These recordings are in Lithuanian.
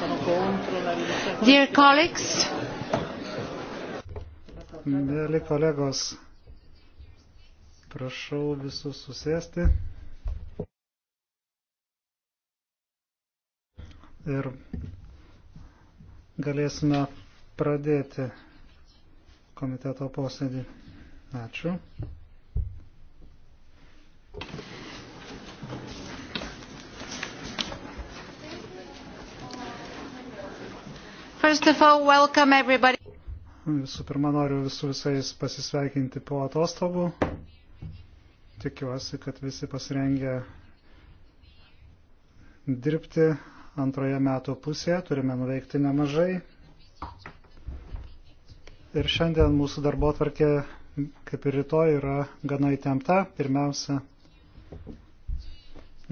Sono contro la riduzione. Dear colleagues. Mėly kolegos, prašau visus susėsti. Ir galėsime pradėti komiteto posėdį. Ačiū. All, Visų pirma, noriu visų visais pasisveikinti po atostogų. Tikiuosi, kad visi pasirengę dirbti antroje metų pusėje. Turime nuveikti nemažai. Ir šiandien mūsų darbo atvarkė, kaip ir rytoj, yra gana įtempta. Pirmiausia,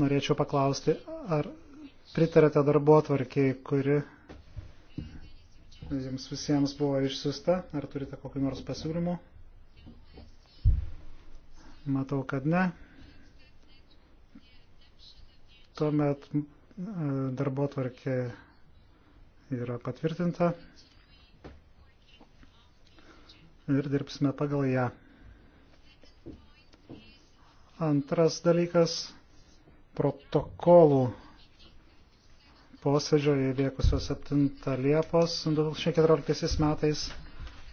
norėčiau paklausti, ar pritarėte darbo atvarkiai, kuri jums visiems buvo išsiusta. Ar turite kokį nors pasiūlymų? Matau, kad ne. Tuomet e, darbo tvarkė yra patvirtinta ir dirbsime pagal ją. Antras dalykas – protokolų posėdžio įvykusio 7 Liepos 2014 metais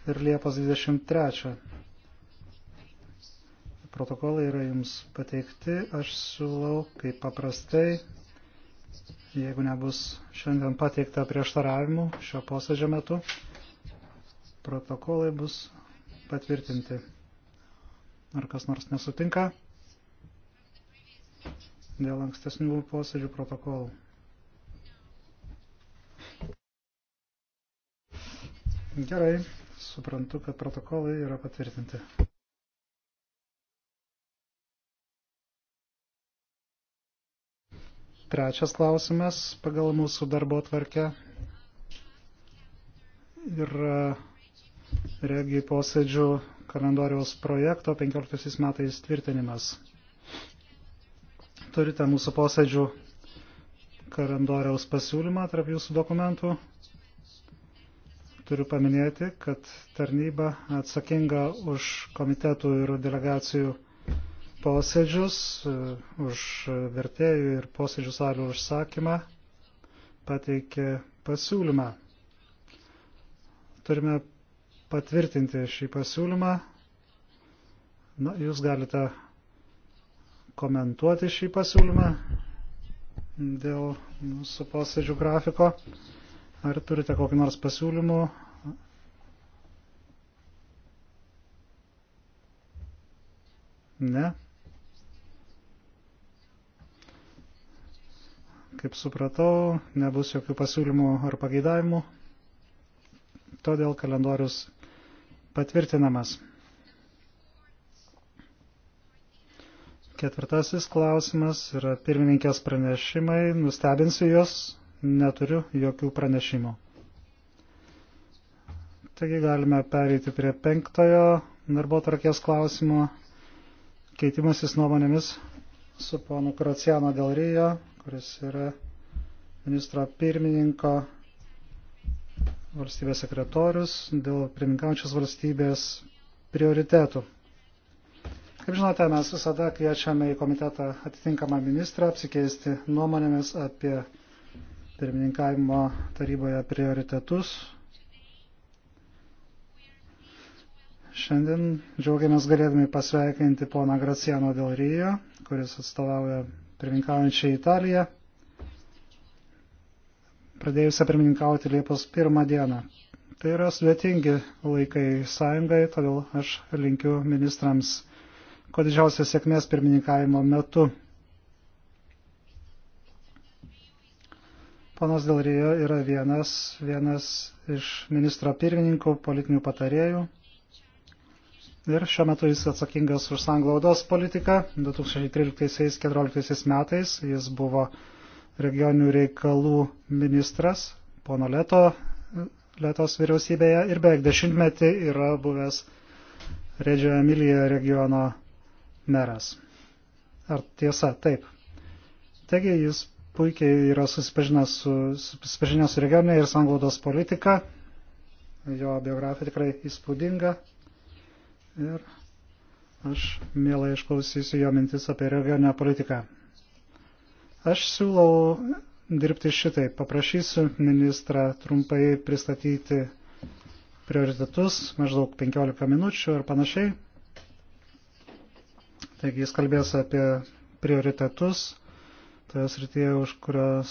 ir Liepos 23. Protokolai yra jums pateikti. Aš siūlau, kaip paprastai, jeigu nebus šiandien pateikta prieštaravimų šio posėdžio metu, protokolai bus patvirtinti. Ar kas nors nesutinka dėl ankstesnių posėdžių protokolų? Gerai, suprantu, kad protokolai yra patvirtinti. Trečias klausimas pagal mūsų darbo tvarkę yra regijai posėdžių kalendoriaus projekto 15 metais tvirtinimas. Turite mūsų posėdžių kalendoriaus pasiūlymą tarp jūsų dokumentų. Turiu paminėti, kad tarnyba atsakinga už komitetų ir delegacijų posėdžius, e, už vertėjų ir posėdžių salių užsakymą pateikė pasiūlymą. Turime patvirtinti šį pasiūlymą. Na, jūs galite komentuoti šį pasiūlymą dėl mūsų posėdžių grafiko. Ar turite kokį nors pasiūlymų? Ne? Kaip supratau, nebus jokių pasiūlymų ar pageidavimų, todėl kalendorius patvirtinamas. Ketvirtasis klausimas yra pirmininkės pranešimai. Nustebinsiu jos, neturiu jokių pranešimų. Taigi galime pereiti prie penktojo darbo tvarkės klausimo. Keitimasis nuomonėmis su ponu Kraciano Del Rijo, kuris yra ministro pirmininko valstybės sekretorius dėl pirmininkaujančios valstybės prioritetų. Kaip žinote, mes visada kviečiame į komitetą atitinkamą ministrą apsikeisti nuomonėmis apie pirmininkavimo taryboje prioritetus. Šiandien džiaugiamės galėdami pasveikinti poną Graciano Del Rio, kuris atstovauja pirmininkaujančią Italiją, pradėjusią pirmininkauti Liepos pirmą dieną. Tai yra sudėtingi laikai sąjungai, todėl aš linkiu ministrams kuo didžiausios sėkmės pirmininkavimo metu. Ponas Dalrijo yra vienas, vienas iš ministro pirmininkų, politinių patarėjų. Ir šiuo metu jis atsakingas už sanglaudos politiką. 2013-2014 metais jis buvo regioninių reikalų ministras, pono Leto, Letos vyriausybėje ir beveik dešimtmetį yra buvęs Redžio Emilija regiono meras. Ar tiesa? Taip. Taigi jis puikiai yra susipažinęs su, susipažinęs su regioninė ir sanglaudos politika. Jo biografija tikrai įspūdinga. Ir aš mielai išklausysiu jo mintis apie regioninę politiką. Aš siūlau dirbti šitai. Paprašysiu ministrą trumpai pristatyti prioritetus, maždaug 15 minučių ir panašiai. Taigi jis kalbės apie prioritetus toje srityje, už, kurios,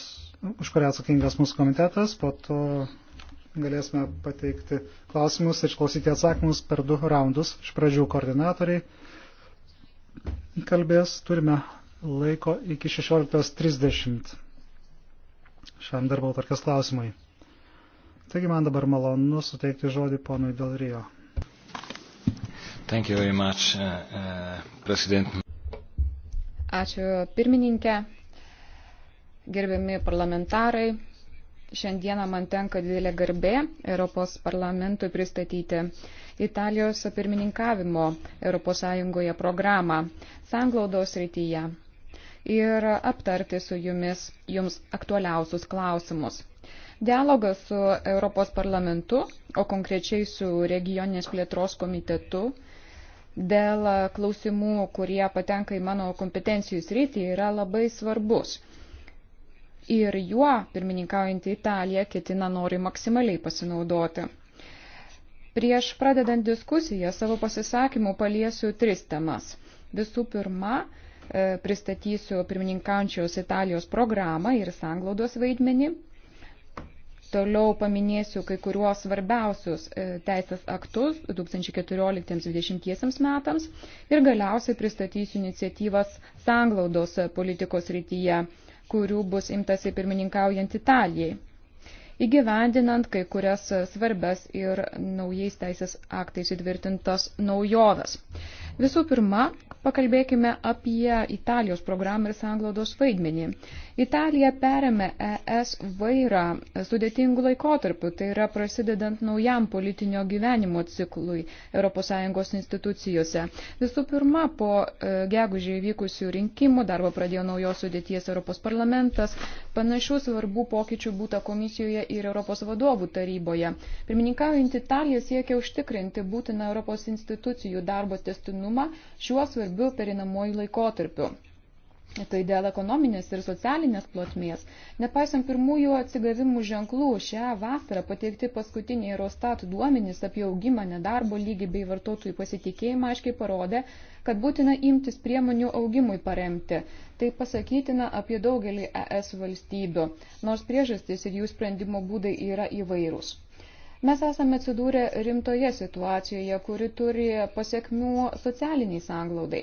už kurią atsakingas mūsų komitetas. Po to galėsime pateikti klausimus ir išklausyti atsakymus per du raundus. Iš pradžių koordinatoriai kalbės. Turime laiko iki 16.30 šiam darbo tarkės klausimui. Taigi man dabar malonu suteikti žodį ponui Del Rio. Thank you very much, uh, uh, President. Ačiū pirmininkė gerbiami parlamentarai, šiandieną man tenka didelė garbė Europos parlamentui pristatyti Italijos pirmininkavimo ES programą sanglaudos rytyje ir aptarti su jumis jums aktualiausius klausimus. Dialogas su Europos parlamentu, o konkrečiai su regioninės plėtros komitetu, dėl klausimų, kurie patenka į mano kompetencijų sritį, yra labai svarbus ir juo pirmininkaujantį Italiją ketina nori maksimaliai pasinaudoti. Prieš pradedant diskusiją savo pasisakymų paliesiu tris temas. Visų pirma, e, pristatysiu pirmininkaujančios Italijos programą ir sanglaudos vaidmenį. Toliau paminėsiu kai kuriuos svarbiausius e, teisės aktus 2014-2020 metams ir galiausiai pristatysiu iniciatyvas sanglaudos politikos rytyje 2014-2020 kurių bus imtasi pirmininkaujant Italijai, įgyvendinant kai kurias svarbes ir naujais teisės aktais įtvirtintas naujoves. Visų pirma, pakalbėkime apie Italijos programą ir sanglaudos vaidmenį. Italija perėmė ES vairą sudėtingų laikotarpių, tai yra prasidedant naujam politinio gyvenimo ciklui ES institucijose. Visų pirma, po e, gegužį įvykusių rinkimų darbą pradėjo naujos sudėties Europos parlamentas, panašių svarbų pokyčių būta komisijoje ir Europos vadovų taryboje. Pirmininkaujant Italija siekia užtikrinti būtiną Europos institucijų darbo testinumą būtinumą šiuo svarbiu perinamuoju laikotarpiu. Tai dėl ekonominės ir socialinės plotmės. Nepaisant pirmųjų atsigavimų ženklų, šią vasarą pateikti paskutiniai Eurostat duomenys apie augimą, nedarbo lygį bei vartotojų pasitikėjimą aiškiai parodė, kad būtina imtis priemonių augimui paremti. Tai pasakytina apie daugelį ES valstybių, nors priežastys ir jų sprendimo būdai yra įvairūs. Mes esame atsidūrę rimtoje situacijoje, kuri turi pasiekmių socialiniai sanglaudai.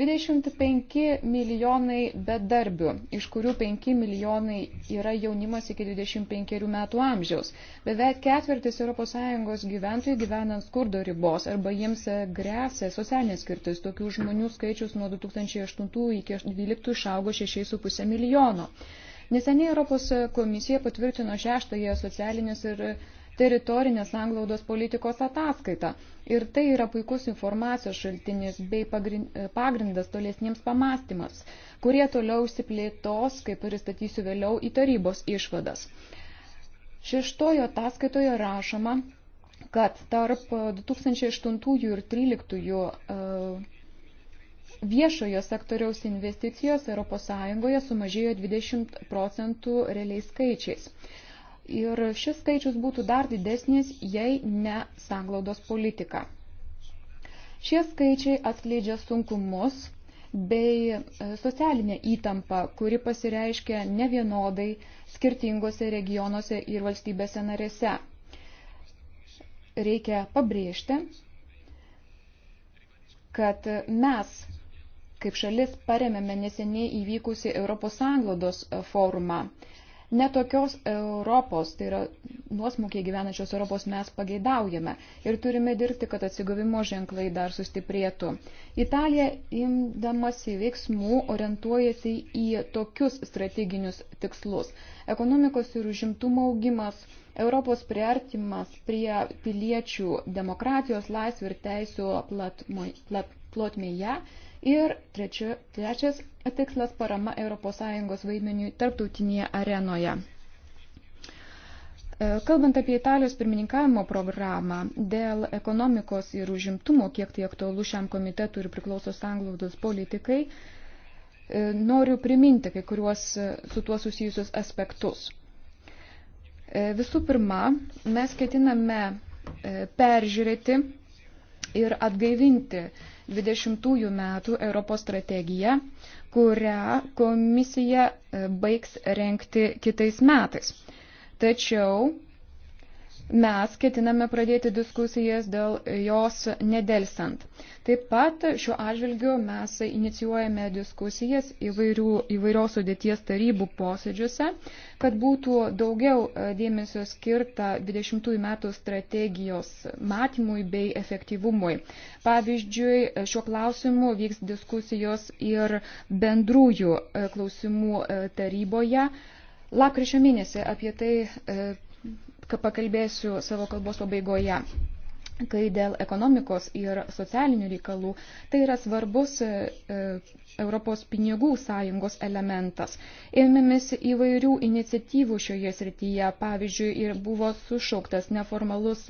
25 milijonai bedarbių, iš kurių 5 milijonai yra jaunimas iki 25 metų amžiaus. Beveik ketvirtis ES gyventojų gyvena ant skurdo ribos arba jiems grėsia socialinė skirtis. Tokių žmonių skaičius nuo 2008 iki 2012 išaugo 6,5 milijono. Neseniai Europos komisija patvirtino šeštąją socialinės ir teritorinės anglaudos politikos ataskaitą. Ir tai yra puikus informacijos šaltinis bei pagrindas tolesniems pamastymams, kurie toliau išsiplėtos, kaip pristatysiu vėliau, į tarybos išvadas. Šeštojo ataskaitoje rašoma, kad tarp 2008 ir 2013 e, viešojo sektoriaus investicijos ES sumažėjo 20 procentų realiais skaičiais. Ir šis skaičius būtų dar didesnis, jei ne sanglaudos politika. Šie skaičiai atskleidžia sunkumus bei e, socialinę įtampą, kuri pasireiškia nevienodai skirtingose regionuose ir valstybėse narėse. Reikia pabrėžti, kad mes kaip šalis paremėme neseniai įvykusi Europos Sąjungos forumą. Netokios Europos, tai yra nuosmukiai gyvenančios Europos mes pageidaujame ir turime dirbti, kad atsigavimo ženklai dar sustiprėtų. Italija imdamasi veiksmų orientuojasi į tokius strateginius tikslus - ekonomikos ir užimtumo augimas, Europos priartimas prie piliečių demokratijos, laisvių ir teisų platmo, plat, plotmėje. Plat, Ir trečio, trečias tikslas - parama ES vaidmeniui tarptautinėje arenoje. E, kalbant apie Italijos pirmininkavimo programą dėl ekonomikos ir užimtumo, kiek tai aktualu šiam komitetui ir priklauso sanglaudos politikai, e, noriu priminti kai kuriuos e, su tuo susijusius aspektus. Visų pirma, mes ketiname peržiūrėti ir atgaivinti 20 metų Europos strategiją, kurią komisija e, baigs renkti kitais metais. Tačiau mes ketiname pradėti diskusijas dėl jos nedelsant. Taip pat šiuo atžvilgiu mes inicijuojame diskusijas įvairių, įvairios sudėties tarybų posėdžiuose, kad būtų daugiau e, dėmesio skirta 20 metų strategijos matymui bei efektyvumui. Pavyzdžiui, šiuo klausimu vyks diskusijos ir bendrųjų e, klausimų e, taryboje. Lakryčio mėnesį apie tai pakalbėsiu savo kalbos pabaigoje. Kai dėl ekonomikos ir socialinių reikalų, tai yra svarbus e, e, Europos pinigų sąjungos elementas. Ėmėmės įvairių iniciatyvų šioje srityje, pavyzdžiui, ir buvo sušauktas neformalus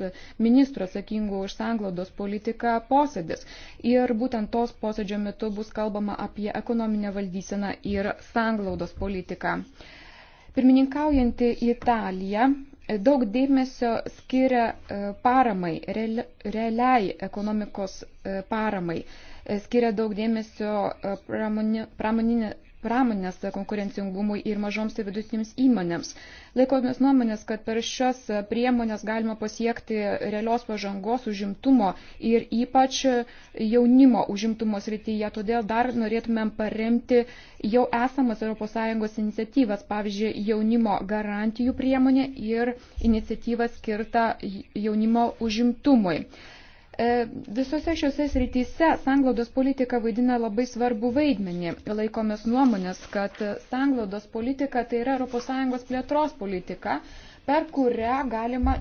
ministro atsakingų už sanglaudos politiką posėdis. Ir būtent tos posėdžio metu bus kalbama apie ekonominę valdyseną ir sanglaudos politiką. Pirmininkaujanti Italija daug dėmesio skiria e, paramai, realiai ekonomikos e, paramai, e, skiria daug dėmesio pramoninė, pramoninė, pramonės konkurencingumui ir mažoms ir vidutinėms įmonėms. Laikomės nuomonės, kad per šias priemonės galima pasiekti realios pažangos užimtumo ir ypač jaunimo užimtumo srityje. Todėl dar norėtumėm paremti jau esamas ES iniciatyvas, pavyzdžiui, jaunimo garantijų priemonė ir iniciatyva skirta jaunimo užimtumui. E, visose šiuose srityse sanglaudos politika vaidina labai svarbu vaidmenį. Laikomės nuomonės, kad sanglaudos politika tai yra ES plėtros politika, per kurią galima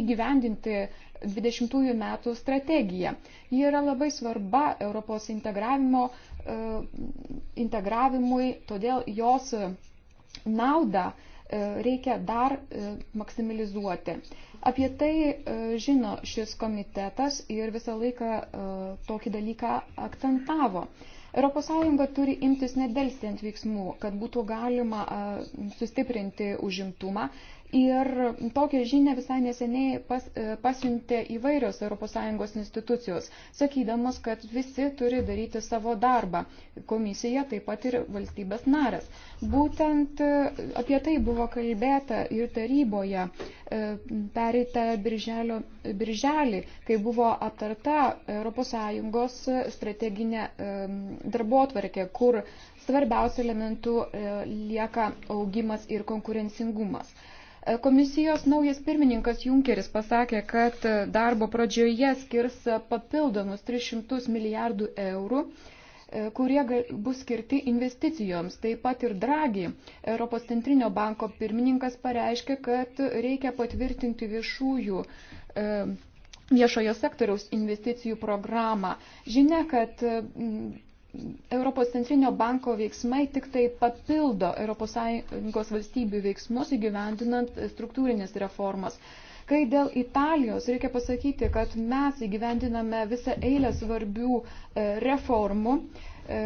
įgyvendinti 20 metų strategiją. Ji yra labai svarba Europos integravimo, e, integravimui, todėl jos naudą e, reikia dar maksimalizuoti. Apie tai e, žino šis komitetas ir visą laiką e, tokį dalyką akcentavo. ES turi imtis nedelsiant veiksmų, kad būtų galima e, sustiprinti užimtumą Ir tokią žinią visai neseniai pas, e, pasiuntė įvairios ES institucijos, sakydamos, kad visi turi daryti savo darbą. Komisija taip pat ir valstybės narės. Būtent e, apie tai buvo kalbėta ir taryboje e, pereitą birželio, birželį, kai buvo aptarta ES strateginė darbotvarkė, kur svarbiausių elementų lieka augimas ir konkurencingumas. Komisijos naujas pirmininkas Junkeris pasakė, kad darbo pradžioje skirs papildomus 300 milijardų eurų e, kurie bus skirti investicijoms. Taip pat ir Dragi, Europos centrinio banko pirmininkas, pareiškė, kad reikia patvirtinti viešųjų e, viešojo sektoriaus investicijų programą. Žinia, kad Europos centrinio banko veiksmai tik tai papildo ES valstybių veiksmus įgyvendinant struktūrinės reformas. Kai dėl Italijos reikia pasakyti, kad mes įgyvendiname visą eilę svarbių e, reformų e,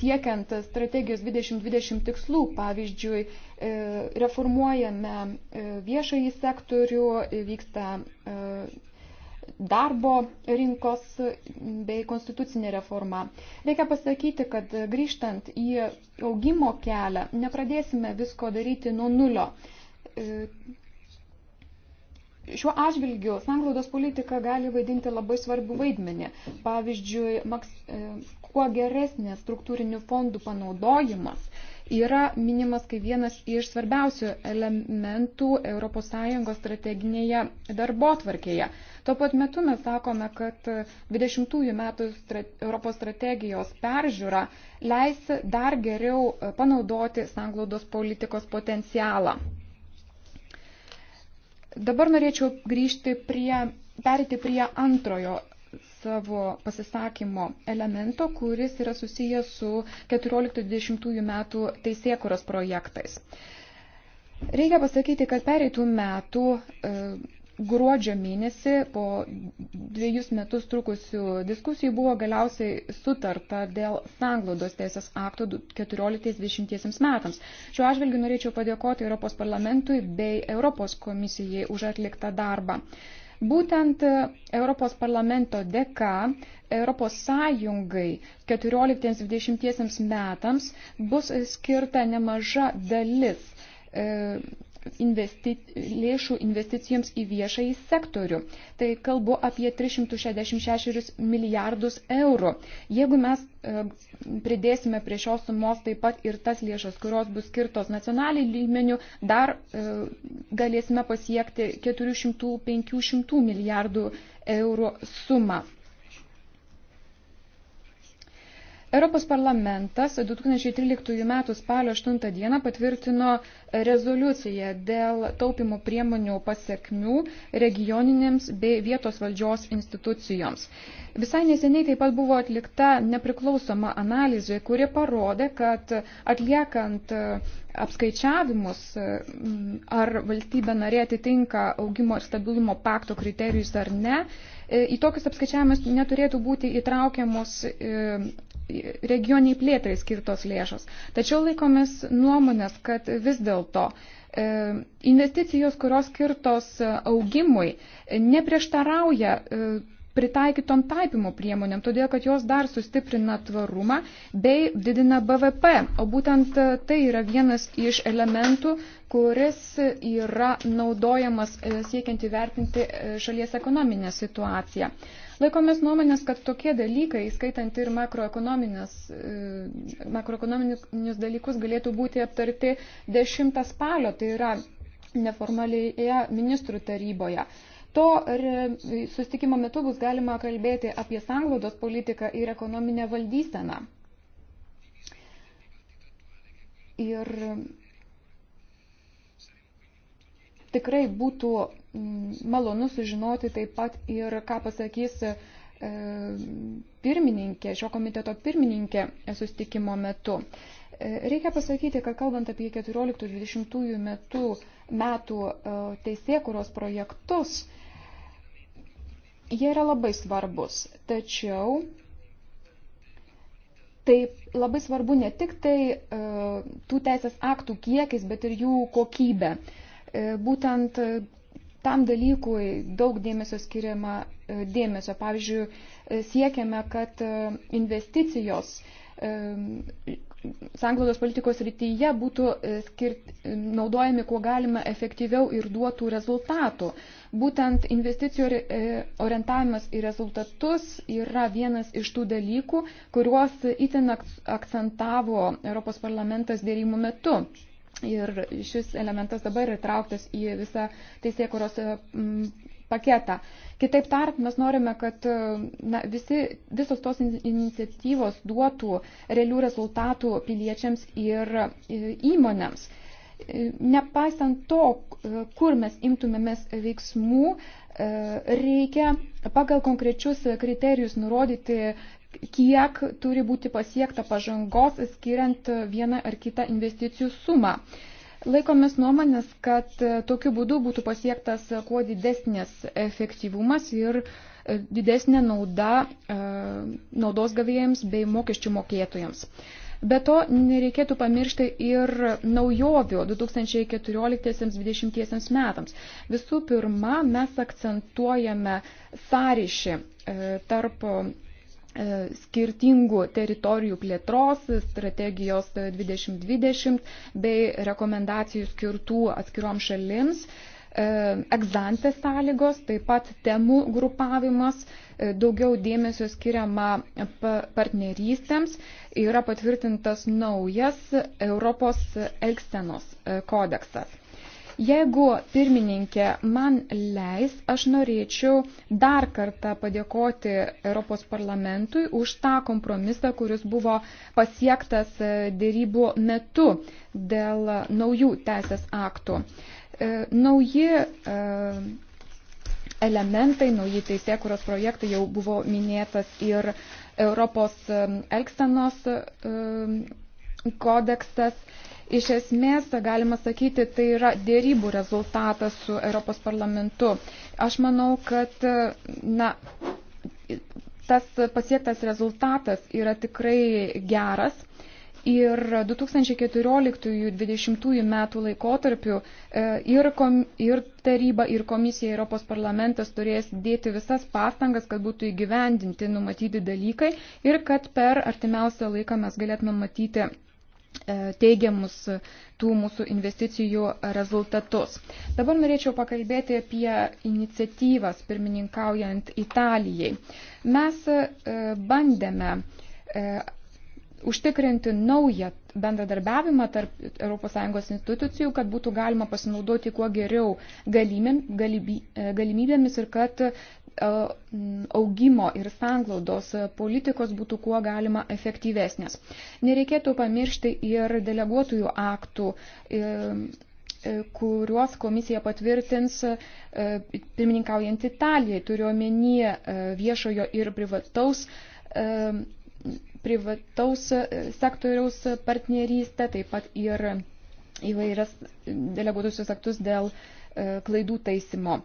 siekiant strategijos 2020 tikslų. Pavyzdžiui, e, reformuojame viešąjį sektorių, vyksta darbo rinkos bei konstitucinė reforma. Reikia pasakyti, kad grįžtant į augimo kelią, nepradėsime visko daryti nuo nulio. E, šiuo atžvilgiu sanglaudos politika gali vaidinti labai svarbių vaidmenį. Pavyzdžiui, maks, e, kuo geresnės struktūrinių fondų panaudojimas yra minimas kaip vienas iš svarbiausių elementų ES strateginėje darbo tvarkėje. Tuo pat metu mes sakome, kad 20-ųjų metų Europos strategijos peržiūra leis dar geriau panaudoti sanglaudos politikos potencialą. Dabar norėčiau grįžti prie, perėti prie antrojo savo pasisakymo elemento, kuris yra susijęs su 14-20 metų teisėkuros projektais. Reikia pasakyti, kad pereitų metų e, gruodžio mėnesį po dviejus metus trukusių diskusijų buvo galiausiai sutarta dėl sanglaudos teisės akto 14-20 metams. Šiuo atžvilgiu norėčiau padėkoti Europos parlamentui bei Europos komisijai už atliktą darbą. Būtent Europos parlamento dėka Europos Sąjungai 14-20 metams bus skirta nemaža dalis e, investi lėšų investicijoms į viešąjį sektorių. Tai kalbu apie 366 milijardus eurų. Jeigu mes e, pridėsime prie šios sumos taip pat ir tas lėšas, kurios bus skirtos nacionaliai lygmenių, dar e, galėsime pasiekti 400-500 milijardų eurų sumą. Europos parlamentas 2013 m. spalio 8 d. patvirtino rezoliuciją dėl taupimo priemonių pasiekmių regioninėms bei vietos valdžios institucijoms. Visai neseniai taip pat buvo atlikta nepriklausoma analizė, kuri parodė, kad atliekant e, apskaičiavimus, e, ar valstybė narė atitinka augimo ir stabilumo pakto kriterijus ar ne, e, į tokius apskaičiavimus neturėtų būti įtraukiamos regioniai plėtrai skirtos lėšos. Tačiau laikomis nuomonės, kad vis dėlto e, investicijos, kurios skirtos augimui, neprieštarauja e, pritaikytom taipimo priemonėm, todėl kad jos dar sustiprina tvarumą bei didina BVP. O būtent tai yra vienas iš elementų, kuris yra naudojamas e, siekiant įvertinti šalies ekonominę situaciją. Laikomės nuomonės, kad tokie dalykai, skaitant ir e, makroekonominius dalykus, galėtų būti aptarti 10 spalio, tai yra neformalėje ministrų taryboje. To sustikimo metu bus galima kalbėti apie sanglaudos politiką ir ekonominę valdyseną. Ir tikrai būtų mm, malonu sužinoti taip pat ir ką pasakys e, pirmininkė, šio komiteto pirmininkė sustikimo metu. E, reikia pasakyti, kad kalbant apie 14-20 metų, metų e, teisėkuros projektus, jie yra labai svarbus. Tačiau tai labai svarbu ne tik tai tų teisės aktų kiekis, bet ir jų kokybė. E, būtent e, tam dalykui daug dėmesio skiriama e, dėmesio. Pavyzdžiui, siekiame, kad investicijos sanglaudos politikos rytyje būtų skirt, naudojami kuo galima efektyviau ir duotų rezultatų. Būtent investicijų orientavimas į rezultatus yra vienas iš tų dalykų, kuriuos itin akcentavo Europos parlamentas dėrymų metu. Ir šis elementas dabar įtrauktas į visą teisėkuros e, paketą. Kitaip tariant, mes norime, kad e, na, visi, visos tos iniciatyvos duotų realių rezultatų piliečiams ir e, įmonėms. Nepaisant to, kur mes imtumėmės veiksmų, reikia pagal konkrečius kriterijus nurodyti kiek turi būti pasiekta pažangos, skiriant vieną ar kitą investicijų sumą. Laikomės nuomonės, kad e, tokiu būdu būtų pasiektas kuo didesnis efektyvumas ir e, didesnė nauda e, naudos gavėjams bei mokesčių mokėtojams. Be to, nereikėtų pamiršti ir naujovių 2014-2020 metams. Visų pirma, mes akcentuojame sąryšį tarp E, skirtingų teritorijų plėtros, strategijos 2020 bei rekomendacijų skirtų atskirom šalims, e, egzantės sąlygos, taip pat temų grupavimas, e, daugiau dėmesio skiriama partnerystėms, yra patvirtintas naujas Europos elksenos kodeksas. Jeigu pirmininkė man leis, aš norėčiau dar kartą padėkoti Europos parlamentui už tą kompromisą, kuris buvo pasiektas e, dėrybų metu dėl naujų teisės aktų. E, nauji e, elementai, nauji teisėkuros projektai jau buvo minėtas ir Europos elksenos kodeksas Iš esmės, galima sakyti, tai yra dėrybų rezultatas su Europos parlamentu. Aš manau, kad na, tas pasiektas rezultatas yra tikrai geras. Ir 2014-2020 metų laikotarpiu e, ir, kom, ir taryba, ir komisija, Europos parlamentas turės dėti visas pastangas, kad būtų įgyvendinti numatyti dalykai ir kad per artimiausią laiką mes galėtume matyti E, teigiamus tų mūsų investicijų rezultatus. Dabar norėčiau pakalbėti apie iniciatyvas pirmininkaujant Italijai. Mes e, bandėme e, užtikrinti naują bendradarbiavimą tarp ES institucijų, kad būtų galima pasinaudoti kuo geriau galimybėmis ir kad augimo ir sanglaudos politikos būtų kuo galima efektyvesnės. Nereikėtų pamiršti ir deleguotųjų aktų e, e, kuriuos komisija patvirtins e, pirmininkaujant Italijai, turiu omenyje viešojo ir privataus, privataus sektoriaus partnerystę, taip pat ir įvairias deleguotusius aktus dėl klaidų taisimo.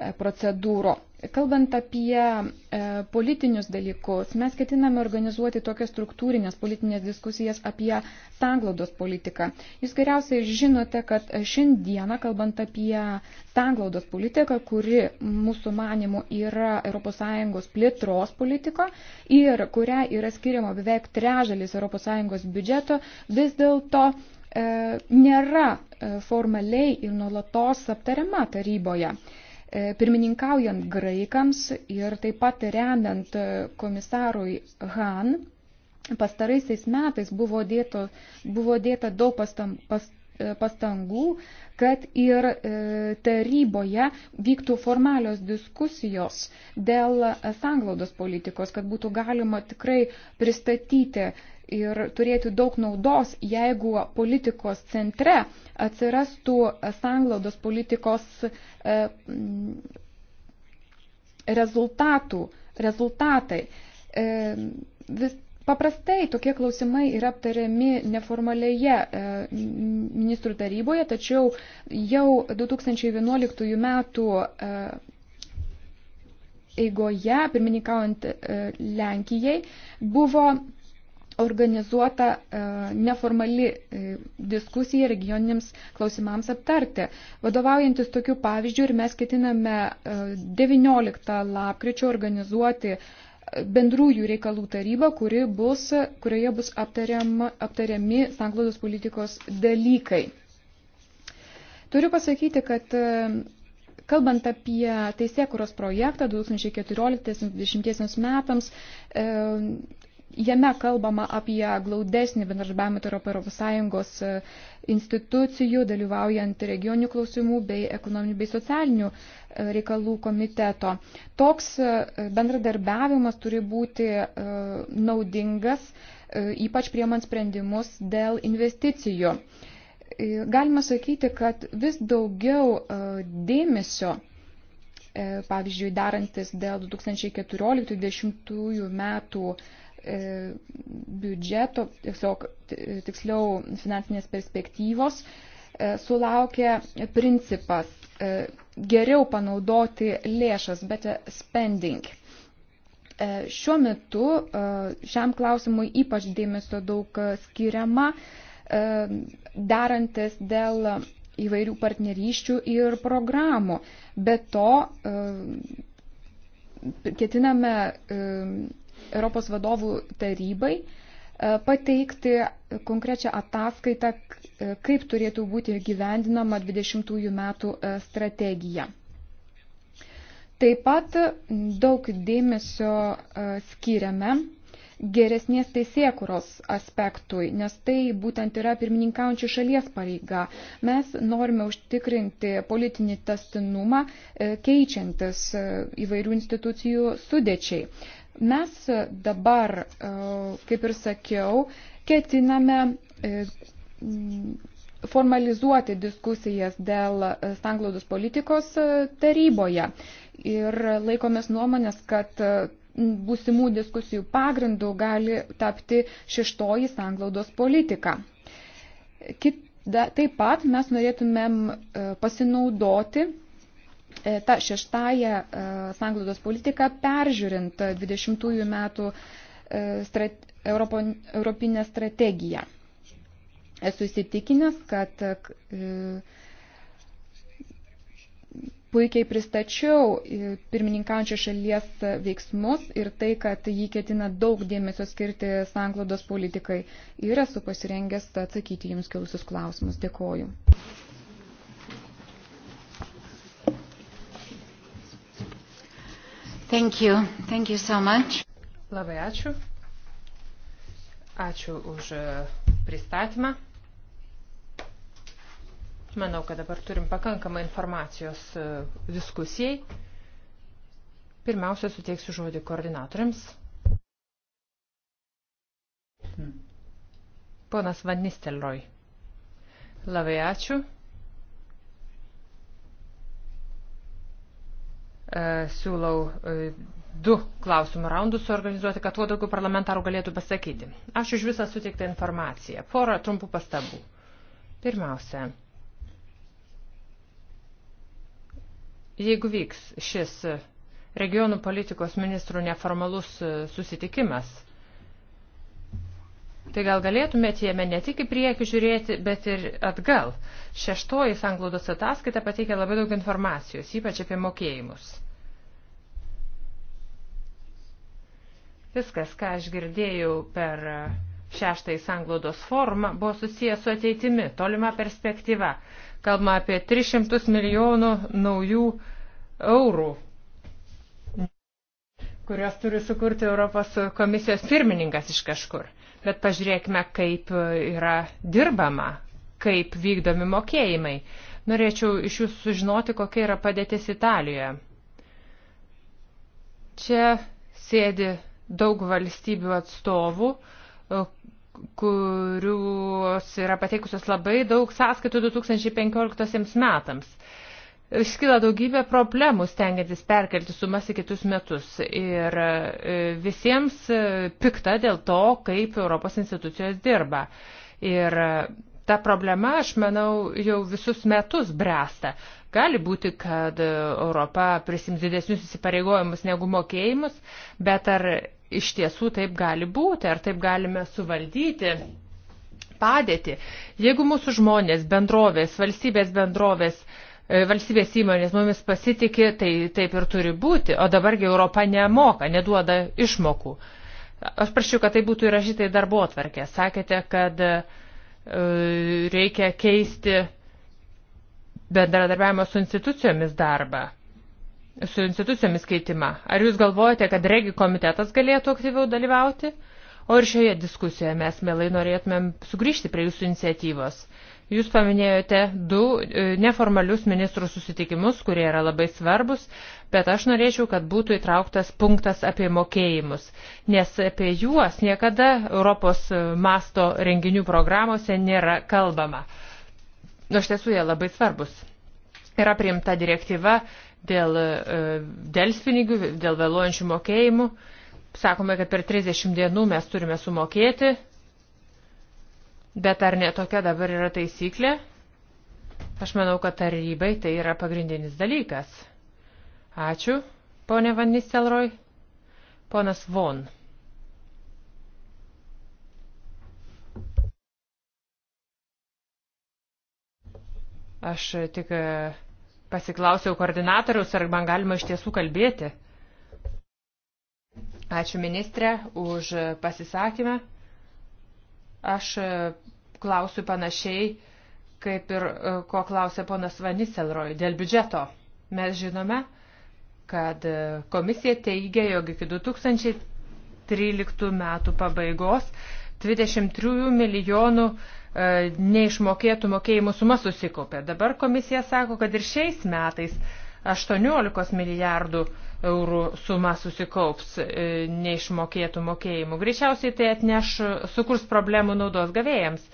E, procedūrų. Kalbant apie e, politinius dalykus, mes ketiname organizuoti tokias struktūrinės politinės diskusijas apie sanglaudos politiką. Jūs geriausiai žinote, kad e, šiandieną, kalbant apie sanglaudos politiką, kuri mūsų manimu yra ES plėtros politika ir kuria yra skiriama beveik trežalis ES biudžeto, vis dėlto nėra formaliai ir nuolatos aptariama taryboje. E, pirmininkaujant graikams ir taip pat remiant komisarui Han, pastaraisiais metais buvo, dėto, buvo dėta daug pastam, pas, e, pastangų, kad ir e, taryboje vyktų formalios diskusijos dėl sanglaudos politikos, kad būtų galima tikrai pristatyti ir turėti daug naudos, jeigu politikos centre atsirastų sanglaudos politikos e, rezultatų, rezultatai. E, vis, paprastai tokie klausimai yra aptariami neformalėje e, ministrų taryboje, tačiau jau 2011 metų eigoje, pirmininkaujant Lenkijai, buvo organizuota e, neformali e, diskusija regioniniams klausimams aptarti. Vadovaujantis tokiu pavyzdžiu ir mes ketiname 19 e, lapkričio organizuoti bendrųjų reikalų taryba, kuri bus, kurioje bus aptariam, aptariami sanglaudos politikos dalykai. Turiu pasakyti, kad Kalbant apie teisėkuros projektą 2014-2020 metams, Jame kalbama apie glaudesnį bendradarbiavimą tarp ES e, institucijų, dalyvaujant regionių klausimų bei ekonominių bei socialinių e, reikalų komiteto. Toks e, bendradarbiavimas turi būti naudingas, ypač priemant sprendimus dėl investicijų. Galima sakyti, kad vis daugiau dėmesio pavyzdžiui, darantis dėl 2014-2020 metų E, biudžeto, tiesiog, tiksliau finansinės perspektyvos, e, sulaukė principas e, geriau panaudoti lėšas, better spending. Šiuo metu šiam klausimui ypač dėmesio daug skiriama, darantis dėl įvairių partnerysčių ir programų. Be to, ketiname Europos vadovų tarybai e, pateikti konkrečią ataskaitą, e, kaip turėtų būti gyvendinama 20 metų e, strategija. Taip pat daug dėmesio skiriame geresnės teisėkuros aspektui, nes tai būtent yra pirmininkaujančių šalies pareiga. Mes norime užtikrinti politinį testinumą, keičiantis įvairių institucijų sudėčiai. Mes dabar, e, kaip ir sakiau, ketiname e, formalizuoti diskusijas dėl stanglaudos politikos e, taryboje. Ir laikomės nuomonės, kad būsimų diskusijų pagrindų gali tapti šeštoji sanglaudos politika. Kita, taip pat mes norėtumėm pasinaudoti E, ta šeštaja e, sanglaudos politika peržiūrint 20 metų e, strate, Europo, Europinę strategiją. Esu įsitikinęs, kad puikiai pristačiau pirmininkančio šalies veiksmus ir tai, kad jį ketina daug dėmesio skirti sanglodos politikai. Ir esu pasirengęs atsakyti jums kilusius klausimus. Dėkoju. Thank you. Thank you so much. Labai ačiū. Ačiū už e, pristatymą. Manau, kad dabar turim pakankamą informacijos e, diskusijai. Pirmiausia, suteiksiu žodį koordinatoriams. Hmm. Ponas Van Nistelroj. Labai ačiū. E, siūlau e, du klausimų raundus suorganizuoti, kad kuo daugiau parlamentarų galėtų pasakyti. Aš už visą suteiktą informaciją. Porą trumpų pastabų. Pirmiausia, jeigu vyks šis regionų politikos ministrų neformalus e, susitikimas, Tai gal galėtumėt jame ne tik į priekį žiūrėti, bet ir atgal. Šeštoji sanglaudos ataskaita pateikia labai daug informacijos, ypač apie mokėjimus. Viskas, ką aš girdėjau per šeštąjį sanglaudos formą, buvo susijęs su ateitimi, tolima perspektyva. Kalbama apie 300 milijonų naujų eurų kurios turi sukurti Europos komisijos pirmininkas iš kažkur. Bet pažiūrėkime, kaip e, yra dirbama, kaip vykdomi mokėjimai. Norėčiau iš jūsų sužinoti, kokia yra padėtis Italijoje. Čia sėdi daug valstybių atstovų, e, kurios yra pateikusios labai daug sąskaitų 2015 metams. Iškyla daugybė problemų stengiantis perkelti sumas į kitus metus ir e, visiems e, pikta dėl to, kaip Europos institucijos dirba. Ir e, ta problema, aš manau, jau visus metus bręsta. Gali būti, kad Europa prisims didesnius įsipareigojimus negu mokėjimus, bet ar iš tiesų taip gali būti, ar taip galime suvaldyti padėtį. Jeigu mūsų žmonės, bendrovės, valstybės bendrovės, E, valstybės įmonės mumis pasitikė, tai taip ir turi būti, o dabargi Europa nemoka, neduoda išmokų. Aš prašiau, kad tai būtų įrašyta į darbo atvarkę. Sakėte, kad e, reikia keisti bendradarbiavimo su institucijomis darbą, su institucijomis keitimą. Ar jūs galvojate, kad regi komitetas galėtų aktyviau dalyvauti? O ir šioje diskusijoje mes mielai norėtumėm sugrįžti prie jūsų iniciatyvos. Jūs paminėjote du e, neformalius ministrų susitikimus, kurie yra labai svarbus, bet aš norėčiau, kad būtų įtrauktas punktas apie mokėjimus, nes apie juos niekada Europos masto renginių programuose nėra kalbama. Nors nu, tiesų jie labai svarbus. Yra priimta direktyva dėl e, delspinigių, dėl vėluojančių mokėjimų. Sakome, kad per 30 dienų mes turime sumokėti Bet ar ne tokia dabar yra taisyklė? Aš manau, kad tarybai tai yra pagrindinis dalykas. Ačiū, ponė Van Nistelroj. Ponas Von. Aš tik e, pasiklausiau koordinatoriaus, ar man galima iš tiesų kalbėti. Ačiū ministrė už pasisakymą. Aš e, klausiu panašiai, kaip ir e, ko klausė ponas Vaniselroj dėl biudžeto. Mes žinome, kad e, komisija teigia, jog iki 2013 metų pabaigos 23 milijonų neišmokėtų mokėjimų suma susikaupė. Dabar komisija sako, kad ir šiais metais 18 milijardų uh, eurų suma susikaups e, neišmokėtų mokėjimų. Greičiausiai tai atneš, sukurs problemų naudos gavėjams.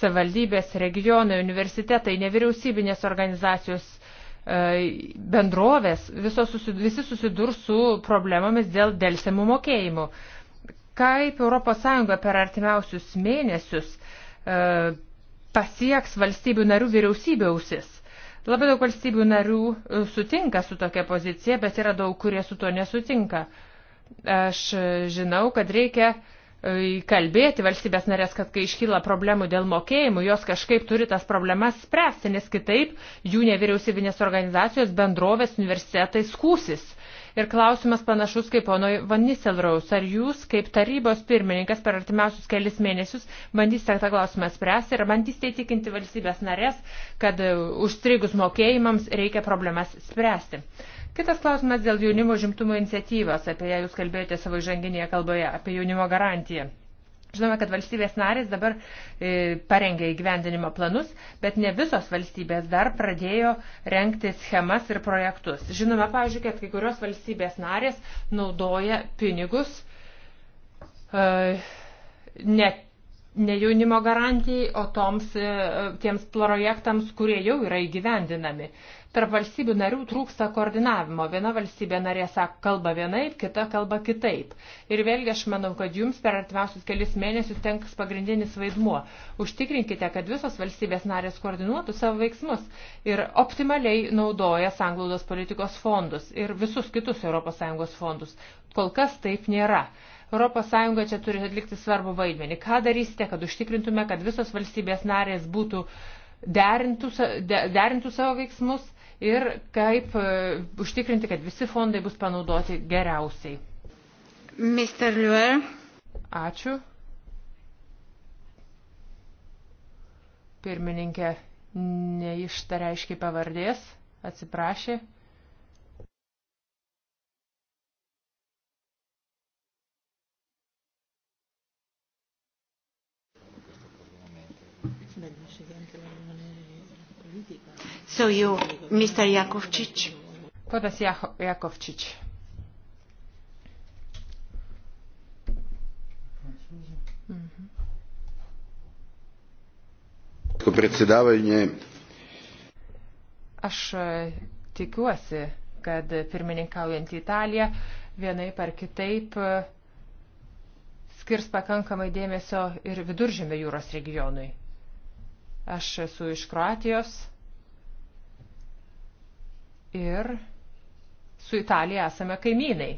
Savaldybės, regionai, universitetai, nevyriausybinės organizacijos, e, bendrovės, visos, visi susidurs su problemomis dėl dėlsiamų mokėjimų. Kaip ES per artimiausius mėnesius e, pasieks valstybių narių vyriausybė ausis? Labai daug valstybių narių e, sutinka su tokia pozicija, bet yra daug, kurie su to nesutinka. Aš e, žinau, kad reikia e, įkalbėti valstybės narės, kad kai iškyla problemų dėl mokėjimų, jos kažkaip turi tas problemas spręsti, nes kitaip jų nevyriausybinės organizacijos, bendrovės, universitetai skūsis Ir klausimas panašus kaip ponoj Van Nisselraus. Ar jūs, kaip tarybos pirmininkas, per artimiausius kelis mėnesius bandysite tą klausimą spręsti ir bandysite įtikinti valstybės narės, kad e, užstrigus mokėjimams reikia problemas spręsti? Kitas klausimas dėl jaunimo žimtumo iniciatyvos, apie ją jūs kalbėjote savo žanginėje kalboje, apie jaunimo garantiją. Žinome, kad valstybės narės dabar e, parengė įgyvendinimo planus, bet ne visos valstybės dar pradėjo renkti schemas ir projektus. Žinome, pavyzdžiui, kad kai kurios valstybės narės naudoja pinigus e, net ne jaunimo garantijai, o toms, e, tiems projektams, kurie jau yra įgyvendinami. Tarp valstybių narių trūksta koordinavimo. Viena valstybė narė sako kalba vienaip, kita kalba kitaip. Ir vėlgi aš manau, kad jums per artimiausius kelius mėnesius tenks pagrindinis vaidmuo. Užtikrinkite, kad visos valstybės narės koordinuotų savo veiksmus ir optimaliai naudoja sanglaudos politikos fondus ir visus kitus ES fondus. Kol kas taip nėra. ES čia turi atlikti svarbu vaidmenį. Ką darysite, kad užtikrintume, kad visos valstybės narės būtų derintų, de, derintų savo veiksmus ir kaip uh, užtikrinti, kad visi fondai bus panaudoti geriausiai. Mr. Liuer. Ačiū. Pirmininkė neištareiškiai pavardės, atsiprašė. So you, Mr. Jakovčić. Ponas Jako, Jakovčić. Mhm. Aš e, tikiuosi, kad pirmininkaujant Italiją vienaip ar kitaip e, skirs pakankamai dėmesio ir viduržėmio jūros regionui. Aš esu iš Kroatijos ir su Italija esame kaimynai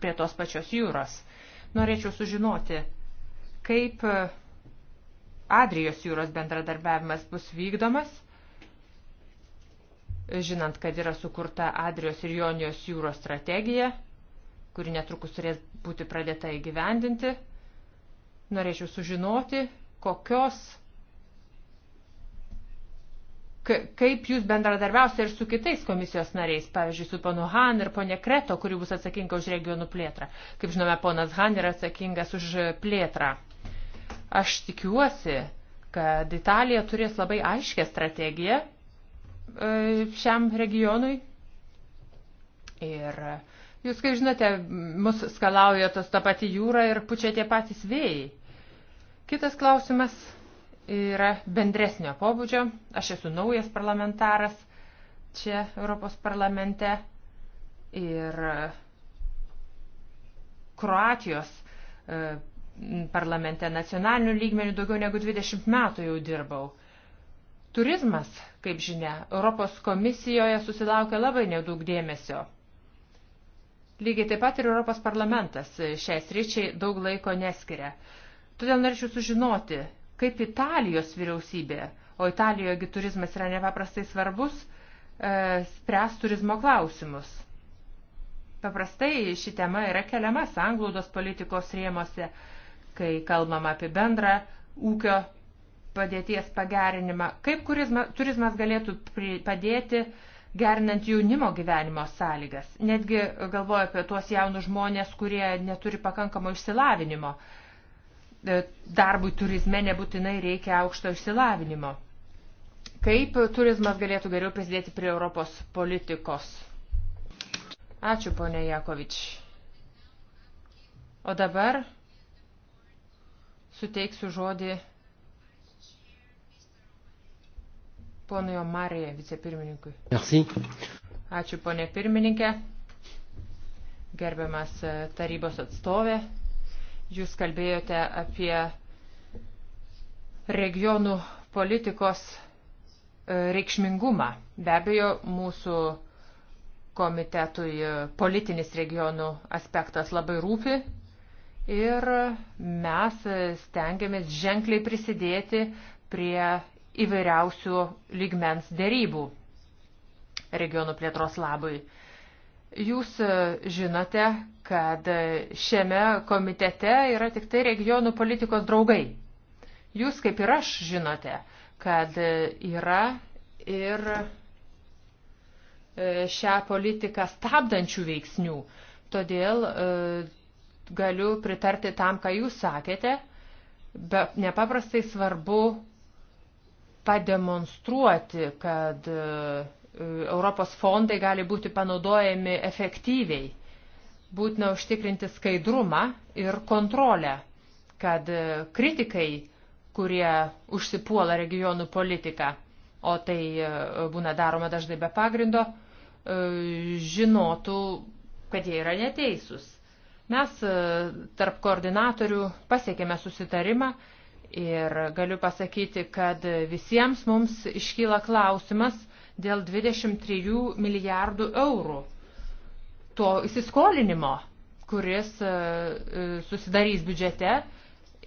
prie tos pačios jūros. Norėčiau sužinoti, kaip e, Adrijos jūros bendradarbiavimas bus vykdomas, žinant, kad yra sukurta Adrijos ir Jonijos jūros strategija, kuri netrukus turės būti pradėta įgyvendinti. Norėčiau sužinoti, kokios kaip jūs bendradarbiausite ir su kitais komisijos nariais, pavyzdžiui, su ponu Han ir ponė Kreto, kuri bus atsakinga už regionų plėtrą. Kaip žinome, ponas Han yra atsakingas už plėtrą. Aš tikiuosi, kad Italija turės labai aiškę strategiją e, šiam regionui. Ir jūs, kaip žinote, mus skalauja tos tą patį jūrą ir pučia tie patys vėjai. Kitas klausimas yra bendresnio pobūdžio. Aš esu naujas parlamentaras čia Europos parlamente ir e, Kroatijos e, parlamente nacionaliniu lygmeniu daugiau negu 20 metų jau dirbau. Turizmas, kaip žinia, Europos komisijoje susilaukia labai nedaug dėmesio. Lygiai taip pat ir Europos parlamentas šiais ryčiai daug laiko neskiria. Todėl norėčiau sužinoti, kaip Italijos vyriausybė, o Italijoje turizmas yra nepaprastai svarbus, e, spręs turizmo klausimus. Paprastai ši tema yra keliama sanglaudos politikos rėmose, kai kalbama apie bendrą ūkio padėties pagerinimą, kaip kurizma, turizmas galėtų padėti gerinant jaunimo gyvenimo sąlygas. Netgi galvoju apie tuos jaunus žmonės, kurie neturi pakankamo išsilavinimo. Uh, E, darbui turizme nebūtinai reikia aukšto išsilavinimo. Kaip turizmas galėtų geriau prisidėti prie Europos politikos? Ačiū, ponė Jakovič. O dabar suteiksiu žodį ponui Omarėje, vicepirmininkui. Merci. Ačiū, ponė pirmininkė, gerbiamas e, tarybos atstovė. Jūs kalbėjote apie regionų politikos e, reikšmingumą. Be abejo, mūsų komitetui e, politinis regionų aspektas labai rūpi ir mes stengiamės ženkliai prisidėti prie įvairiausių lygmens dėrybų regionų plėtros labui. Jūs e, žinote, kad šiame komitete yra tik tai regionų politikos draugai. Jūs, kaip ir aš, žinote, kad yra ir e, šią politiką stabdančių veiksnių. Todėl e, galiu pritarti tam, ką jūs sakėte, bet nepaprastai svarbu pademonstruoti, kad E, Europos fondai gali būti panaudojami efektyviai. Būtina užtikrinti skaidrumą ir kontrolę, kad e, kritikai, kurie užsipuola regionų politiką, o tai e, būna daroma dažnai be pagrindo, žinotų, kad jie yra neteisūs. Mes tarp koordinatorių pasiekėme susitarimą ir galiu pasakyti, kad visiems mums iškyla klausimas, dėl 23 milijardų eurų to įsiskolinimo, kuris e, e, susidarys biudžete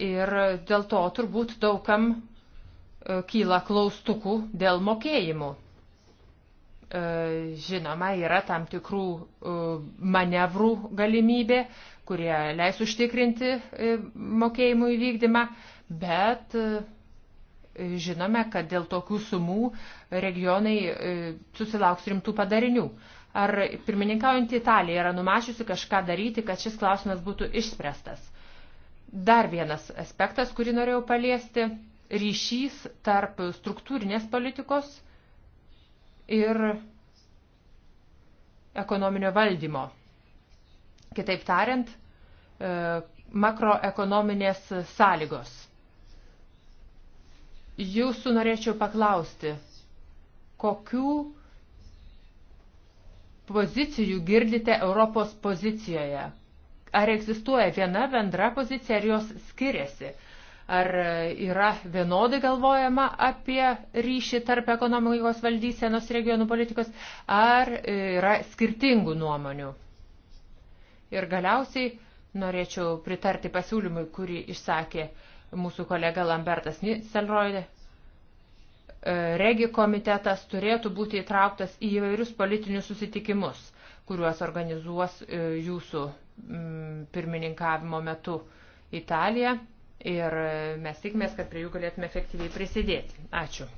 ir dėl to turbūt daugam e, kyla klaustukų dėl mokėjimų. Žinoma, yra tam tikrų manevrų galimybė, kurie leis užtikrinti mokėjimų įvykdymą, bet žinome, kad dėl tokių sumų regionai e, susilauks rimtų padarinių. Ar pirmininkaujant Italija yra numačiusi kažką daryti, kad šis klausimas būtų išspręstas? Dar vienas aspektas, kurį norėjau paliesti - ryšys tarp struktūrinės politikos ir ekonominio valdymo. Kitaip tariant, e, makroekonominės sąlygos Jūsų norėčiau paklausti, kokių pozicijų girdite Europos pozicijoje? Ar egzistuoja viena bendra pozicija, ar jos skiriasi? Ar yra vienodai galvojama apie ryšį tarp ekonomikos valdysenos regionų politikos, ar yra skirtingų nuomonių? Ir galiausiai norėčiau pritarti pasiūlymui, kurį išsakė uh, mūsų kolega Lambertas Nicelroidė. E, Regi komitetas turėtų būti įtrauktas į įvairius politinius susitikimus, kuriuos organizuos e, jūsų mm, pirmininkavimo metu Italija. Ir e, mes tikimės, kad prie jų galėtume efektyviai prisidėti. Ačiū.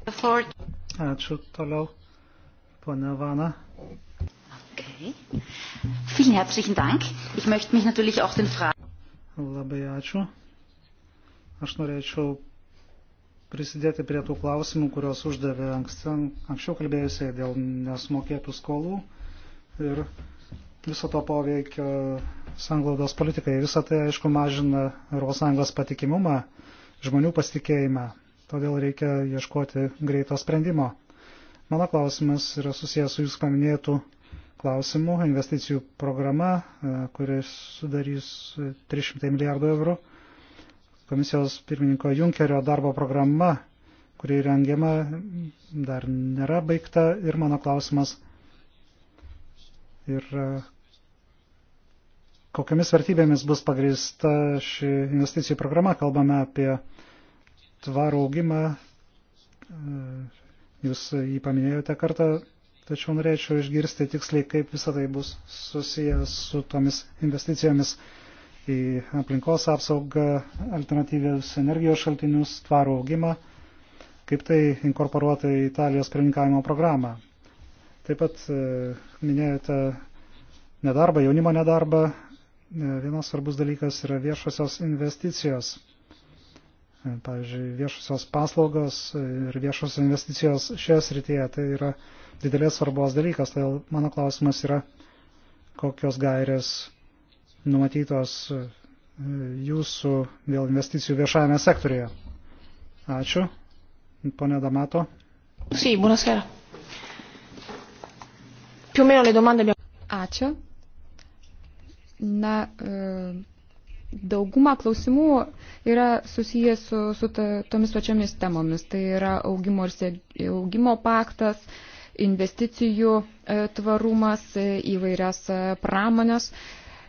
Ačiū toliau. Pone Vana. Okay. Vielen herzlichen Dank. Ich möchte mich natürlich auch den Fragen. Labai ačiū. Aš norėčiau prisidėti prie tų klausimų, kuriuos uždavė anksten, anksčiau kalbėjusiai dėl nesumokėtų skolų ir viso to poveikio sanglaudos politikai. Visą tai, aišku, mažina ES patikimumą, žmonių pasitikėjimą. Todėl reikia ieškoti greito sprendimo. Mano klausimas yra susijęs su jūs paminėtų klausimų investicijų programa, e, kuris sudarys 300 milijardų eurų Komisijos pirmininko Junkerio darbo programa, kuri rengiama, dar nėra baigta ir mano klausimas ir e, kokiamis vertybėmis bus pagrįsta ši investicijų programa. Kalbame apie tvarų augimą. E, jūs jį paminėjote kartą, tačiau norėčiau išgirsti tiksliai, kaip visą tai bus susijęs su tomis investicijomis į aplinkos apsaugą, alternatyvius energijos šaltinius, tvarų augimą, kaip tai inkorporuota į Italijos pirmininkavimo programą. Taip pat e, minėjote nedarbą, jaunimo nedarbą. E, vienas svarbus dalykas yra viešosios investicijos. E, pavyzdžiui, viešosios paslaugos ir viešosios investicijos šioje srityje tai yra didelės svarbos dalykas. Todėl mano klausimas yra, kokios gairės numatytos e, jūsų dėl investicijų viešajame sektorėje. Ačiū. Pone Damato. Sì, buonasera. Più o meno le domande abbiamo... Ačiū. Na, e, dauguma klausimų yra susijęs su, su ta, tomis pačiomis temomis. Tai yra augimo, ir, augimo paktas, investicijų e, tvarumas, įvairias pramonės. E,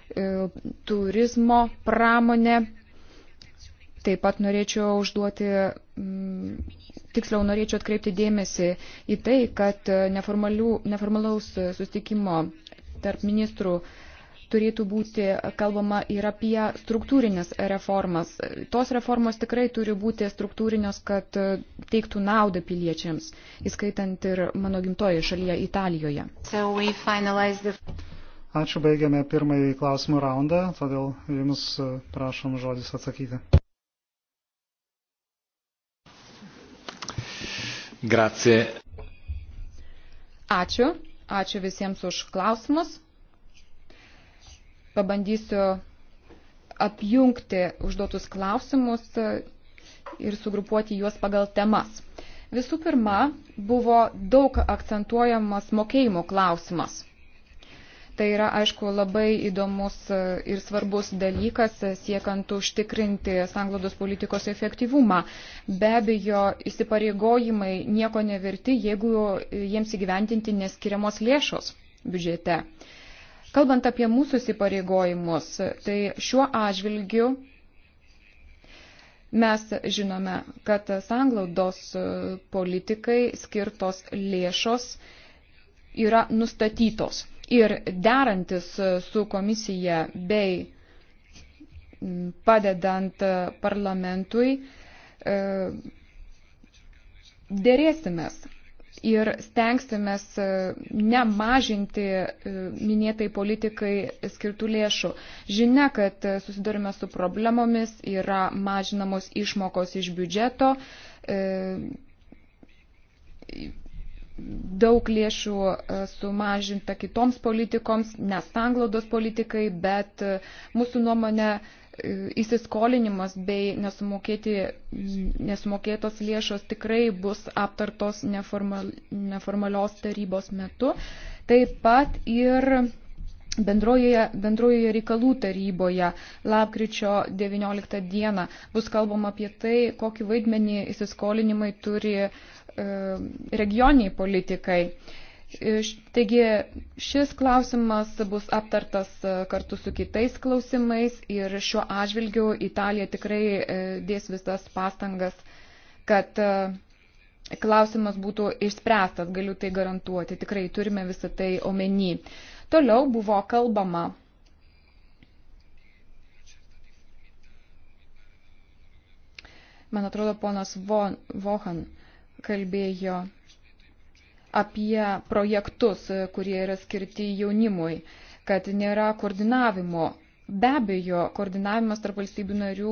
E, turizmo pramonė. Taip pat norėčiau užduoti, mm, tiksliau norėčiau atkreipti dėmesį į tai, kad neformalaus sustikimo tarp ministrų turėtų būti kalbama ir apie struktūrinės reformas. Tos reformos tikrai turi būti struktūrinės, kad teiktų naudą piliečiams, įskaitant ir mano gimtoje šalyje Italijoje. So the... Ačiū, baigiame pirmąjį klausimų raundą, todėl Jums e, prašom žodis atsakyti. Grazie. Ačiū. Ačiū visiems už klausimus. Pabandysiu apjungti užduotus klausimus e, ir sugrupuoti juos pagal temas. Visų pirma, buvo daug akcentuojamas mokėjimo klausimas. Tai yra, aišku, labai įdomus e, ir svarbus dalykas, e, siekant užtikrinti sanglaudos politikos efektyvumą. Be abejo, įsipareigojimai nieko neverti, jeigu e, jiems įgyventinti neskiriamos lėšos biudžete. Kalbant apie mūsų įsipareigojimus, tai šiuo atžvilgiu Mes žinome, kad sanglaudos politikai skirtos lėšos yra nustatytos ir derantis su komisija bei padedant parlamentui, e, dėrėsimės ir stengsimės e, nemažinti e, minėtai politikai skirtų lėšų. Žinia, kad susidurime su problemomis, yra mažinamos išmokos iš biudžeto daug lėšų e, sumažinta kitoms politikoms, nestanglodos politikai, bet e, mūsų nuomonė e, įsiskolinimas bei nesumokėtos lėšos tikrai bus aptartos neformal, neformalios tarybos metu. Taip pat ir bendrojoje, bendrojoje reikalų taryboje lapkričio 19 dieną bus kalbama apie tai, kokį vaidmenį įsiskolinimai turi E, regioniai politikai. E, taigi šis klausimas bus aptartas e, kartu su kitais klausimais ir šiuo atžvilgiu Italija tikrai dės visas pastangas, kad klausimas būtų išspręstas, galiu tai garantuoti, tikrai turime visą tai omeny. Toliau buvo kalbama man atrodo, ponas Vohan kalbėjo apie projektus, kurie yra skirti jaunimui, kad nėra koordinavimo. Be abejo, koordinavimas tarp valstybių narių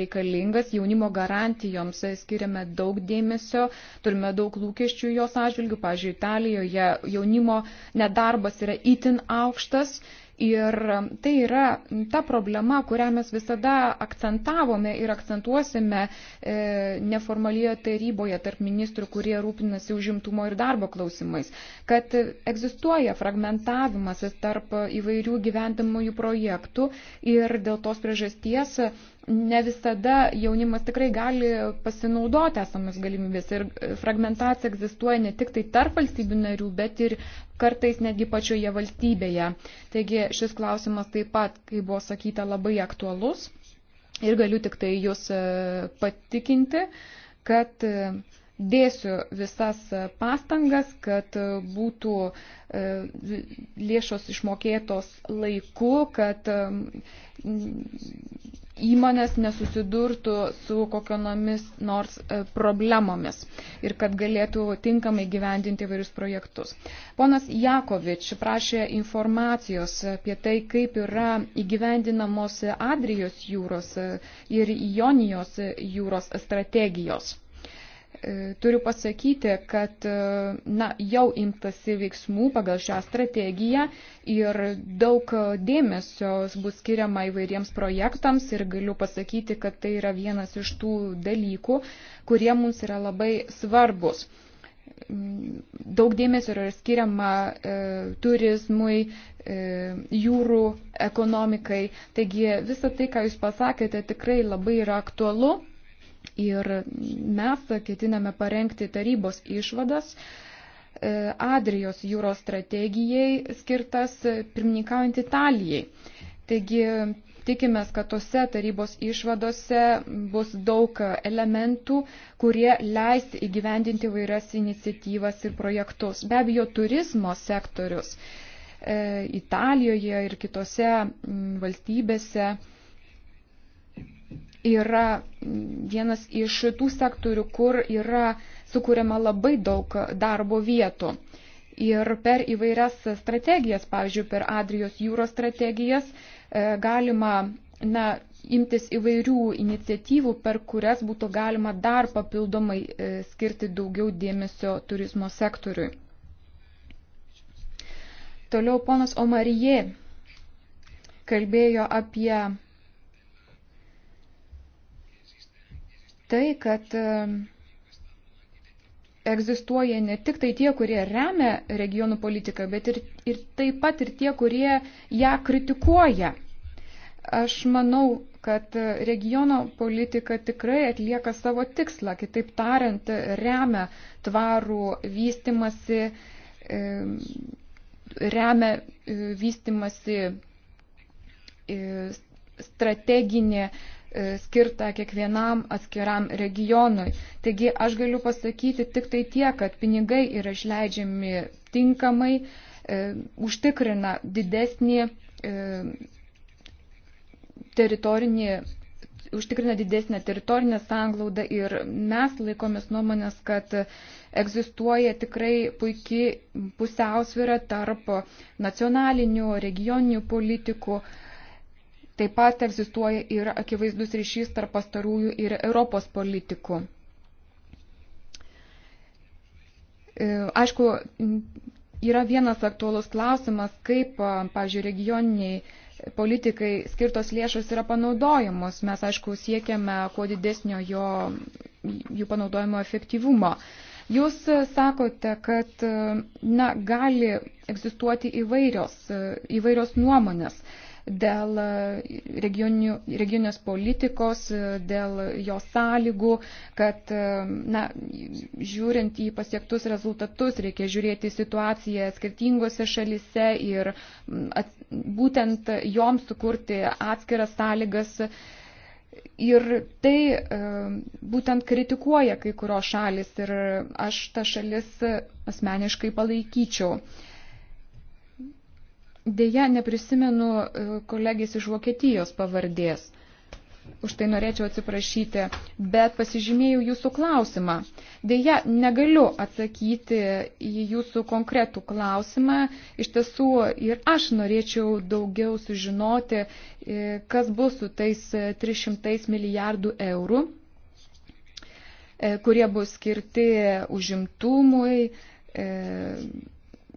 reikalingas, jaunimo garantijoms skiriame daug dėmesio, turime daug lūkesčių jos atžvilgių. Pavyzdžiui, Italijoje jaunimo nedarbas yra itin aukštas Ir tai yra ta problema, kurią mes visada akcentavome ir akcentuosime e, neformalioje taryboje tarp ministrų, kurie rūpinasi užimtumo ir darbo klausimais, kad egzistuoja fragmentavimas tarp įvairių gyventamųjų projektų ir dėl tos priežasties ne visada jaunimas tikrai gali pasinaudoti esamas galimybės. Ir e, fragmentacija egzistuoja ne tik tai tarp valstybių narių, bet ir kartais netgi pačioje valstybėje. Taigi šis klausimas taip pat, kaip buvo sakyta, labai aktualus. Ir galiu tik tai jūs e, patikinti, kad uh, dėsiu visas pastangas, kad būtų e, lėšos išmokėtos laiku, kad e, įmonės nesusidurtų su kokiomis nors e, problemomis ir kad galėtų tinkamai gyvendinti vairius projektus. Ponas Jakovič prašė informacijos apie tai, kaip yra įgyvendinamos Adrijos jūros ir Jonijos jūros strategijos. E, turiu pasakyti, kad e, na, jau imtasi veiksmų pagal šią strategiją ir daug e, dėmesio bus skiriama įvairiems projektams ir galiu pasakyti, kad tai yra vienas iš tų dalykų, kurie mums yra labai svarbus mm, daug dėmesio yra skiriama e, turizmui, e, jūrų ekonomikai. Taigi visą tai, ką Jūs pasakėte, tikrai labai yra aktualu Ir mes ketiname parengti tarybos išvadas e, Adrijos jūros strategijai skirtas pirmininkaujant Italijai. Taigi tikimės, kad tose tarybos išvadose bus daug elementų, kurie leis įgyvendinti vairias iniciatyvas ir projektus. Be abejo, turizmo sektorius e, Italijoje ir kitose valstybėse yra vienas iš tų sektorių, kur yra sukūriama labai daug darbo vietų. Ir per įvairias strategijas, pavyzdžiui, per Adrijos jūros strategijas e, galima na, imtis įvairių iniciatyvų, per kurias būtų galima dar papildomai e, skirti daugiau dėmesio turizmo sektoriui. Toliau ponas Omarijė kalbėjo apie tai, kad e, egzistuoja ne tik tai tie, kurie remia regionų politiką, bet ir, ir taip pat ir tie, kurie ją kritikuoja. Aš manau, kad regiono politika tikrai atlieka savo tikslą, kitaip tariant, remia tvarų vystimasi, e, remia e, vystimasi strateginė e, skirta kiekvienam atskiram regionui. Taigi aš galiu pasakyti tik tai tie, kad pinigai yra išleidžiami tinkamai, e, užtikrina didesnį e, teritorinį užtikrina didesnę teritorinę sanglaudą ir mes laikomės nuomonės, kad egzistuoja tikrai puikiai pusiausvyrą tarp nacionalinių, regioninių politikų, e, Taip pat egzistuoja ir akivaizdus ryšys tarp pastarųjų ir Europos politikų. E, aišku, yra vienas aktuolus klausimas, kaip, pavyzdžiui, regioniniai politikai skirtos lėšos yra panaudojamos. Mes, aišku, siekiame kuo didesnio jo, jų panaudojimo efektyvumo. Jūs sakote, kad na, gali egzistuoti įvairios, įvairios nuomonės. Uh, dėl e, regioninės politikos, e, dėl jos sąlygų, kad, e, na, žiūrint į pasiektus rezultatus, reikia žiūrėti situaciją skirtingose šalise ir at, būtent joms sukurti atskiras sąlygas. Ir tai būtent kritikuoja kai kurios šalis ir aš tą šalis asmeniškai palaikyčiau. Deja, neprisimenu e, kolegės iš Vokietijos pavardės. Už tai norėčiau atsiprašyti, bet pasižymėjau jūsų klausimą. Deja, negaliu atsakyti į jūsų konkretų klausimą. Iš tiesų ir aš norėčiau daugiau sužinoti, e, kas bus su tais 300 milijardų eurų, e, kurie bus skirti užimtumui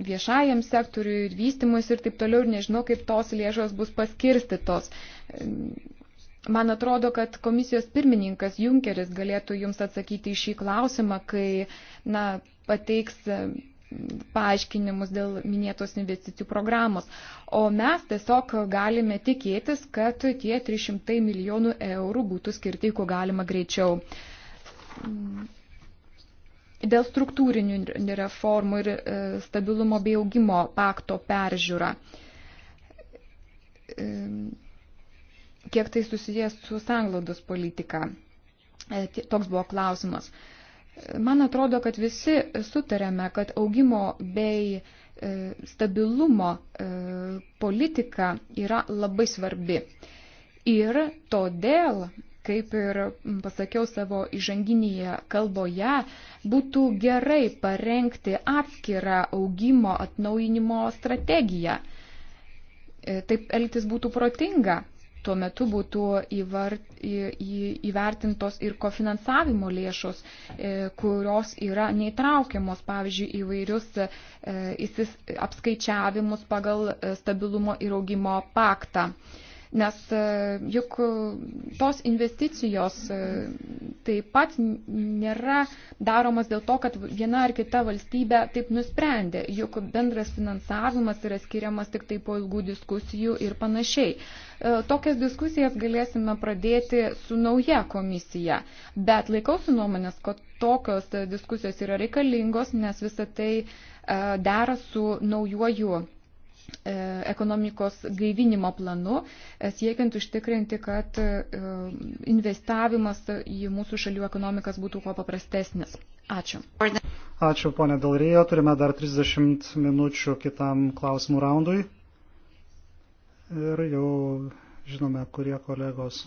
viešajam sektoriui ir vystimus ir taip toliau ir nežinau, kaip tos lėšos bus paskirstytos. Man atrodo, kad komisijos pirmininkas Junkeris galėtų jums atsakyti į šį klausimą, kai na, pateiks e, paaiškinimus dėl minėtos investicijų programos. O mes tiesiog galime tikėtis, kad tie 300 milijonų eurų būtų skirti, kuo galima greičiau. Dėl struktūrinių reformų ir e, stabilumo bei augimo pakto peržiūra. E, kiek tai susijęs su sanglaudos politika? E, toks buvo klausimas. Man atrodo, kad visi sutarėme, kad augimo bei stabilumo politika yra labai svarbi. Ir todėl kaip ir mm, pasakiau savo įžanginėje kalboje, būtų gerai parengti atskirą augimo atnaujinimo strategiją. E, taip elgtis būtų protinga. Tuo metu būtų įvart, į, į, įvertintos ir kofinansavimo lėšos, e, kurios yra neįtraukiamos, pavyzdžiui, įvairius e, įsis, apskaičiavimus pagal e, stabilumo ir augimo paktą. E, Nes e, juk tos investicijos e, taip pat nėra daromas dėl to, kad viena ar kita valstybė taip nusprendė. Juk bendras finansavimas yra skiriamas tik tai po ilgų diskusijų ir panašiai. E, tokias diskusijas galėsime pradėti su nauja komisija. Bet laikausi nuomonės, kad tokios diskusijos yra reikalingos, nes visa tai dera su naujuoju E, ekonomikos gaivinimo planu, e, siekiant užtikrinti, kad e, investavimas į mūsų šalių ekonomikas būtų kuo paprastesnis. Ačiū. Ačiū, ponė Dalrėjo. Turime dar 30 minučių kitam klausimų raundui. Ir jau žinome, kurie kolegos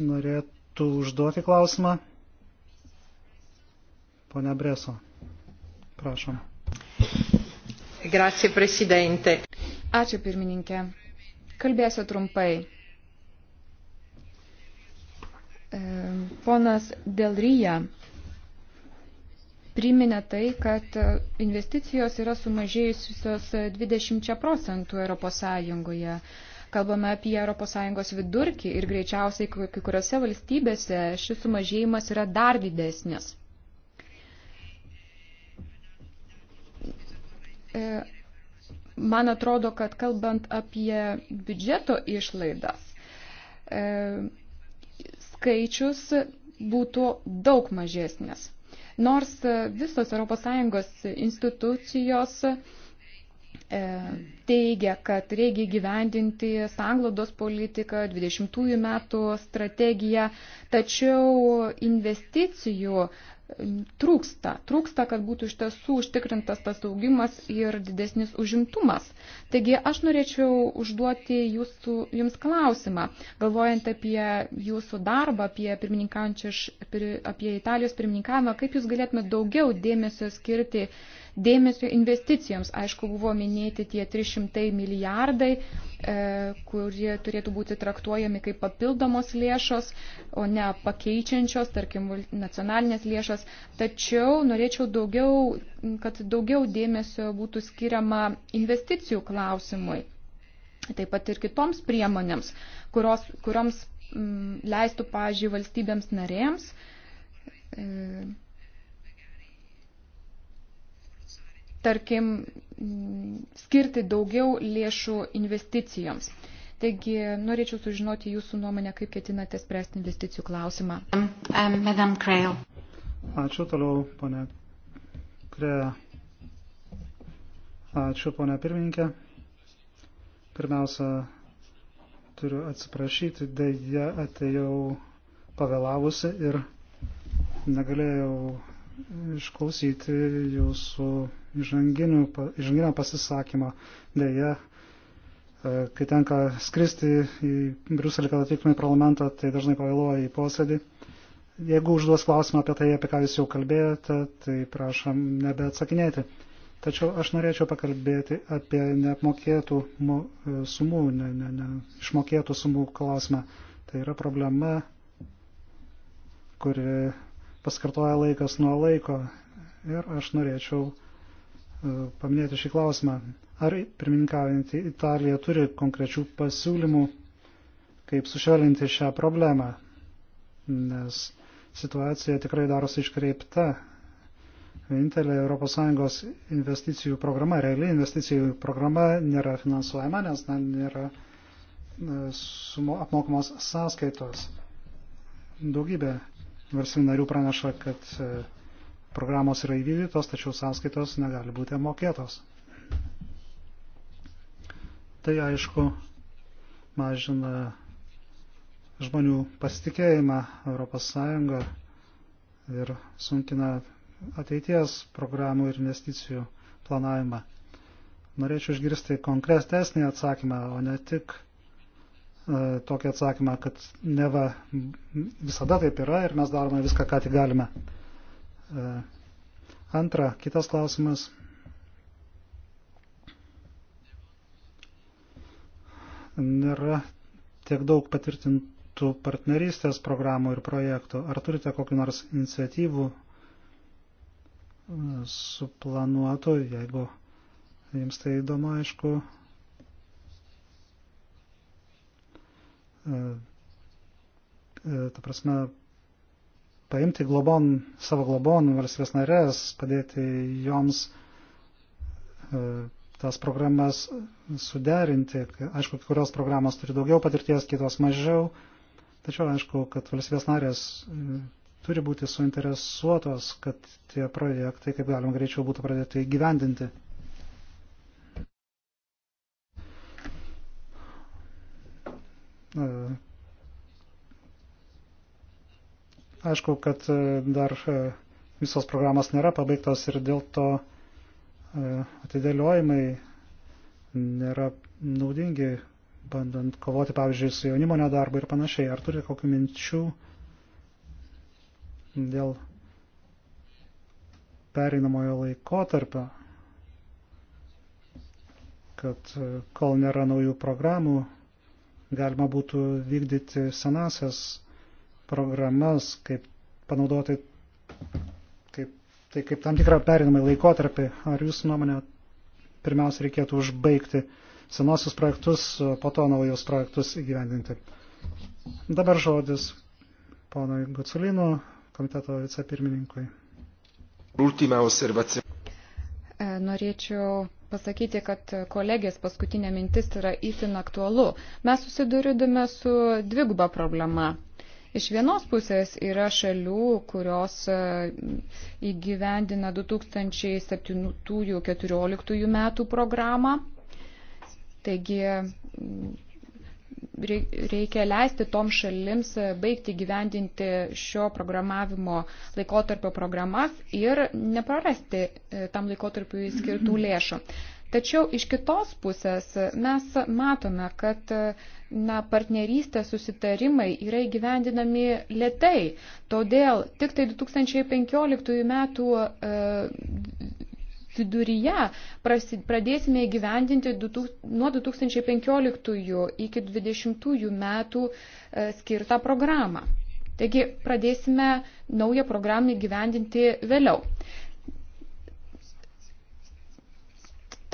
norėtų užduoti klausimą. Pone Breso, prašom. Grazie, prezidente. Ačiū, pirmininkė. Kalbėsiu trumpai. E, ponas Delryja priminė tai, kad investicijos yra sumažėjusios 20 procentų Europos Sąjungoje. Kalbame apie Europos Sąjungos vidurkį ir greičiausiai kai kuriuose valstybėse šis sumažėjimas yra dar didesnis. E, man atrodo, kad kalbant apie biudžeto išlaidas, e, skaičius būtų daug mažesnės. Nors visos ES institucijos e, teigia, kad reikia gyvendinti sanglodos politiką, 20 metų strategiją, tačiau investicijų trūksta. Trūksta, kad būtų iš tiesų užtikrintas tas augimas ir didesnis užimtumas. Taigi aš norėčiau užduoti jūsų, jums klausimą, galvojant apie jūsų darbą, apie, apie Italijos pirmininkavimą, kaip jūs galėtumėte daugiau dėmesio skirti dėmesio investicijoms. Aišku, buvo minėti tie 300 milijardai, e, kurie turėtų būti traktuojami kaip papildomos lėšos, o ne pakeičiančios, tarkim, nacionalinės lėšos. Tačiau norėčiau daugiau, kad daugiau dėmesio būtų skiriama investicijų klausimui. Taip pat ir kitoms priemonėms, kurios, kurioms mm, leistų, pažiūrėjau, valstybėms narėms e, tarkim, skirti daugiau lėšų investicijoms. Taigi norėčiau sužinoti jūsų nuomonę, kaip ketinate spręsti investicijų klausimą. Um, um, Madam Kreil. Ačiū toliau, ponė Kreja. Ačiū, ponė pirmininkė. Pirmiausia, turiu atsiprašyti, dėja atėjau pavėlavusi ir negalėjau išklausyti jūsų įžanginio pasisakymo. Deja, e, kai tenka skristi į Briuselį, kad atvyktume į parlamentą, tai dažnai pavėluoju į posėdį. Jeigu užduos klausimą apie tai, apie ką jūs jau kalbėjote, tai prašom nebeatsakinėti. Tačiau aš norėčiau pakalbėti apie neapmokėtų e, sumų, ne, ne, ne, išmokėtų sumų klausimą. Tai yra problema, kuri paskartoja laikas nuo laiko. Ir aš norėčiau e, paminėti šį klausimą. Ar pirmininkaujantį Italiją turi konkrečių pasiūlymų, kaip sušvelninti šią problemą? Nes situacija tikrai darosi iškreipta. Vienintelė ES investicijų programa, reali investicijų programa nėra finansuojama, nes na, nėra e, sumo, apmokamos sąskaitos. Daugybė valstybių narių praneša, kad e, programos yra įvykdytos, tačiau sąskaitos negali būti mokėtos. Tai aišku mažina žmonių pasitikėjimą ES ir sunkina ateities programų ir investicijų planavimą. Norėčiau išgirsti konkretesnį atsakymą, o ne tik E, tokį atsakymą, kad neva visada taip yra ir mes darome viską, ką tik galime. E, antra, kitas klausimas. Nėra tiek daug patvirtintų partnerystės programų ir projektų. Ar turite kokiu nors iniciatyvų e, suplanuotų, jeigu jums tai įdomu, aišku, E, e, ta prasme, paimti globon, savo globon valstybės narės, padėti joms e, tas programas suderinti. Aišku, kurios programos turi daugiau patirties, kitos mažiau. Tačiau aišku, kad valstybės narės turi būti suinteresuotos, kad tie projektai kaip galima greičiau būtų pradėti gyvendinti. E, aišku, kad e, dar e, visos programos nėra pabaigtos ir dėl to atidėliojimai nėra naudingi, bandant kovoti, pavyzdžiui, su jaunimo nedarbu ir panašiai. Ar turite kokių minčių dėl pereinamojo laikotarpio, kad kol nėra naujų programų, galima būtų vykdyti senasias programas, kaip panaudoti kaip, tai kaip tam tikrą perinamą laikotarpį. Ar jūsų nuomonė pirmiausia reikėtų užbaigti senosius projektus, po to naujus projektus įgyvendinti? Dabar žodis ponui Guculinu, komiteto vicepirmininkui. Norėčiau pasakyti, kad kolegės paskutinė mintis yra įtin aktualu. Mes susidurime su dviguba problema. Iš vienos pusės yra šalių, kurios e, įgyvendina 2007-2014 metų programą. Taigi reikia leisti tom šalims e, baigti gyvendinti šio programavimo laikotarpio programas ir neprarasti e, tam laikotarpiu skirtų lėšų. Tačiau iš kitos pusės e, mes matome, kad na, partnerystės susitarimai yra įgyvendinami lietai. Todėl tik tai 2015 metų e, viduryje prasi, pradėsime įgyvendinti du, nuo 2015 iki 2020 metų e, skirtą programą. Taigi pradėsime naują programą įgyvendinti vėliau.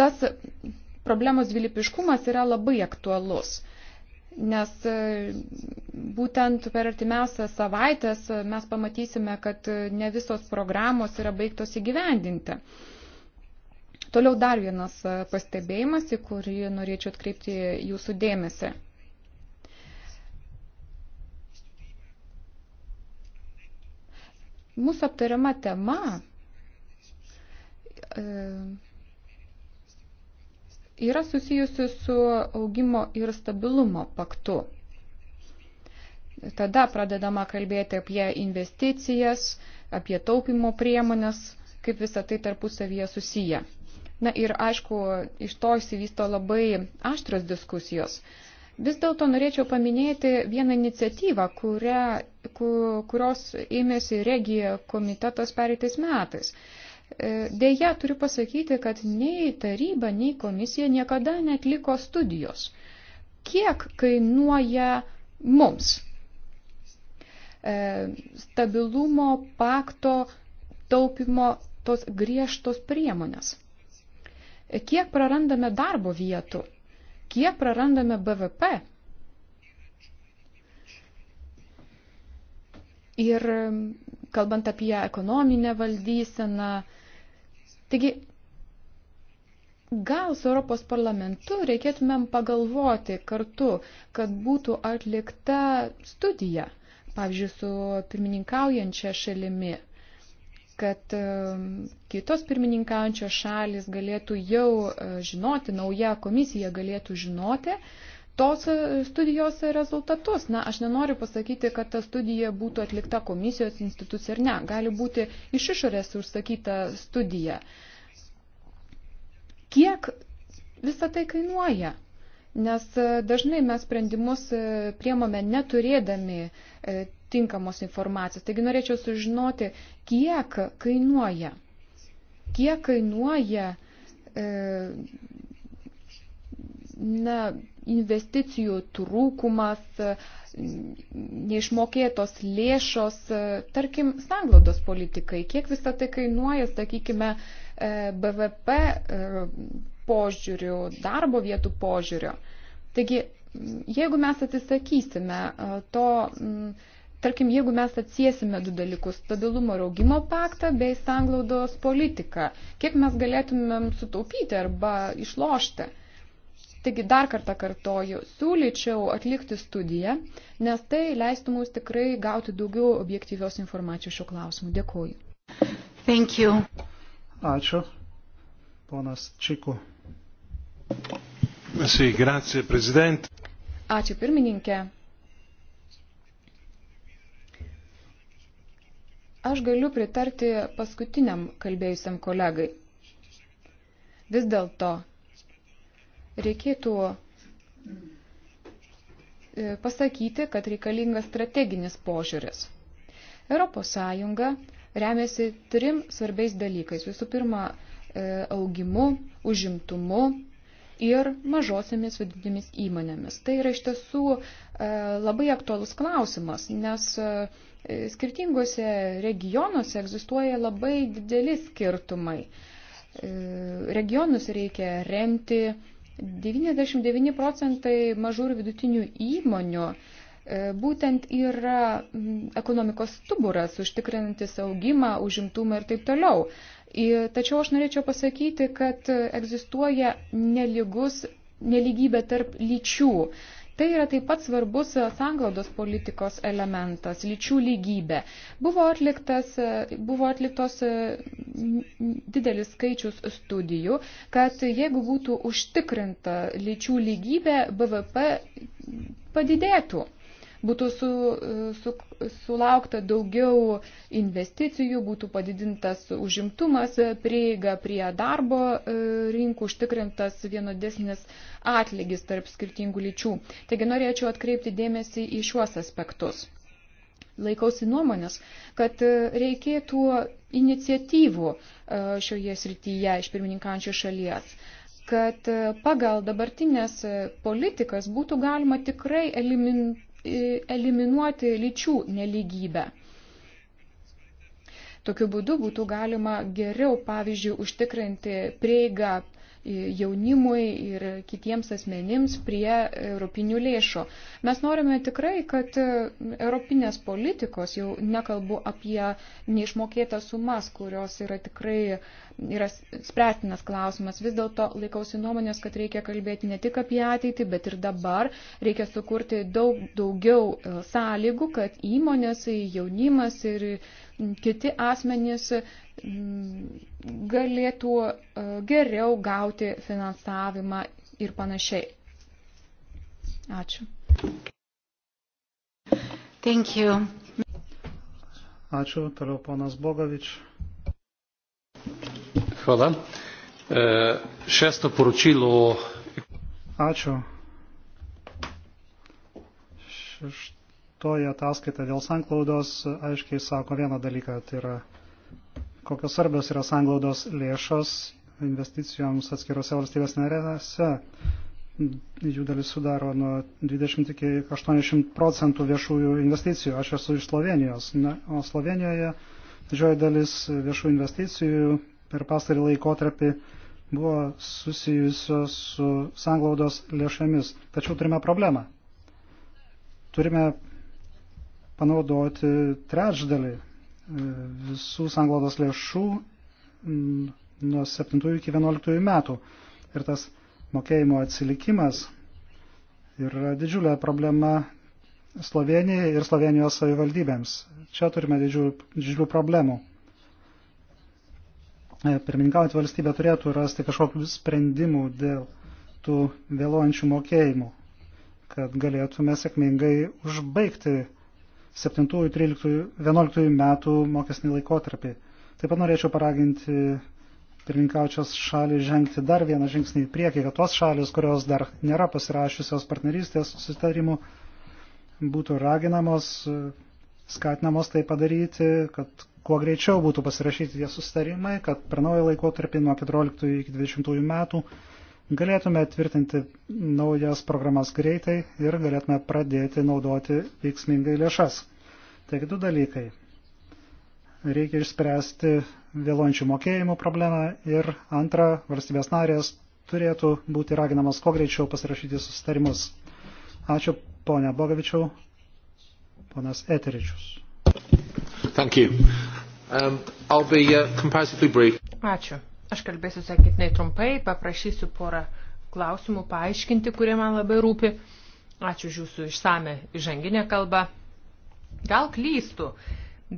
Tas problemos dvilypiškumas yra labai aktualus nes e, būtent per artimiausias savaitės e, mes pamatysime, kad ne visos programos yra baigtos įgyvendinti. Toliau dar vienas e, pastebėjimas, į kurį norėčiau atkreipti jūsų dėmesį. Mūsų aptariama tema e, yra susijusi su augimo ir stabilumo paktu. Tada pradedama kalbėti apie investicijas, apie taupimo priemonės, kaip visa tai tarpusavyje susiję. Na ir aišku, iš to įsivysto labai aštros diskusijos. Vis dėlto norėčiau paminėti vieną iniciatyvą, kurią, kurios ėmėsi regija komitetas pereitais metais. E, Deja, turiu pasakyti, kad nei taryba, nei komisija niekada netliko studijos. Kiek kainuoja mums e, stabilumo pakto taupimo tos griežtos priemonės? kiek prarandame darbo vietų, kiek prarandame BVP. Ir mm, kalbant apie ekonominę valdyseną, taigi gal su Europos parlamentu reikėtumėm pagalvoti kartu, kad būtų atlikta studija, pavyzdžiui, su pirmininkaujančia šalimi kad um, kitos pirmininkaujančios šalis galėtų jau uh, žinoti, nauja komisija galėtų žinoti tos uh, studijos rezultatus. Na, aš nenoriu pasakyti, kad ta studija būtų atlikta komisijos institucija ar ne. Gali būti iš išorės užsakyta studija. Kiek visą tai kainuoja? Nes uh, dažnai mes sprendimus priemame neturėdami tinkamos informacijos. Taigi norėčiau sužinoti, kiek kainuoja. Kiek kainuoja e, na, investicijų trūkumas, neišmokėtos lėšos, e, tarkim, sanglaudos politikai. Kiek visą tai kainuoja, sakykime, e, BVP e, požiūrių, darbo vietų požiūrių. Taigi, jeigu mes atsisakysime to m, Tarkim, jeigu mes atsiesime du dalykus - stabilumo ir augimo paktą bei sanglaudos politiką, kiek mes galėtumėm sutaupyti arba išlošti? Taigi dar kartą kartoju, siūlyčiau atlikti studiją, nes tai leistų mums tikrai gauti daugiau objektyvios informacijos šiuo klausimu. Dėkuoju. Thank you. Ačiū. Ponas Čiku. Sì, grazie, Presidente. Ačiū pirmininkė. Aš galiu pritarti paskutiniam kalbėjusiam kolegai. Vis dėlto reikėtų e, pasakyti, kad reikalingas strateginis požiūris. Europos Sąjunga remiasi trim svarbiais dalykais. Visų pirma, e, augimu, užimtumu ir mažosiamis vidinėmis įmonėmis. Tai yra iš tiesų e, labai aktualus klausimas, nes skirtingose regionuose egzistuoja labai dideli skirtumai. E, regionus reikia remti. 99 procentai mažų ir vidutinių įmonių e, būtent yra ekonomikos stuburas, užtikrinantis augimą, užimtumą ir taip toliau. Tačiau aš norėčiau pasakyti, kad egzistuoja neligus, neligybė tarp lyčių. Tai yra taip pat svarbus e, sanglaudos politikos elementas - lyčių lygybė. Buvo, atliktas, e, buvo atliktos e, didelis skaičius studijų, kad jeigu būtų užtikrinta lyčių lygybė, BVP padidėtų būtų su, su, sulaukta daugiau investicijų, būtų padidintas užimtumas, prieiga prie darbo e, rinkų, užtikrintas vienodesnis atlygis tarp skirtingų lyčių. Taigi norėčiau atkreipti dėmesį į šiuos aspektus. Laikausi nuomonės, kad e, reikėtų iniciatyvų e, šioje srityje iš pirmininkančių šalies kad pagal dabartinės politikas būtų galima tikrai elimin, eliminuoti lyčių neligybę. Tokiu būdu būtų galima geriau, pavyzdžiui, užtikrinti prieigą jaunimui ir kitiems asmenims prie europinių lėšų. Mes norime tikrai, kad europinės politikos, jau nekalbu apie neišmokėtas sumas, kurios yra tikrai yra spręstinas klausimas. Vis dėlto laikausi nuomonės, kad reikia kalbėti ne tik apie ateitį, bet ir dabar. Reikia sukurti daug daugiau e, sąlygų, kad įmonės, jaunimas ir kiti asmenys galėtų e, geriau gauti finansavimą ir panašiai. Ačiū. Thank you. Ačiū. Toliau ponas Bogovič. Hvala. E, šesto poročilo. Ačiū. Šeštoji ataskaita dėl sanklaudos aiškiai sako vieną dalyką, tai yra kokios svarbios yra sanglaudos lėšos investicijoms atskirose valstybės narėse. Jų dalis sudaro nuo 20 iki 80 procentų viešųjų investicijų. Aš esu iš Slovenijos, na, o Slovenijoje didžioji dalis viešų investicijų per pastarį laikotarpį buvo susijusios su sanglaudos lėšomis. Tačiau turime problemą. Turime panaudoti trečdalį e, visų sanglaudos lėšų mm, nuo 7 iki 11 metų. Ir tas mokėjimo atsilikimas yra didžiulė problema Slovenijai ir Slovenijos savivaldybėms. Čia turime didžiulių, didžiulių problemų. E, pirmininkaujant valstybė turėtų rasti kažkokių sprendimų dėl tų vėluojančių mokėjimų, kad galėtume sėkmingai užbaigti 7-11 metų mokesnį laikotarpį. Taip pat norėčiau paraginti pirmininkaučios šalį žengti dar vieną žingsnį į priekį, kad tos šalis, kurios dar nėra pasirašiusios partnerystės susitarimų, būtų raginamos, skatinamos tai padaryti, kad kuo greičiau būtų pasirašyti tie sustarimai, kad per naują laikotarpį nuo 14 iki 20 metų galėtume tvirtinti naujas programas greitai ir galėtume pradėti naudoti veiksmingai lėšas. Taigi du dalykai. Reikia išspręsti vėluojančių mokėjimų problemą ir antra, valstybės narės turėtų būti raginamas kuo greičiau pasirašyti sustarimus. Ačiū, ponia Bogavičiau, ponas Eteričius. Thank you. Um, I'll be uh, comparatively brief. Ačiū. Aš kalbėsiu sakytinai trumpai, paprašysiu porą klausimų paaiškinti, kurie man labai rūpi. Ačiū už jūsų išsame įžanginę kalbą. Gal klystu,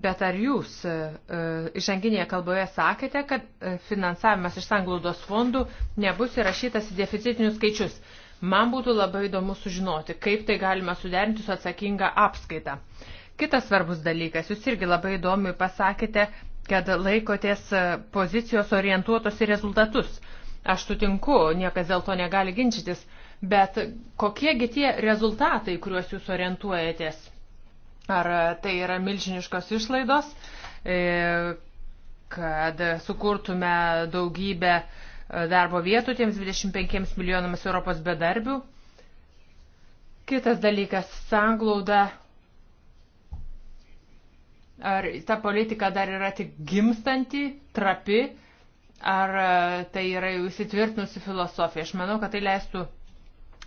bet ar jūs e, e įžanginėje kalboje sakėte, kad e, finansavimas iš sanglaudos fondų nebus įrašytas į deficitinius skaičius? Man būtų labai įdomu sužinoti, kaip tai galima suderinti su atsakinga apskaita. E, Kitas svarbus dalykas, jūs irgi labai įdomiai pasakėte, kad laikotės e, pozicijos orientuotos į rezultatus. Aš sutinku, niekas dėl to negali ginčytis, bet kokiegi tie rezultatai, kuriuos jūs orientuojatės? Ar e, tai yra milžiniškos išlaidos, e, kad sukurtume daugybę darbo vietų tiems 25 milijonams Europos bedarbių? Kitas dalykas - sanglauda Ar ta politika dar yra tik gimstanti, trapi, ar e, tai yra jau įsitvirtinusi filosofija. Aš manau, kad tai leistų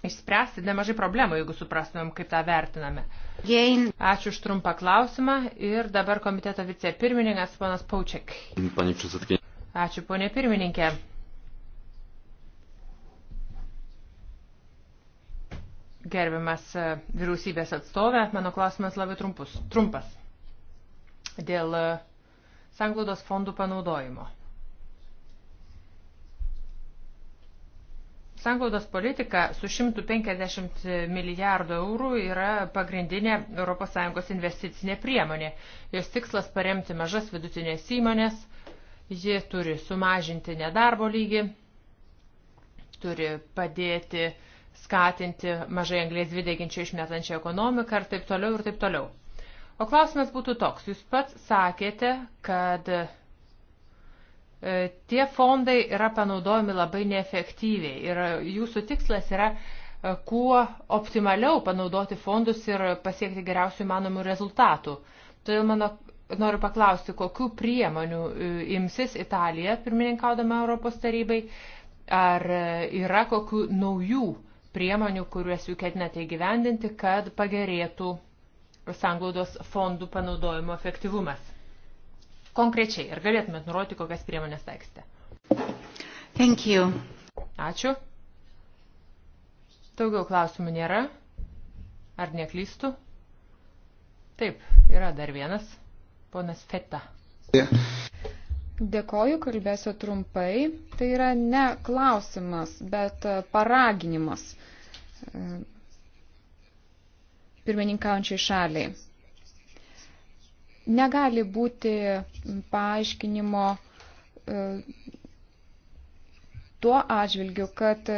išspręsti nemažai problemų, jeigu suprastumėm, kaip tą vertiname. Jane. Ačiū už trumpą klausimą ir dabar komiteto vicepirmininkas ponas Paučiak. Ačiū, ponė pirmininkė. Gerbiamas e, vyriausybės atstovė, mano klausimas labai trumpus, trumpas dėl e, sanglaudos fondų panaudojimo. Sanglaudos politika su 150 milijardų eurų yra pagrindinė ES investicinė priemonė. Jos tikslas paremti mažas vidutinės įmonės, ji turi sumažinti nedarbo lygį, turi padėti skatinti mažai anglės dvideginčio išmetančią ekonomiką ir taip toliau ir taip toliau. O klausimas būtų toks. Jūs pats sakėte, kad e, tie fondai yra panaudojami labai neefektyviai ir e, jūsų tikslas yra e, kuo optimaliau panaudoti fondus ir pasiekti geriausių įmanomų rezultatų. Todėl mano noriu paklausti, kokiu priemonių imsis Italija pirmininkaudama Europos tarybai, ar yra kokiu naujų priemonių, kuriuos jūs ketinate įgyvendinti, kad pagerėtų sanglaudos fondų panaudojimo efektyvumas. Konkrečiai, ar galėtumėt nurodyti, kokias priemonės taiksite? Thank you. Ačiū. Daugiau klausimų nėra. Ar neklystu? Taip, yra dar vienas. Ponas Feta. Yeah. Dėkoju, kalbėsiu trumpai. Tai yra ne klausimas, bet paraginimas pirmininkaujančiai šaliai. Negali būti paaiškinimo e, tuo atžvilgiu, kad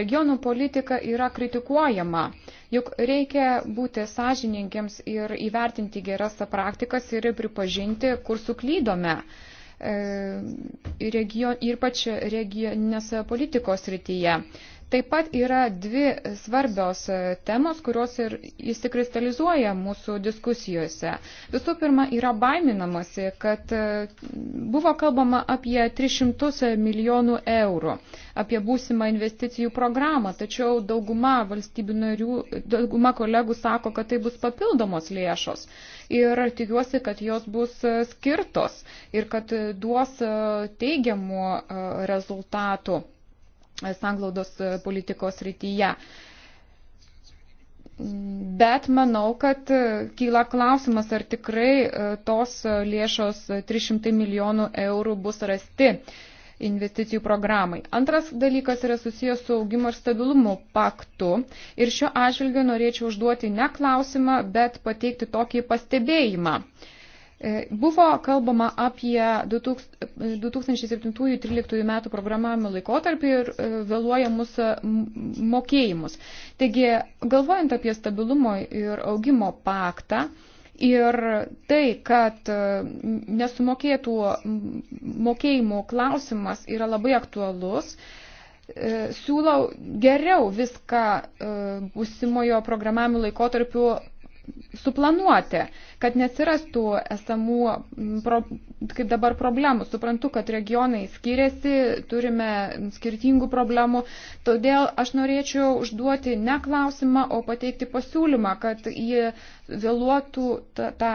regionų politika yra kritikuojama. Juk reikia būti sąžininkiams ir įvertinti geras praktikas ir pripažinti, kur suklydome. E, region, ir pač regioninės politikos rytyje. Taip pat yra dvi svarbios e, temos, kurios ir įsikristalizuoja mūsų diskusijose. Visų pirma, yra baiminamasi, kad e, buvo kalbama apie 300 milijonų eurų, apie būsimą investicijų programą, tačiau dauguma valstybių narių, dauguma kolegų sako, kad tai bus papildomos lėšos. Ir tikiuosi, kad jos bus e, skirtos ir kad duos teigiamų rezultatų sanglaudos e, politikos rytyje. Bet manau, kad e, kyla klausimas, ar tikrai e, tos lėšos 300 milijonų eurų bus rasti investicijų programai. Antras dalykas yra susijęs su augimo ir stabilumo paktu. Ir šiuo atžvilgiu norėčiau užduoti ne klausimą, bet pateikti tokį pastebėjimą. Uh, E, buvo kalbama apie 2007-2013 metų programavimo laikotarpį ir e, vėluojamus e, mokėjimus. Taigi, galvojant apie stabilumo ir augimo paktą, Ir tai, kad nesumokėtų mokėjimų klausimas yra labai aktualus, siūlau geriau viską būsimojo programavimo laikotarpiu suplanuoti, kad nesirastų esamų, pro, kaip dabar, problemų. Suprantu, kad regionai skiriasi, turime skirtingų problemų, todėl aš norėčiau užduoti ne klausimą, o pateikti pasiūlymą, kad jie vėluotų tą, tą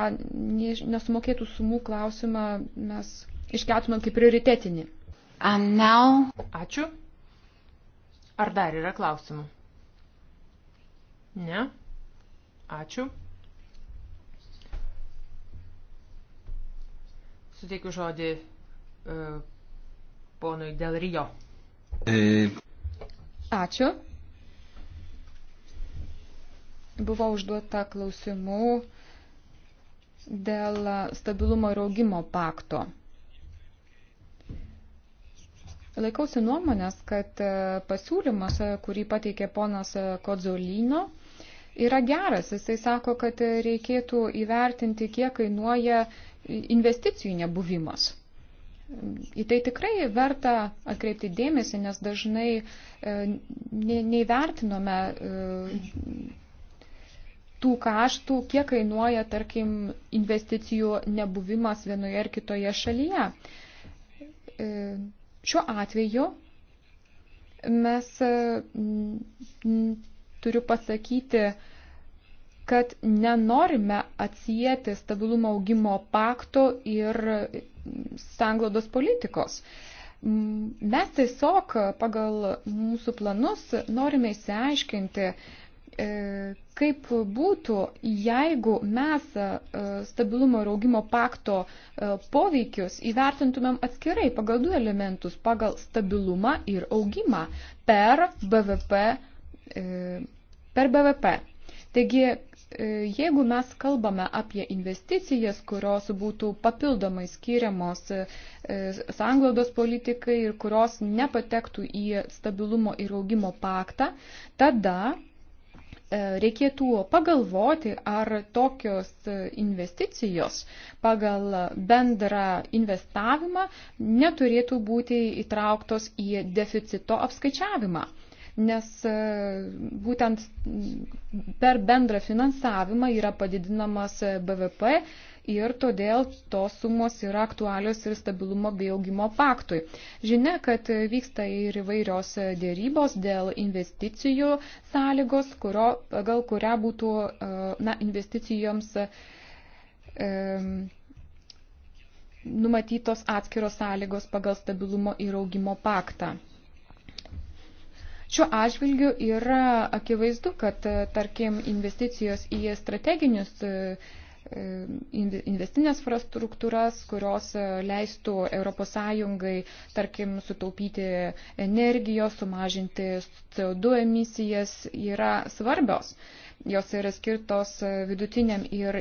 nesumokėtų sumų klausimą mes iškeltumėm kaip prioritetinį. And now... Ačiū. Ar dar yra klausimų? Ne? Ačiū. Suteikiu žodį e, ponui Del Rio. E... Ačiū. Buvo užduota klausimų dėl stabilumo ir augimo pakto. Laikausi nuomonės, kad e, pasiūlymas, e, kurį pateikė ponas e, Kodzolino, yra geras. Jisai sako, kad reikėtų įvertinti, kiek kainuoja investicijų nebuvimas. Į tai tikrai verta atkreipti dėmesį, nes dažnai e, neįvertinome e, tų kaštų, kiek kainuoja, tarkim, investicijų nebuvimas vienoje ar kitoje šalyje. E, šiuo atveju mes, turiu pasakyti, kad nenorime atsijėti stabilumo augimo pakto ir sanglodos politikos. Mes tiesiog pagal mūsų planus norime įsiaiškinti, e, kaip būtų, jeigu mes e, stabilumo ir augimo pakto e, poveikius įvertintumėm atskirai pagal du elementus - pagal stabilumą ir augimą per BVP. Per BVP. Taigi E, jeigu mes kalbame apie investicijas, kurios būtų papildomai skiriamos e, sanglaudos politikai ir kurios nepatektų į stabilumo ir augimo paktą, tada e, reikėtų pagalvoti, ar tokios investicijos pagal bendrą investavimą neturėtų būti įtrauktos į deficito apskaičiavimą nes e, būtent per bendrą finansavimą yra padidinamas e, BVP ir todėl tos sumos yra aktualios ir stabilumo bei augimo paktui. Žinia, kad e, vyksta ir įvairios dėrybos dėl investicijų sąlygos, kurio, pagal kurią būtų na, investicijoms numatytos atskiros sąlygos pagal stabilumo ir augimo paktą. Šiuo atžvilgiu yra akivaizdu, kad, e, tarkim, investicijos į strateginius e, e, investinės infrastruktūras, kurios leistų ES, tarkim, sutaupyti energijos, sumažinti CO2 emisijas, yra svarbios. Jos yra skirtos vidutiniam ir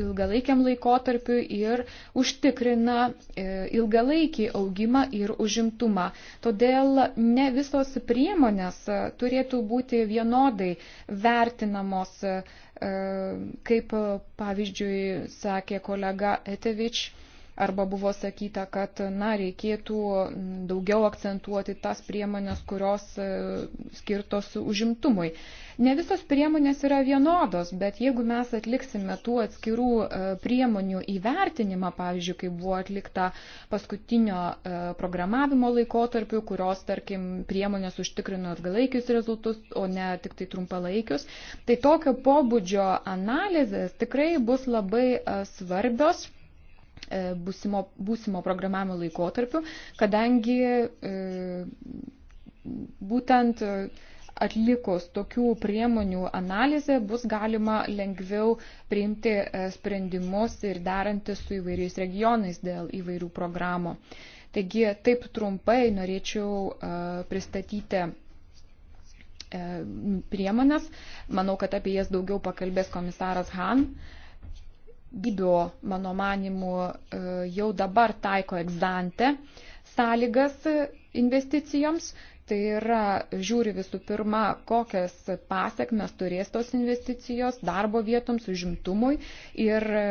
ilgalaikiam laikotarpiu ir užtikrina e, ilgalaikį augimą ir užimtumą. Todėl ne visos priemonės e, turėtų būti vienodai vertinamos, e, kaip pavyzdžiui sakė kolega Etevič arba buvo sakyta, kad na, reikėtų daugiau akcentuoti tas priemonės, kurios e, skirtos užimtumui. Ne visos priemonės yra vienodos, bet jeigu mes atliksime tų atskirų e, priemonių įvertinimą, pavyzdžiui, kai buvo atlikta paskutinio e, programavimo laikotarpiu, kurios, tarkim, priemonės užtikrino ilgalaikius rezultus, o ne tik tai trumpalaikius, tai tokio pobūdžio analizės tikrai bus labai svarbios E, būsimo, būsimo programavimo laikotarpiu, kadangi e, būtent atlikus tokių priemonių analizę bus galima lengviau priimti e, sprendimus ir derantis su įvairiais regionais dėl įvairių programų. Taigi taip trumpai norėčiau pristatyti priemonės. Manau, kad apie jas daugiau pakalbės komisaras Han. Uh, Bibio, mano manimu, e, jau dabar taiko egzante sąlygas investicijoms. Tai yra, žiūri visų pirma, kokias pasiekmes turės tos investicijos darbo vietoms, užimtumui ir e,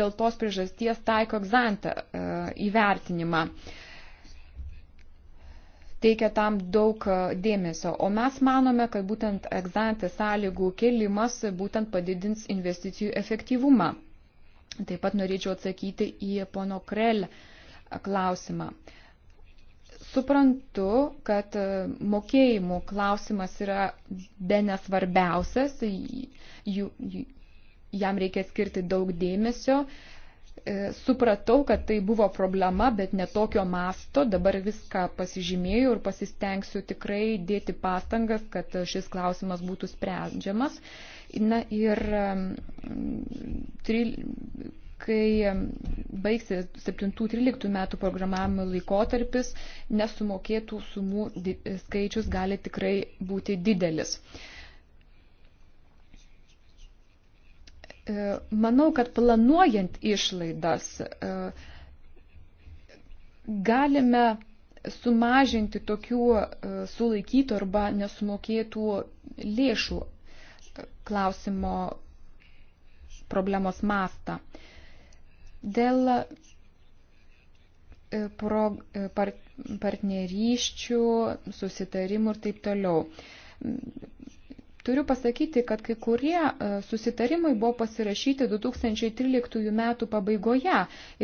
dėl tos priežasties taiko egzantą e, įvertinimą. E, teikia tam daug e, dėmesio, o mes manome, kad būtent egzantė sąlygų kelimas būtent padidins investicijų efektyvumą. Taip pat norėčiau atsakyti į pono Krell klausimą. Suprantu, kad e, mokėjimų klausimas yra be nesvarbiausias, jam reikia skirti daug dėmesio, E, supratau, kad tai buvo problema, bet netokio masto. Dabar viską pasižymėjau ir pasistengsiu tikrai dėti pastangas, kad šis klausimas būtų sprendžiamas. Na ir tri, kai baigsis 7-13 metų programavimo laikotarpis, nesumokėtų sumų skaičius gali tikrai būti didelis. Uh, E, manau, kad planuojant išlaidas e, galime sumažinti tokių e, sulaikytų arba nesumokėtų lėšų klausimo problemos mastą. Dėl pro, par, partneryščių, susitarimų ir taip toliau. Turiu pasakyti, kad kai kurie e, susitarimai buvo pasirašyti 2013 metų pabaigoje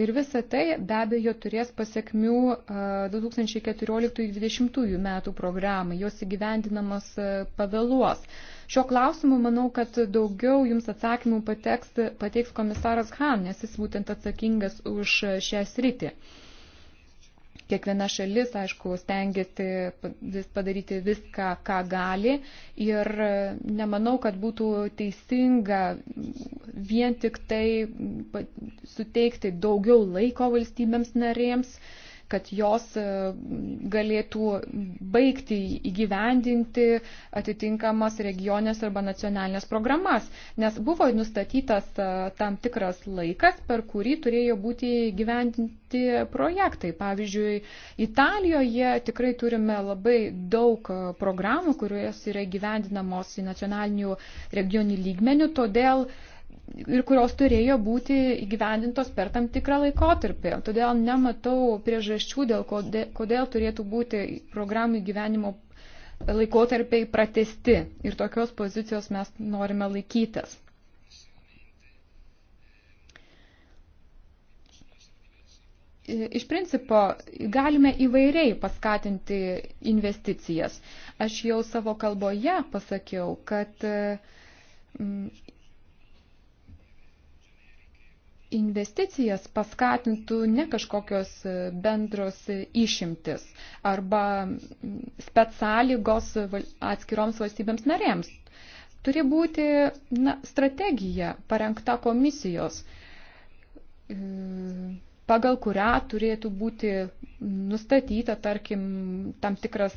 ir visa tai be abejo turės pasiekmių 2014-2020 e, metų programai, jos įgyvendinamas e, pavėluos. Šio klausimu manau, kad daugiau jums atsakymų pateiks, pateiks komisaras Han, nes jis būtent atsakingas už šią sritį. Kiekviena šalis, aišku, stengiasi vis padaryti viską, ką gali ir e, nemanau, kad būtų teisinga vien tik tai suteikti daugiau laiko valstybėms narėms kad jos e, galėtų baigti įgyvendinti atitinkamas regionės arba nacionalinės programas, nes buvo nustatytas e, tam tikras laikas, per kurį turėjo būti įgyvendinti projektai. Pavyzdžiui, Italijoje tikrai turime labai daug e, programų, kurios yra įgyvendinamos į nacionalinių regionių lygmenių, todėl uh, ir kurios turėjo būti įgyvendintos per tam tikrą laikotarpį. Todėl nematau priežasčių, dėl kodėl, kodėl turėtų būti programų įgyvenimo laikotarpiai pratesti. Ir tokios pozicijos mes norime laikytis. Iš principo, galime įvairiai paskatinti investicijas. Aš jau savo kalboje pasakiau, kad mm, investicijas paskatintų ne kažkokios e, bendros e, išimtis arba specialigos atskiroms valstybėms narėms. Turi būti na, strategija parengta komisijos, e, pagal kurią turėtų būti nustatyta, tarkim, tam tikras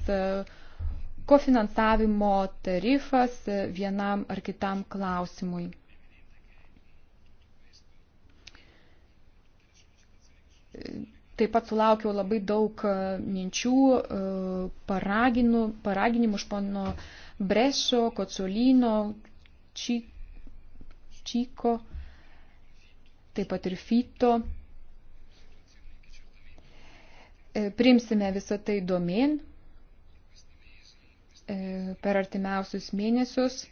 kofinansavimo tarifas vienam ar kitam klausimui. Taip pat sulaukiau labai daug e, minčių, e, paraginu, paraginimų iš pono Breso, Kocolino, Či, Čiko, taip pat ir Fito. E, Primsime visą tai domen per artimiausius mėnesius.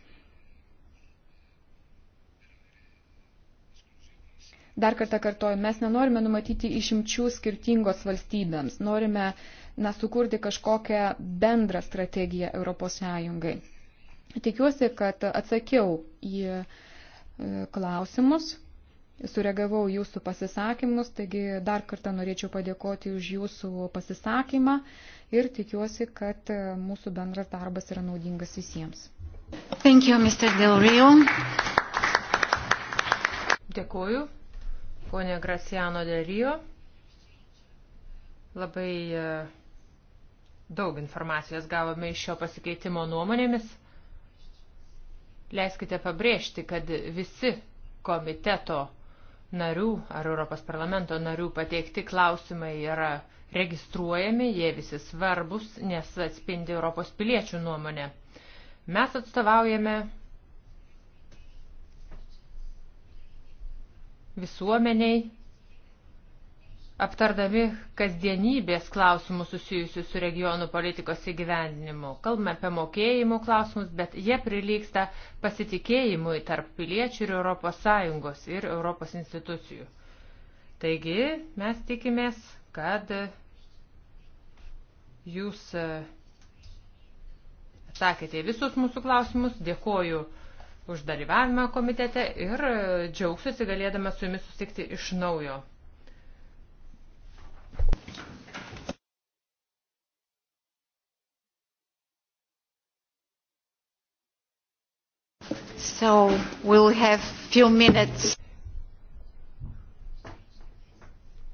Dar kartą kartoju, mes nenorime numatyti išimčių skirtingos valstybėms, norime na, sukurti kažkokią bendrą strategiją Europos Sąjungai. Tikiuosi, kad atsakiau į e, klausimus, sureagavau jūsų pasisakymus, taigi dar kartą norėčiau padėkoti už jūsų pasisakymą ir tikiuosi, kad e, mūsų bendras darbas yra naudingas visiems. Thank you, Mr. Del Rio. Dėkuoju. Pone Graciano Derijo, labai e, daug informacijos gavome iš šio pasikeitimo nuomonėmis. Leiskite pabrėžti, kad visi komiteto narių ar Europos parlamento narių pateikti klausimai yra registruojami, jie visi svarbus, nes atspindi Europos piliečių nuomonę. Mes atstovaujame visuomeniai, aptardami kasdienybės klausimus susijusius su regionų politikos įgyvendinimu. Kalbame apie mokėjimų klausimus, bet jie prilyksta pasitikėjimui tarp piliečių ir ES ir ES institucijų. Taigi mes tikimės, kad jūs e, atsakėte visus mūsų klausimus. Dėkoju už dalyvavimą komitete ir e, džiaugsiuosi galėdama su jumis susitikti iš naujo. So we'll have few minutes.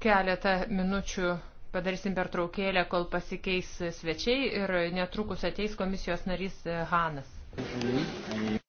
Keletą minučių padarysim pertraukėlę, kol pasikeis svečiai ir netrukus ateis komisijos narys e, Hanas. Mhm.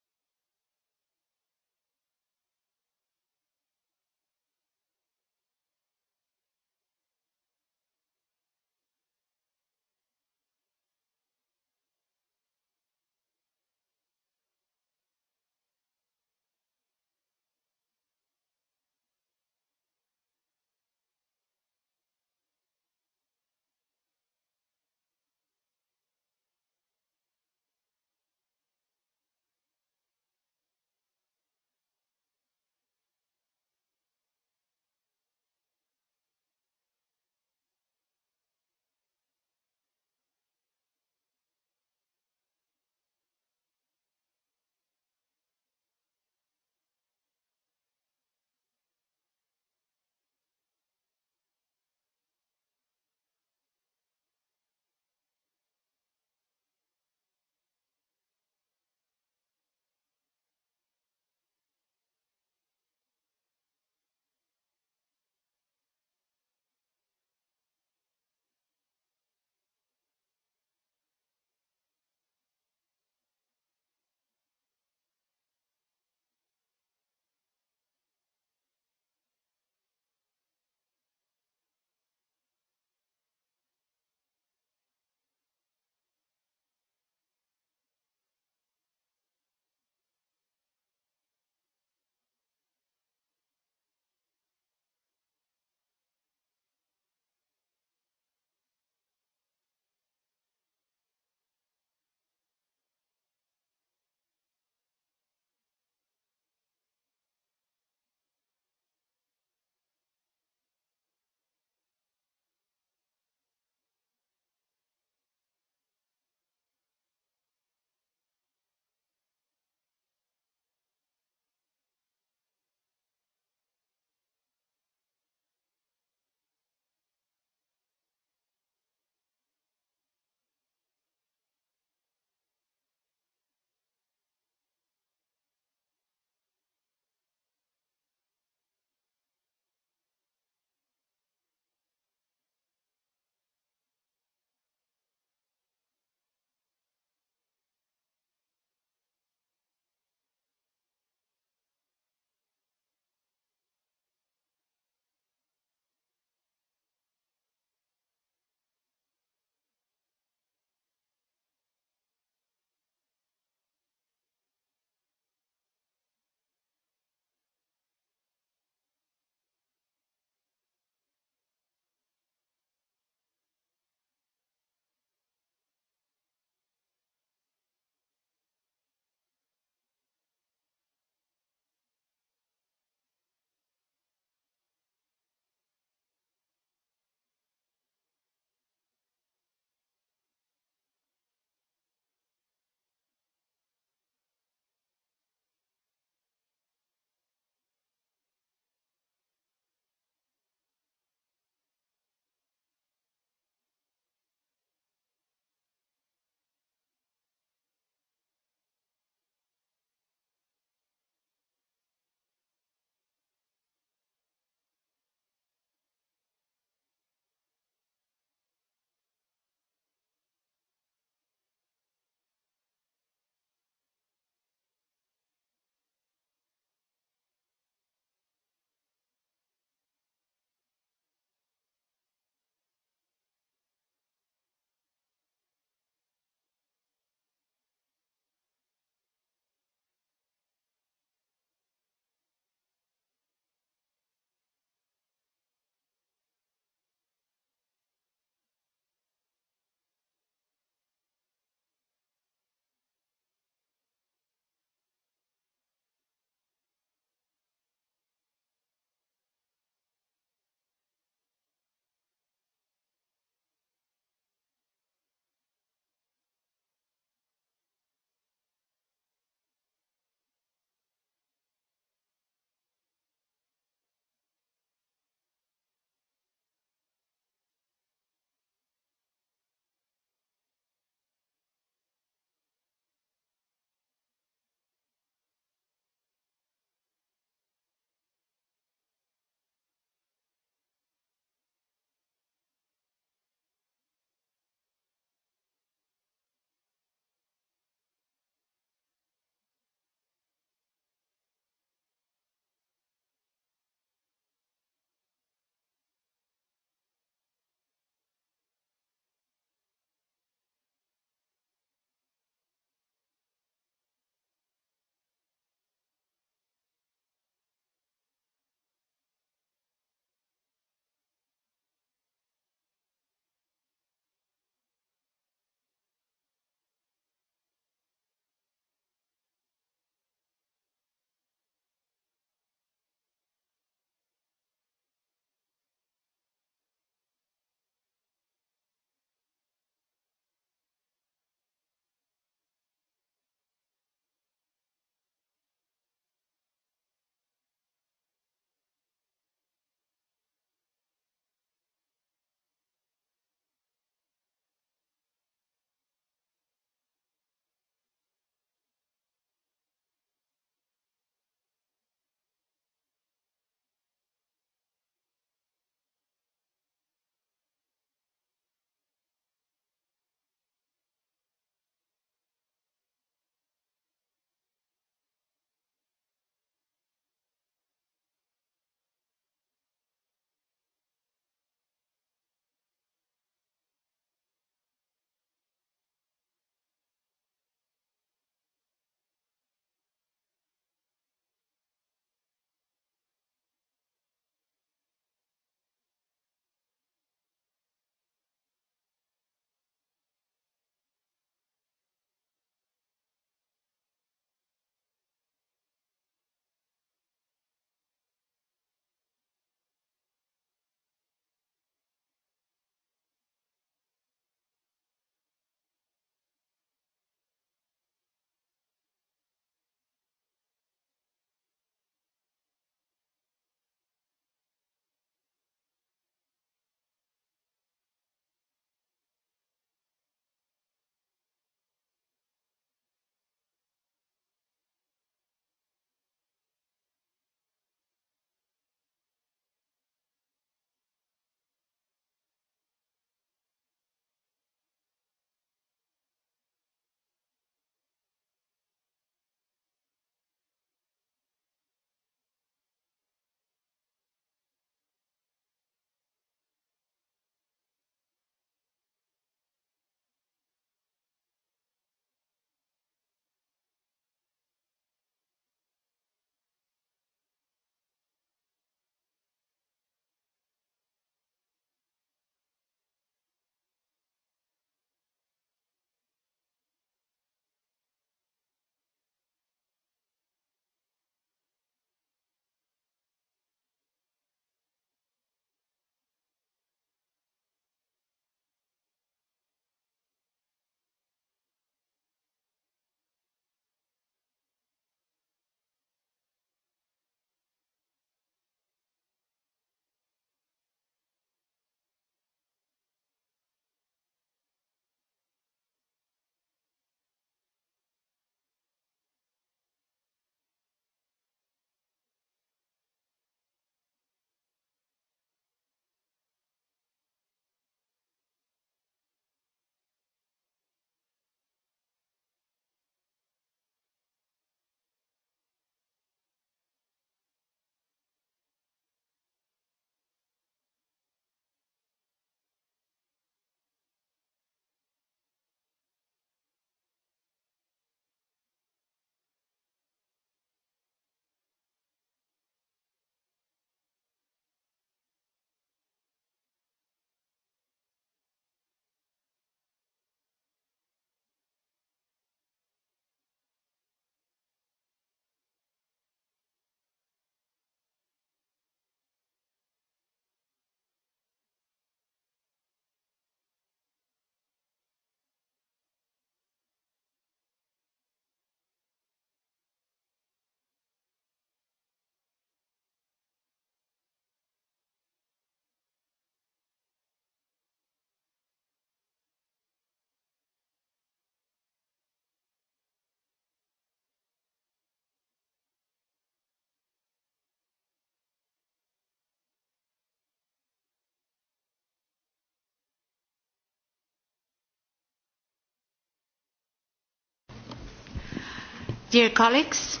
Dear colleagues.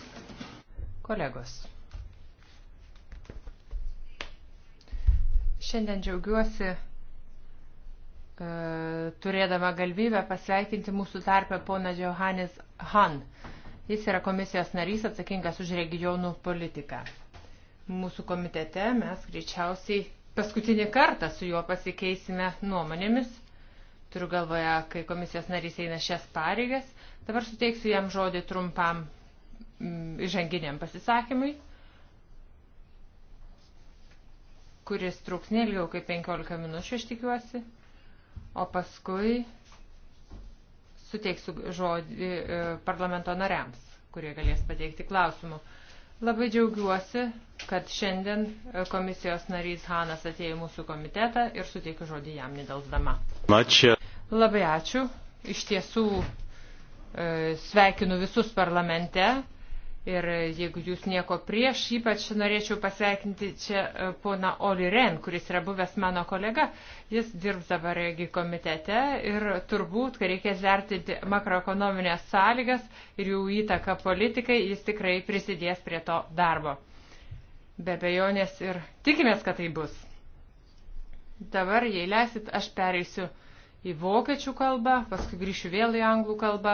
Kolegos. Šiandien džiaugiuosi e, turėdama galimybę pasveikinti mūsų tarpę poną Johannes Han. Jis yra komisijos narys atsakingas už regionų politiką. Mūsų komitete mes greičiausiai paskutinį kartą su juo pasikeisime nuomonėmis. Turiu galvoje, kai komisijos narys eina šias pareigas. Dabar suteiksiu jam žodį trumpam mm, įžanginiam pasisakymui, kuris truks nelgiau kaip 15 minučių, aš tikiuosi, o paskui suteiksiu žodį e, parlamento nariams, kurie galės pateikti klausimų. Labai džiaugiuosi, kad šiandien e, komisijos narys Hanas atėjo į mūsų komitetą ir suteikiu žodį jam nedelsdama. Ačiū. Labai ačiū. Iš tiesų E, sveikinu visus parlamente ir jeigu jūs nieko prieš, ypač norėčiau pasveikinti čia e, pona Oli Ren, kuris yra buvęs mano kolega. Jis dirbs dabar regi komitete ir turbūt, kai reikės vertinti makroekonominės sąlygas ir jų įtaką politikai, jis tikrai prisidės prie to darbo. Be bejonės ir tikimės, kad tai bus. Dabar, jei leisit, aš pereisiu į vokiečių kalbą, paskui grįšiu vėl į anglų kalbą.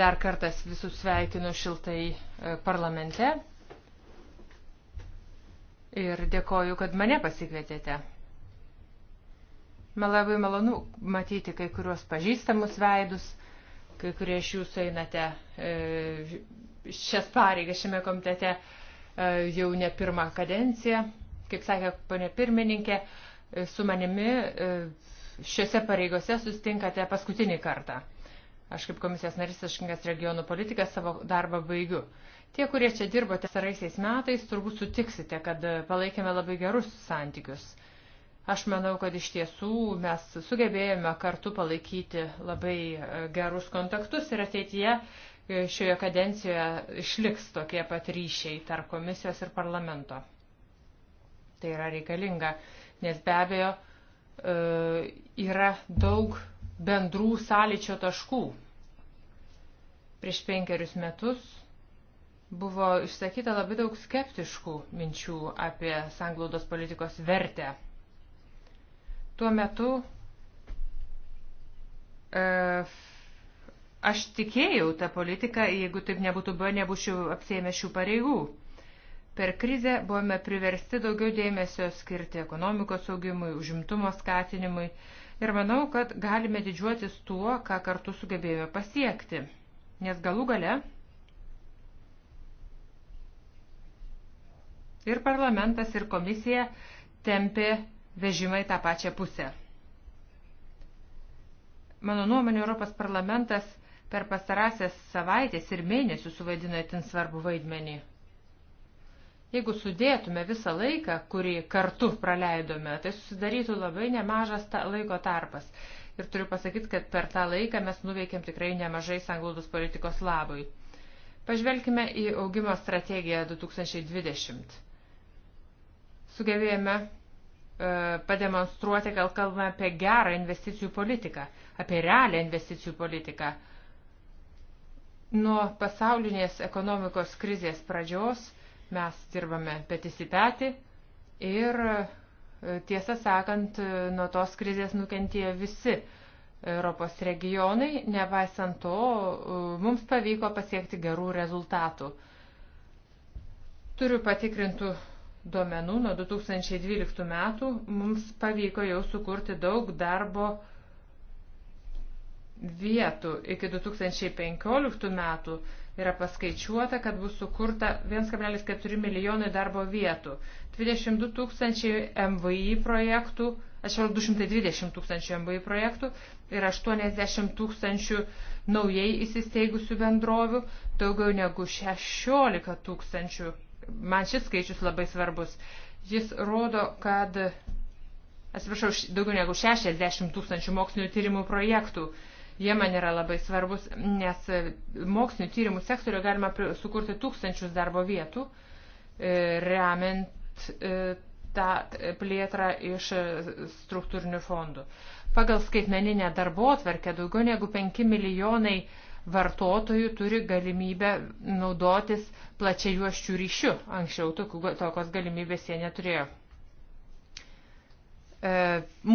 Dar kartas visus sveikinu šiltai e, parlamente. Ir dėkoju, kad mane pasikvietėte. Man labai malonu matyti kai kuriuos pažįstamus veidus, kai kurie iš jūsų einate e, šias pareigas šiame komitete e, jau ne pirmą kadenciją. Kaip sakė ponė pirmininkė, su manimi e, šiuose pareigose sustinkate paskutinį kartą. Aš kaip komisijos narys aškingas regionų politikas savo darbą baigiu. Tie, kurie čia dirbote saraisiais metais, turbūt sutiksite, kad palaikėme labai gerus santykius. Aš manau, kad iš tiesų mes sugebėjome kartu palaikyti labai e, gerus kontaktus ir ateityje e, šioje kadencijoje išliks tokie pat ryšiai tarp komisijos ir parlamento. Tai yra reikalinga nes be abejo e, yra daug bendrų sąlyčio taškų. Prieš penkerius metus buvo išsakyta labai daug skeptiškų minčių apie sanglaudos politikos vertę. Tuo metu e, aš tikėjau tą politiką, jeigu taip nebūtų buvę, nebūčiau apsėmę šių pareigų. Per krizę buvome priversti daugiau dėmesio skirti ekonomikos augimui, užimtumo skatinimui ir manau, kad galime didžiuotis tuo, ką kartu sugebėjome pasiekti. Nes galų gale ir parlamentas, ir komisija tempė vežimai tą pačią pusę. Mano nuomonė, Europos parlamentas per pastarąsias savaitės ir mėnesius suvaidino itin svarbu vaidmenį. Jeigu sudėtume visą laiką, kurį kartu praleidome, tai susidarytų labai nemažas ta laiko tarpas. Ir turiu pasakyti, kad per tą laiką mes nuveikėm tikrai nemažai sanglaudos politikos labui. Pažvelkime į augimo strategiją 2020. Sugebėjome e, pademonstruoti, kad kalbame apie gerą investicijų politiką, apie realią investicijų politiką. Nuo pasaulinės ekonomikos krizės pradžios Mes dirbame petis į petį ir e, tiesą sakant, nuo tos krizės nukentėjo visi Europos regionai, nepaisant to, e, mums pavyko pasiekti gerų rezultatų. Turiu patikrintų duomenų nuo 2012 metų, mums pavyko jau sukurti daug darbo vietų iki 2015 metų Yra paskaičiuota, kad bus sukurta 1,4 milijonai darbo vietų, 22 tūkstančiai MVI projektų, atsiprašau, 220 tūkstančių MVI projektų ir 80 tūkstančių naujai įsisteigusių bendrovių, daugiau negu 16 tūkstančių. Man šis skaičius labai svarbus. Jis rodo, kad atsiprašau, daugiau negu 60 tūkstančių mokslinio tyrimų projektų Jie man yra labai svarbus, nes e, mokslinio tyrimų sektorio galima sukurti tūkstančius darbo vietų, e, remiant e, tą plėtrą iš struktūrinių fondų. Pagal skaitmeninę darbo atverkę daugiau negu 5 milijonai vartotojų turi galimybę naudotis plačiai juoščių ryšių. Anksčiau tokios galimybės jie neturėjo.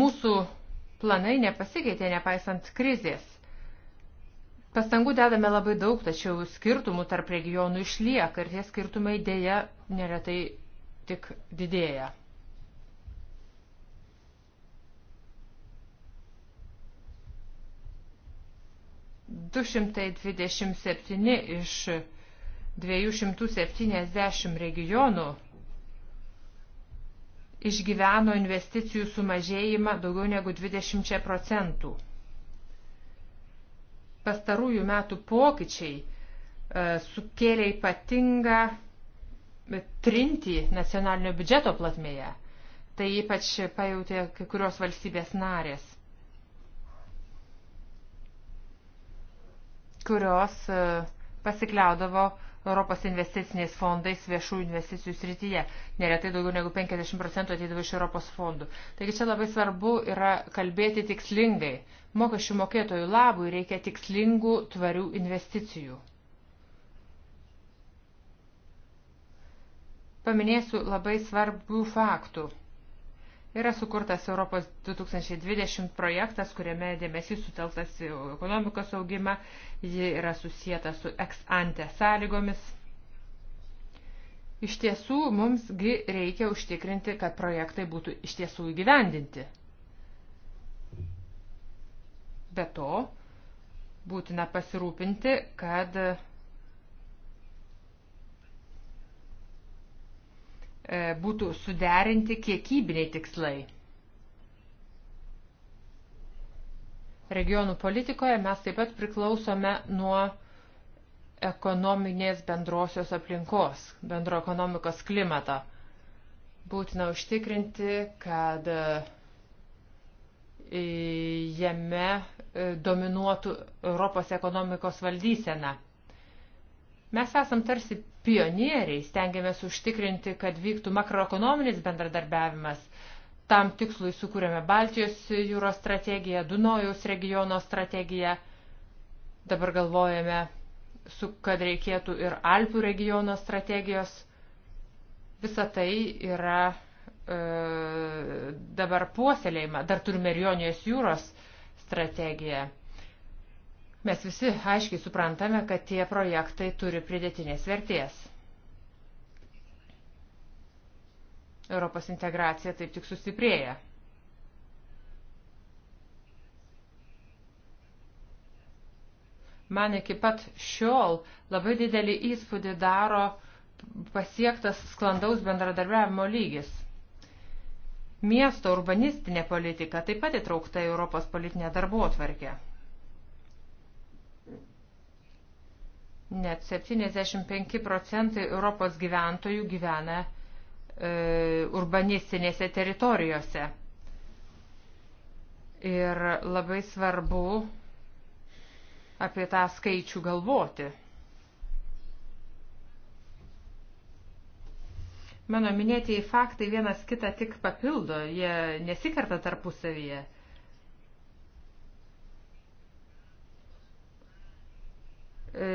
Mūsų planai nepasikeitė nepaisant krizės. Pastangų dedame labai daug, tačiau skirtumų tarp regionų išlieka ir tie skirtumai dėja neretai tik didėja. Du šimtai dvidešimt septyni iš dviejų šimtų septyniasdešimt regionų išgyveno investicijų sumažėjimą daugiau negu dvidešimčia procentų pastarųjų metų pokyčiai e, sukėlė ypatingą trinti nacionalinio biudžeto platmėje. Tai ypač pajutė kai kurios valstybės narės, kurios e, pasikliaudavo Europos investiciniais fondais viešų investicijų srityje. Neretai daugiau negu 50 procentų ateidavo iš Europos fondų. Taigi čia labai svarbu yra kalbėti tikslingai. Mokesčių mokėtojų labui reikia tikslingų, tvarių investicijų. Paminėsiu labai svarbių faktų. Yra sukurtas Europos 2020 projektas, kuriame dėmesys suteltas į ekonomikos augimą, ji yra susijęta su ex ante sąlygomis. Iš tiesų, mumsgi reikia užtikrinti, kad projektai būtų iš tiesų įgyvendinti. Be to, būtina pasirūpinti, kad E, būtų suderinti kiekybiniai tikslai. Regionų politikoje mes taip pat priklausome nuo ekonominės bendrosios aplinkos, bendro ekonomikos klimato. Būtina užtikrinti, kad e, jame e, dominuotų Europos ekonomikos valdysena. Mes esam tarsi pionieriai, stengiamės užtikrinti, kad vyktų makroekonominis bendradarbiavimas. Tam tikslui sukūrėme Baltijos jūros strategiją, Dunojaus regiono strategiją. Dabar galvojame, su, kad reikėtų ir Alpių regiono strategijos. Visa tai yra e, dabar puoselėjama. Dar turime ir Jonijos jūros strategiją. Mes visi aiškiai suprantame, kad tie projektai turi pridėtinės vertės. Europos integracija taip tik sustiprėja. Man iki pat šiol labai didelį įspūdį daro pasiektas sklandaus bendradarbiavimo lygis. Miesto urbanistinė politika taip pat įtraukta Europos politinė darbo atvarkė. Net 75 procentai Europos gyventojų gyvena e, urbanistinėse teritorijose. Ir labai svarbu apie tą skaičių galvoti. Mano minėtieji faktai vienas kitą tik papildo, jie nesikerta tarpusavyje. E,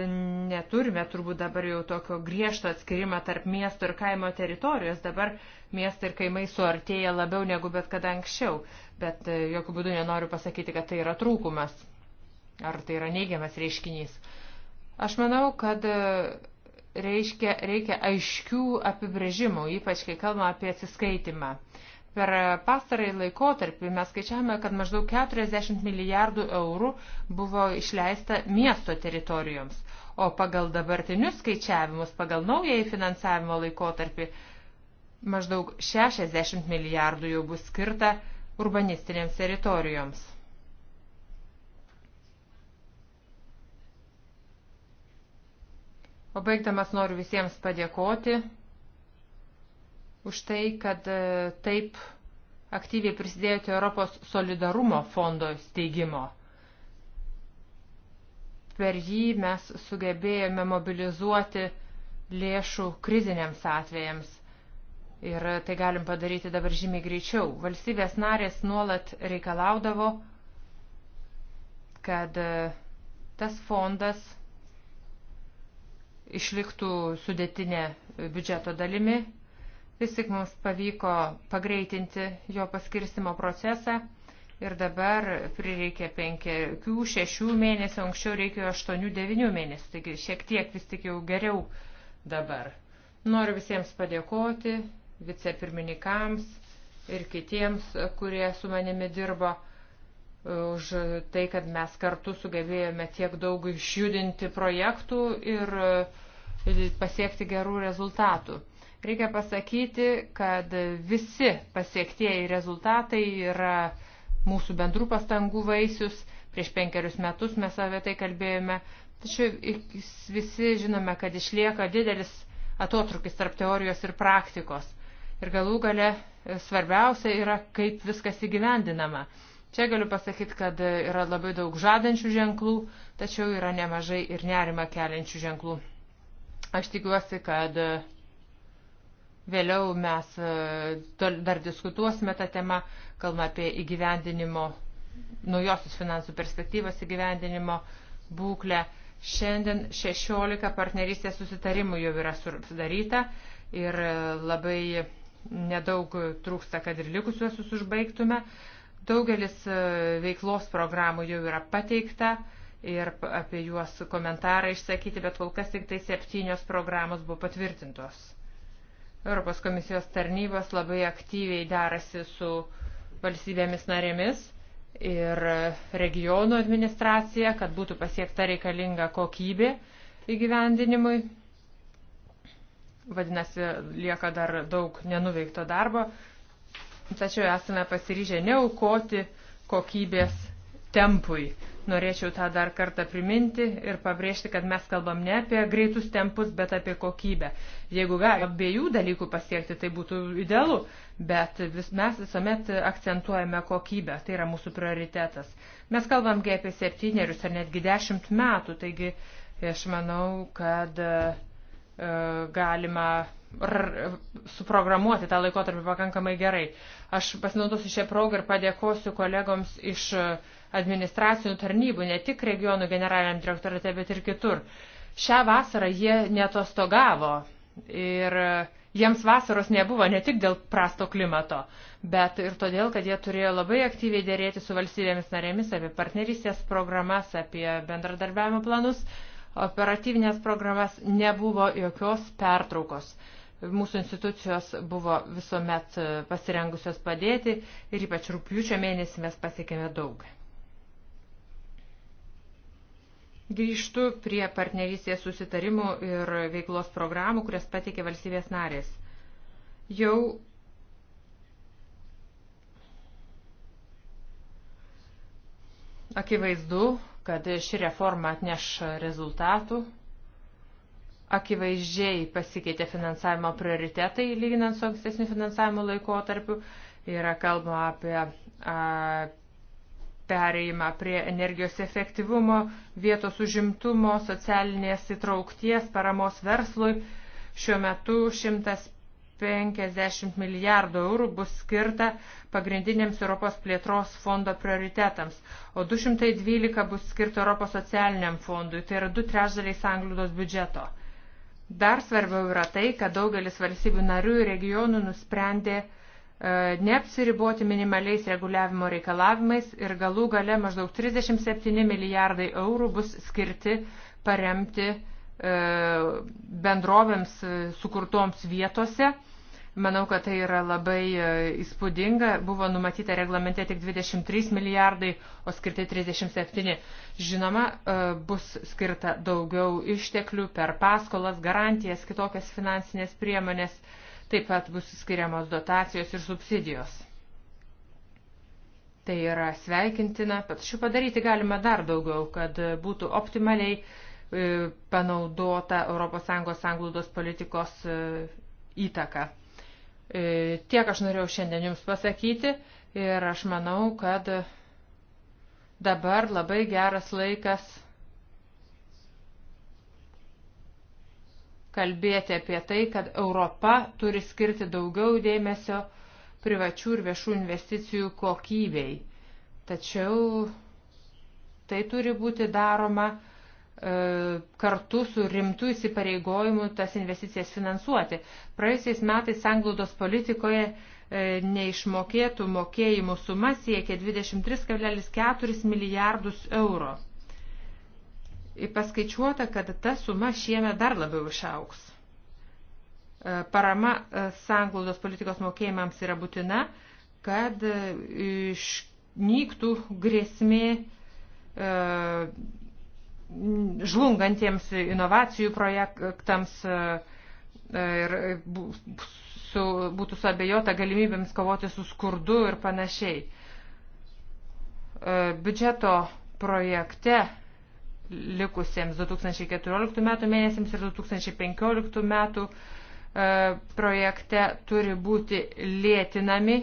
neturime turbūt dabar jau tokio griežto atskirimą tarp miesto ir kaimo teritorijos. Dabar miestai ir kaimai suartėja labiau negu bet kada anksčiau. Bet e, jokių būdų nenoriu pasakyti, kad tai yra trūkumas. Ar tai yra neigiamas reiškinys. Aš manau, kad e, reiškia, reikia aiškių apibrėžimų, ypač kai kalbame apie atsiskaitimą. Uh, Per pastarąjį laikotarpį mes skaičiavome, kad maždaug 40 milijardų eurų buvo išleista miesto teritorijoms, o pagal dabartinius skaičiavimus, pagal naująjį finansavimo laikotarpį, maždaug 60 milijardų jau bus skirta urbanistinėms teritorijoms. O baigdamas noriu visiems padėkoti už tai, kad e, taip aktyviai prisidėjote Europos solidarumo fondo steigimo. Per jį mes sugebėjome mobilizuoti lėšų kriziniams atvejams. Ir tai galim padaryti dabar žymiai greičiau. Valstybės narės nuolat reikalaudavo, kad e, tas fondas išliktų sudėtinė biudžeto dalimi Vis tik mums pavyko pagreitinti jo paskirstimo procesą ir dabar prireikė 5-6 mėnesių, anksčiau reikėjo 8-9 mėnesių, taigi šiek tiek vis tik jau geriau dabar. Noriu visiems padėkoti, vicepirmininkams ir kitiems, kurie su manimi dirbo už tai, kad mes kartu sugebėjome tiek daug išjudinti projektų ir pasiekti gerų rezultatų. Reikia pasakyti, kad visi pasiektieji rezultatai yra mūsų bendrų pastangų vaisius. Prieš penkerius metus mes apie tai kalbėjome. Tačiau visi žinome, kad išlieka didelis atotrukis tarp teorijos ir praktikos. Ir galų gale e, svarbiausia yra, kaip viskas įgyvendinama. Čia galiu pasakyti, kad yra labai daug žadančių ženklų, tačiau yra nemažai ir nerima keliančių ženklų. Aš tikiuosi, kad e, Vėliau mes e, dar diskutuosime tą temą, kalbame apie įgyvendinimo, naujosios finansų perspektyvas įgyvendinimo būklę. Šiandien 16 partnerystės susitarimų jau yra sudaryta ir e, labai nedaug trūksta, kad ir likusiuosius užbaigtume. Daugelis e, veiklos programų jau yra pateikta ir apie juos komentarą išsakyti, bet kol kas tik tai septynios programos buvo patvirtintos. Europos komisijos tarnybos labai aktyviai derasi su valstybėmis narėmis ir regionų administracija, kad būtų pasiekta reikalinga kokybė įgyvendinimui. Vadinasi, lieka dar daug nenuveikto darbo, tačiau esame pasiryžę neaukoti kokybės tempui. Norėčiau tą dar kartą priminti ir pabrėžti, kad mes kalbam ne apie greitus tempus, bet apie kokybę. Jeigu galime abiejų dalykų pasiekti, tai būtų idealu, bet vis, mes visuomet akcentuojame kokybę, tai yra mūsų prioritetas. Mes kalbamgi apie septynerius ar netgi dešimt metų, taigi aš manau, kad e, galima suprogramuoti tą laikotarpį pakankamai gerai. Aš pasinaudosiu šią progą ir padėkosiu kolegoms iš. E, administracinių tarnybų, ne tik regionų generaliniam direktorate, bet ir kitur. Šią vasarą jie netostogavo ir e, jiems vasaros nebuvo ne tik dėl prasto klimato, bet ir todėl, kad jie turėjo labai aktyviai dėrėti su valstybėmis narėmis apie partnerystės programas, apie bendradarbiavimo planus, operatyvinės programas, nebuvo jokios pertraukos. Mūsų institucijos buvo visuomet e, pasirengusios padėti ir ypač rūpjūčio mėnesį mes pasiekėme daug. Grįžtu prie partnerystės susitarimų ir veiklos programų, kurias pateikė valstybės narės. Jau akivaizdu, kad ši reforma atneš rezultatų. Akivaizdžiai pasikeitė finansavimo prioritetai lyginant su ankstesniu finansavimo laikotarpiu. Yra kalbama apie, apie pereimą prie energijos efektyvumo, vietos užimtumo, socialinės įtraukties, paramos verslui. Šiuo metu 150 milijardų eurų bus skirta pagrindiniams Europos plėtros fondo prioritetams, o 212 bus skirta Europos socialiniam fondui, tai yra du trešdaliai sangliudos biudžeto. Dar svarbiau yra tai, kad daugelis valstybių narių ir regionų nusprendė E, neapsiriboti minimaliais reguliavimo reikalavimais ir galų gale maždaug 37 milijardai eurų bus skirti paremti e, bendrovėms e, sukurtoms vietose. Manau, kad tai yra labai įspūdinga. Buvo numatyta reglamente tik 23 milijardai, o skirti 37. Žinoma, bus skirta daugiau išteklių per paskolas, garantijas, kitokias finansinės priemonės. Taip pat bus skiriamos dotacijos ir subsidijos. Tai yra sveikintina, tačiau padaryti galima dar daugiau, kad būtų optimaliai e, panaudota ES sanglaudos politikos e, įtaka. E, tiek aš norėjau šiandien Jums pasakyti ir aš manau, kad dabar labai geras laikas kalbėti apie tai, kad Europa turi skirti daugiau dėmesio privačių ir viešų investicijų kokybei. Tačiau tai turi būti daroma e, kartu su rimtu įsipareigojimu tas investicijas finansuoti. Praėjusiais metais sanglaudos politikoje e, neišmokėtų mokėjimų suma siekia 23,4 milijardus euro paskaičiuota, kad ta suma šiemet dar labiau išauks. E, parama e, sanglaudos politikos mokėjimams yra būtina, kad e, išnyktų grėsmė žlungantiems inovacijų projektams ir su, būtų suabejota galimybėms kovoti su skurdu ir panašiai. Biudžeto projekte likusiems 2014 metų mėnesiams ir 2015 metų e, projekte turi būti lėtinami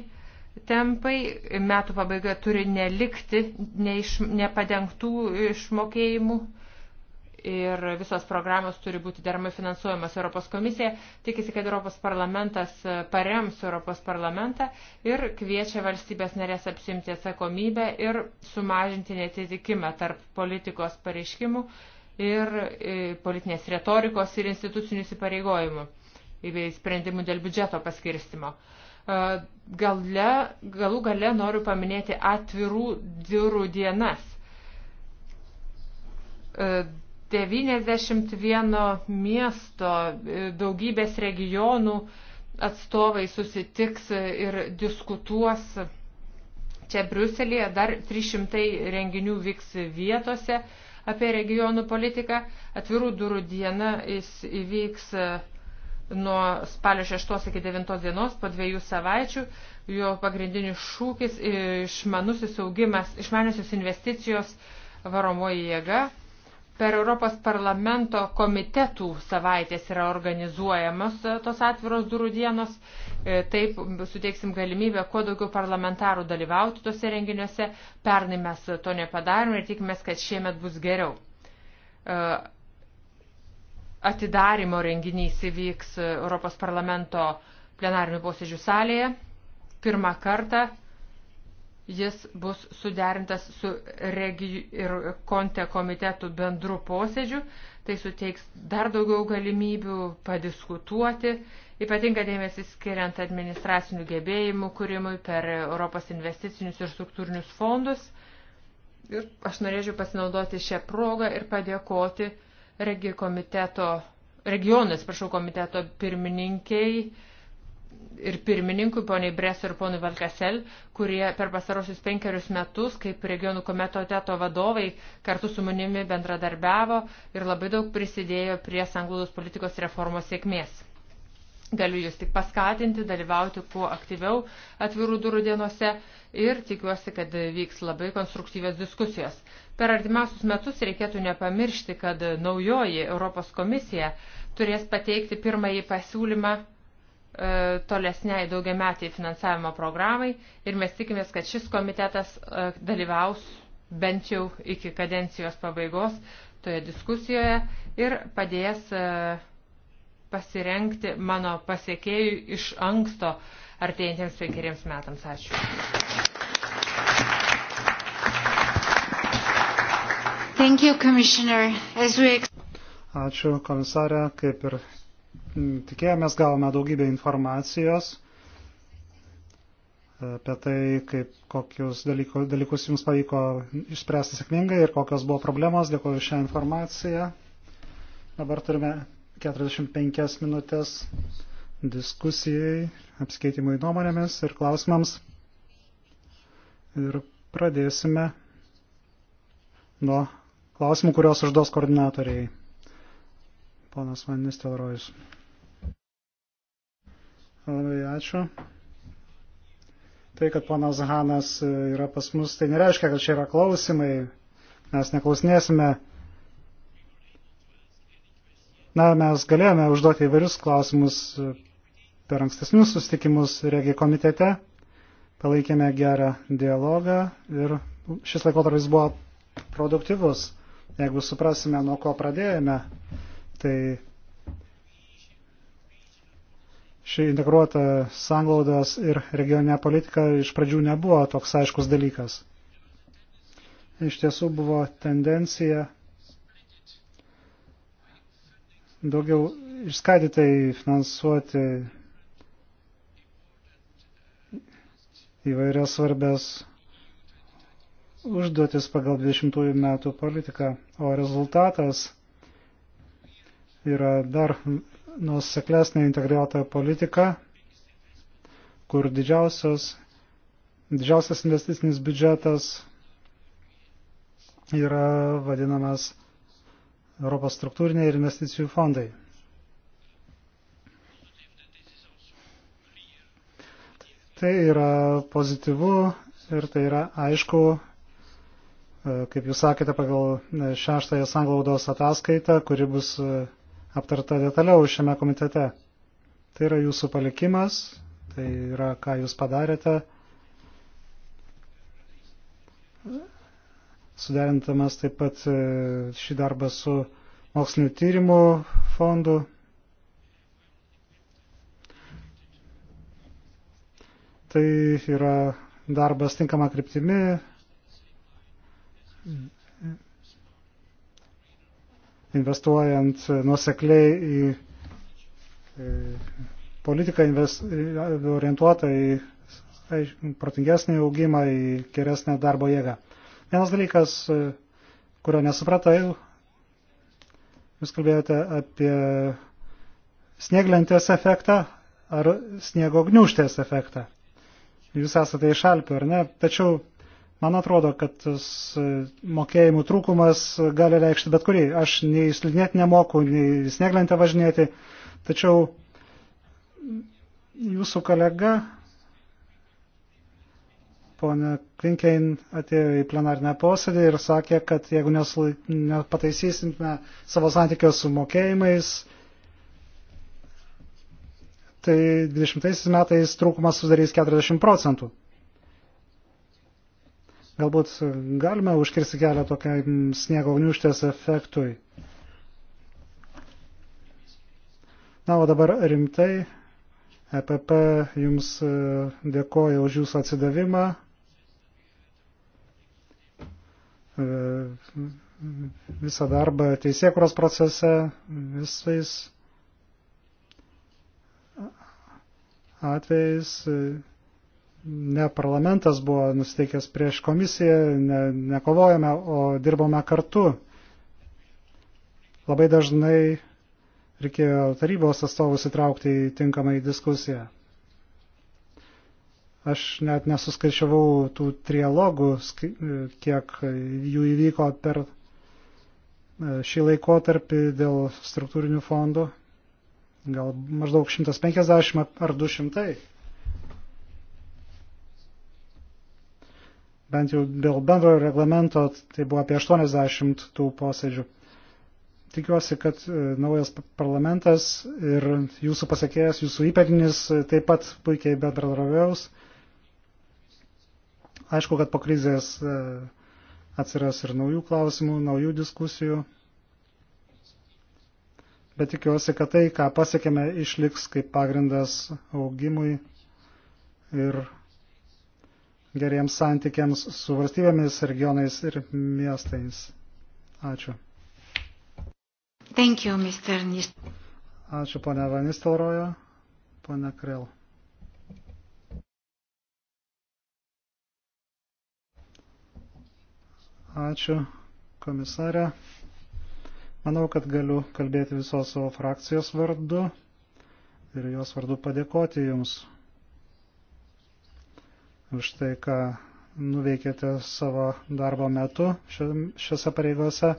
tempai, metų pabaiga turi nelikti neiš, nepadengtų išmokėjimų ir visos programos turi būti deramai finansuojamas. Europos komisija tikisi, kad Europos parlamentas e, parems Europos parlamentą ir kviečia valstybės narės apsimti atsakomybę ir sumažinti netitikimą tarp politikos pareiškimų ir e, politinės retorikos ir institucinių įsipareigojimų bei sprendimų dėl biudžeto paskirstimo. E, gale, galų gale noriu paminėti atvirų durų dienas 91 miesto, e, daugybės regionų atstovai susitiks ir diskutuos čia Briuselėje, dar 300 renginių vyks vietose apie regionų politiką. Atvirų durų diena jis įvyks e, nuo spalio 6 iki 9 dienos po dviejų savaičių. Jo pagrindinis šūkis išmanusis augimas, išmanusis investicijos varomoji jėga. Per Europos parlamento komitetų savaitės yra organizuojamos e, tos atviros durų dienos. E, taip suteiksim galimybę kuo daugiau parlamentarų dalyvauti tose renginiuose. Pernai mes to nepadarėme ir tikimės, kad šiemet bus geriau. E, Atidarimo renginys įvyks Europos parlamento plenarinių posėdžių salėje. Pirmą kartą jis bus suderintas su regijų ir konte komitetų bendru posėdžiu, tai suteiks dar daugiau galimybių padiskutuoti, ypatinga dėmesį skiriant administracinių gebėjimų kūrimui per Europos investicinius ir struktūrinius fondus. Ir aš norėčiau pasinaudoti šią progą ir padėkoti regi komiteto, regionas, prašau, komiteto pirmininkiai, ir pirmininkui, poniai Bresu ir ponui Valkasel, kurie per pasarosius penkerius metus, kaip regionų komiteto vadovai, kartu su manimi bendradarbiavo ir labai daug prisidėjo prie sanglūdos politikos reformos sėkmės. Galiu jūs tik paskatinti, dalyvauti kuo aktyviau atvirų durų dienose ir tikiuosi, kad vyks labai konstruktyvios diskusijos. Per artimiausius metus reikėtų nepamiršti, kad naujoji Europos komisija turės pateikti pirmąjį pasiūlymą E, tolesniai daugiametiai finansavimo programai ir mes tikimės, kad šis komitetas e, dalyvaus bent jau iki kadencijos pabaigos toje diskusijoje ir padės e, pasirenkti mano pasiekėjų iš anksto artėjantiems penkeriems metams. Ačiū. Thank you, Commissioner. As we... Ačiū, komisarė. Kaip ir Mm, tikėjomės, gavome daugybę informacijos e, apie tai, kaip, kokius dalykus, dalykus jums pavyko išspręsti sėkmingai ir kokios buvo problemos. Dėkuoju šią informaciją. Dabar turime 45 minutės diskusijai, apskaitimui nuomonėmis ir klausimams. Ir pradėsime nuo klausimų, kurios užduos koordinatoriai. Ponas Vanis Telrojus. Labai ačiū. Tai, kad ponas Hanas e, yra pas mus, tai nereiškia, kad čia yra klausimai. Mes neklausinėsime. Na, mes galėjome užduoti įvairius klausimus e, per ankstesnius susitikimus regi komitete. Palaikėme gerą dialogą ir šis laikotarpis buvo produktyvus. Jeigu suprasime, nuo ko pradėjome, tai Ši integruota sanglaudos ir regioninė politika iš pradžių nebuvo toks aiškus dalykas. Iš tiesų buvo tendencija daugiau išskaidytai finansuoti įvairias svarbės užduotis pagal 20 metų politiką, o rezultatas yra dar nuseklesnė integriuota politika, kur didžiausios, didžiausias investicinis biudžetas yra vadinamas Europos struktūriniai ir investicijų fondai. Tai yra pozityvu ir tai yra aišku, kaip jūs sakėte, pagal šeštąją sanglaudos ataskaitą, kuri bus aptarta detaliau šiame komitete. Tai yra jūsų palikimas, tai yra ką jūs padarėte, suderintamas taip pat e, šį darbą su mokslinio tyrimų fondu. Tai yra darbas tinkama kryptimi investuojant nusekliai į politiką invest, orientuotą į protingesnį augimą, į geresnę darbo jėgą. Vienas dalykas, kurio nesupratau, jūs kalbėjote apie snieglentės efektą ar sniego gniuštės efektą. Jūs esate iš Alpių, ar ne? Tačiau Man atrodo, kad tas e, mokėjimų trūkumas gali reikšti bet kurį. Aš nei slidinėti nemoku, nei snieglentę važinėti, tačiau jūsų kolega, ponė Kvinkein, atėjo į plenarinę posėdį ir sakė, kad jeigu nepataisysime savo santykio su mokėjimais, tai 20 metais trūkumas sudarys 40 procentų. Galbūt galime užkirsti kelią tokiam sniego gniuštės efektui. Na, o dabar rimtai. EPP jums e, dėkoja už jūsų atsidavimą. E, visą darbą teisėkuros procese visais atvejais ne parlamentas buvo nusteikęs prieš komisiją, ne, nekovojame, o dirbome kartu. Labai dažnai reikėjo tarybos atstovus įtraukti į tinkamą į diskusiją. Aš net nesuskaičiavau tų trialogų, kiek jų įvyko per e, šį laikotarpį dėl struktūrinių fondų. Gal maždaug 150 ar 200. bent jau dėl bendrojo reglamento, tai buvo apie 80 tų posėdžių. Tikiuosi, kad e, naujas parlamentas ir jūsų pasiekėjas, jūsų įpėdinis e, taip pat puikiai bendradarbiaus. Aišku, kad po krizės e, atsiras ir naujų klausimų, naujų diskusijų. Bet tikiuosi, kad tai, ką pasiekėme, išliks kaip pagrindas augimui ir geriems santykiams su valstybėmis, regionais ir miestais. Ačiū. Thank you, Mr. Nist. Ačiū, ponia Vanistelrojo, ponia Kril. Ačiū, komisarė. Manau, kad galiu kalbėti visos savo frakcijos vardu ir jos vardu padėkoti Jums už tai, ką nuveikėte savo darbo metu šiose pareigose.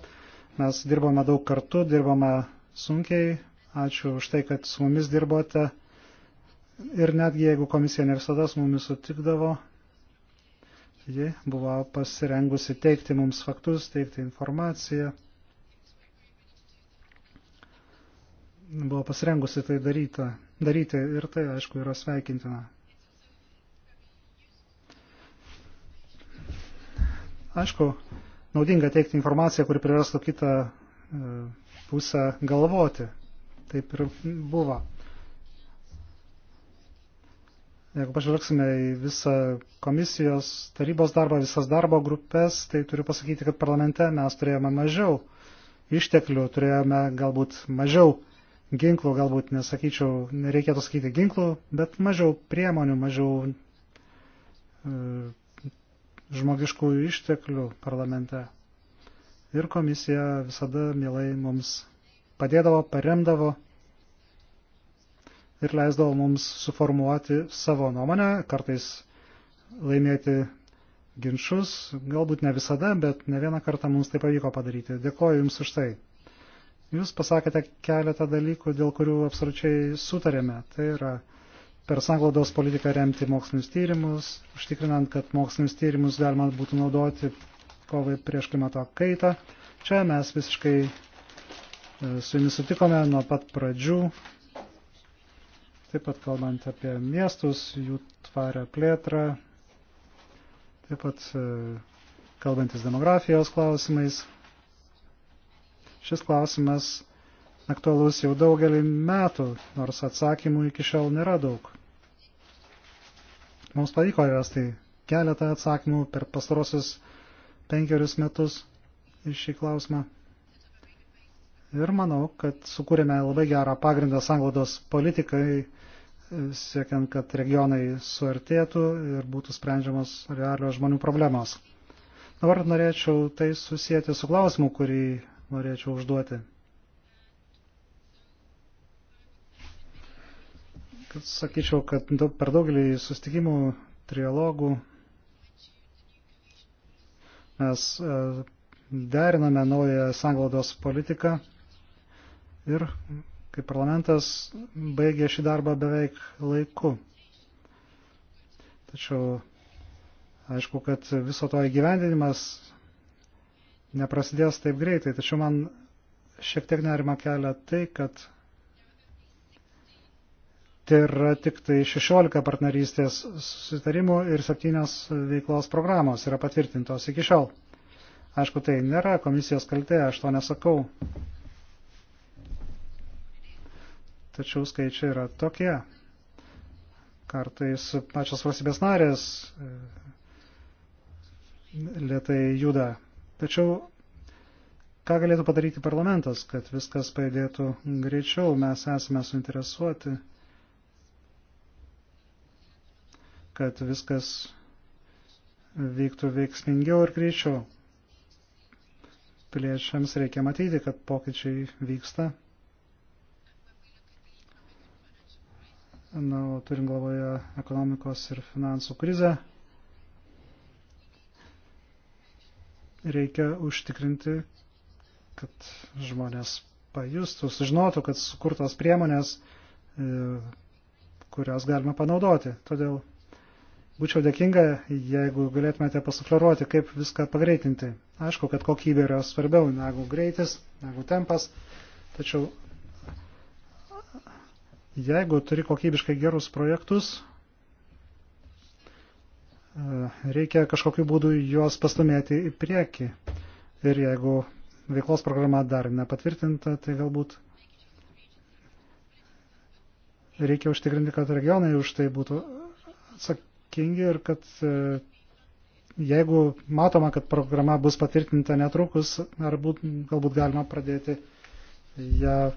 Mes dirbome daug kartu, dirbome sunkiai. Ačiū už tai, kad su mumis dirbote. Ir netgi jeigu komisija ne visada su mumis sutikdavo, ji buvo pasirengusi teikti mums faktus, teikti informaciją. Buvo pasirengusi tai daryta, daryti ir tai, aišku, yra sveikintina. Aišku, naudinga teikti informaciją, kuri priverstų kitą e, pusę galvoti. Taip ir buvo. Jeigu pažvelgsime į visą komisijos tarybos darbą, visas darbo grupės, tai turiu pasakyti, kad parlamente mes turėjome mažiau išteklių, turėjome galbūt mažiau ginklų, galbūt nesakyčiau, nereikėtų sakyti ginklų, bet mažiau priemonių, mažiau e, žmogiškųjų išteklių parlamente. Ir komisija visada mielai mums padėdavo, paremdavo ir leisdavo mums suformuoti savo nuomonę, kartais laimėti ginčius, galbūt ne visada, bet ne vieną kartą mums tai pavyko padaryti. Dėkoju Jums už tai. Jūs pasakėte keletą dalykų, dėl kurių absoliučiai sutarėme. Tai yra per sanglaudos politiką remti mokslinius tyrimus, užtikrinant, kad mokslinius tyrimus galima būtų naudoti kovai prieš klimato kaitą. Čia mes visiškai e, su jumis sutikome nuo pat pradžių. Taip pat kalbant apie miestus, jų tvarę plėtrą, taip pat e, kalbantis demografijos klausimais. Šis klausimas aktualus jau daugelį metų, nors atsakymų iki šiol nėra daug. Mums pavyko rasti keletą atsakymų per pastarosius penkerius metus iš šį klausimą. Ir manau, kad sukūrėme labai gerą pagrindą sanglaudos politikai, siekiant, kad regionai suartėtų ir būtų sprendžiamos realios žmonių problemos. Dabar norėčiau tai susijęti su klausimu, kurį norėčiau užduoti. sakyčiau, kad daug, per daugelį sustikimų, trialogų mes e, deriname naują sanglaudos politiką ir kaip parlamentas baigė šį darbą beveik laiku. Tačiau aišku, kad viso to įgyvendinimas neprasidės taip greitai, tačiau man šiek tiek nerima kelia tai, kad Tai yra tik tai 16 partnerystės susitarimų ir 7 veiklos programos yra patvirtintos iki šiol. Aišku, tai nėra komisijos kaltė, aš to nesakau. Tačiau skaičiai yra tokie. Kartais pačios valstybės narės e, lietai juda. Tačiau ką galėtų padaryti parlamentas, kad viskas pajudėtų greičiau, mes esame suinteresuoti kad viskas vyktų veiksmingiau ir greičiau. Piliečiams reikia matyti, kad pokyčiai vyksta. Na, o turim galvoje ekonomikos ir finansų krizę. Reikia užtikrinti, kad žmonės pajustų, sužinotų, kad sukurtos priemonės, e, kurias galima panaudoti. Todėl Būčiau dėkinga, jeigu galėtumėte pasufleruoti, kaip viską pagreitinti. Aišku, kad kokybė yra svarbiau negu greitis, negu tempas, tačiau jeigu turi kokybiškai gerus projektus, e, reikia kažkokiu būdu juos pastumėti į priekį. Ir jeigu veiklos programa dar nepatvirtinta, tai galbūt reikia užtikrinti, kad regionai už tai būtų atsakingi atsakingi ir kad e, jeigu matoma, kad programa bus patvirtinta netrukus, arbūt, galbūt galima pradėti ją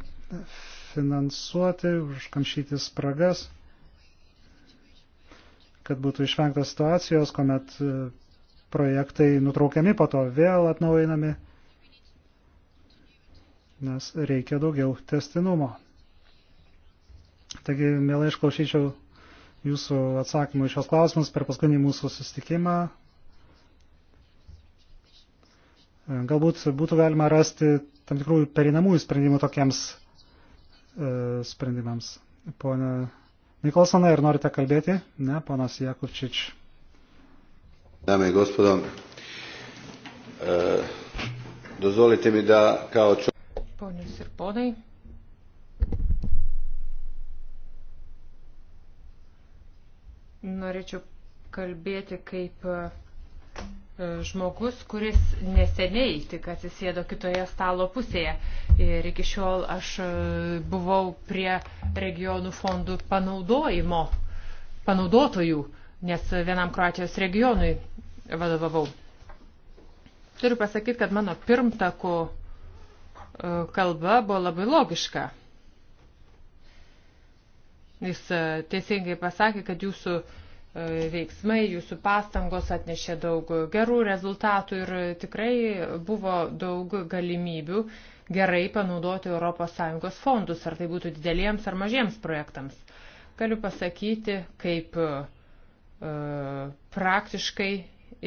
finansuoti, užkamšyti spragas, kad būtų išvengta situacijos, kuomet e, projektai nutraukiami, po to vėl atnaujinami, nes reikia daugiau testinumo. Taigi, mielai išklausyčiau jūsų atsakymų į šios klausimus per paskutinį mūsų susitikimą. Galbūt būtų galima rasti tam tikrų perinamųjų sprendimų tokiems e, sprendimams. Pone Nikolsonai, ar norite kalbėti? Ne, ponas Jakovčič. Dame i gospodo, e, dozvolite mi da kao čo... Ponius ir ponai, Norėčiau kalbėti kaip e, e, žmogus, kuris neseniai tik atsisėdo kitoje stalo pusėje. Ir iki šiol aš e, buvau prie regionų fondų panaudojimo, panaudotojų, nes vienam Kroatijos regionui vadovavau. Turiu pasakyti, kad mano pirmtako kalba buvo labai logiška. Jis e, teisingai pasakė, kad jūsų e, veiksmai, jūsų pastangos atnešė daug gerų rezultatų ir tikrai buvo daug galimybių gerai panaudoti ES fondus, ar tai būtų dideliems ar mažiems projektams. Galiu pasakyti, kaip e, praktiškai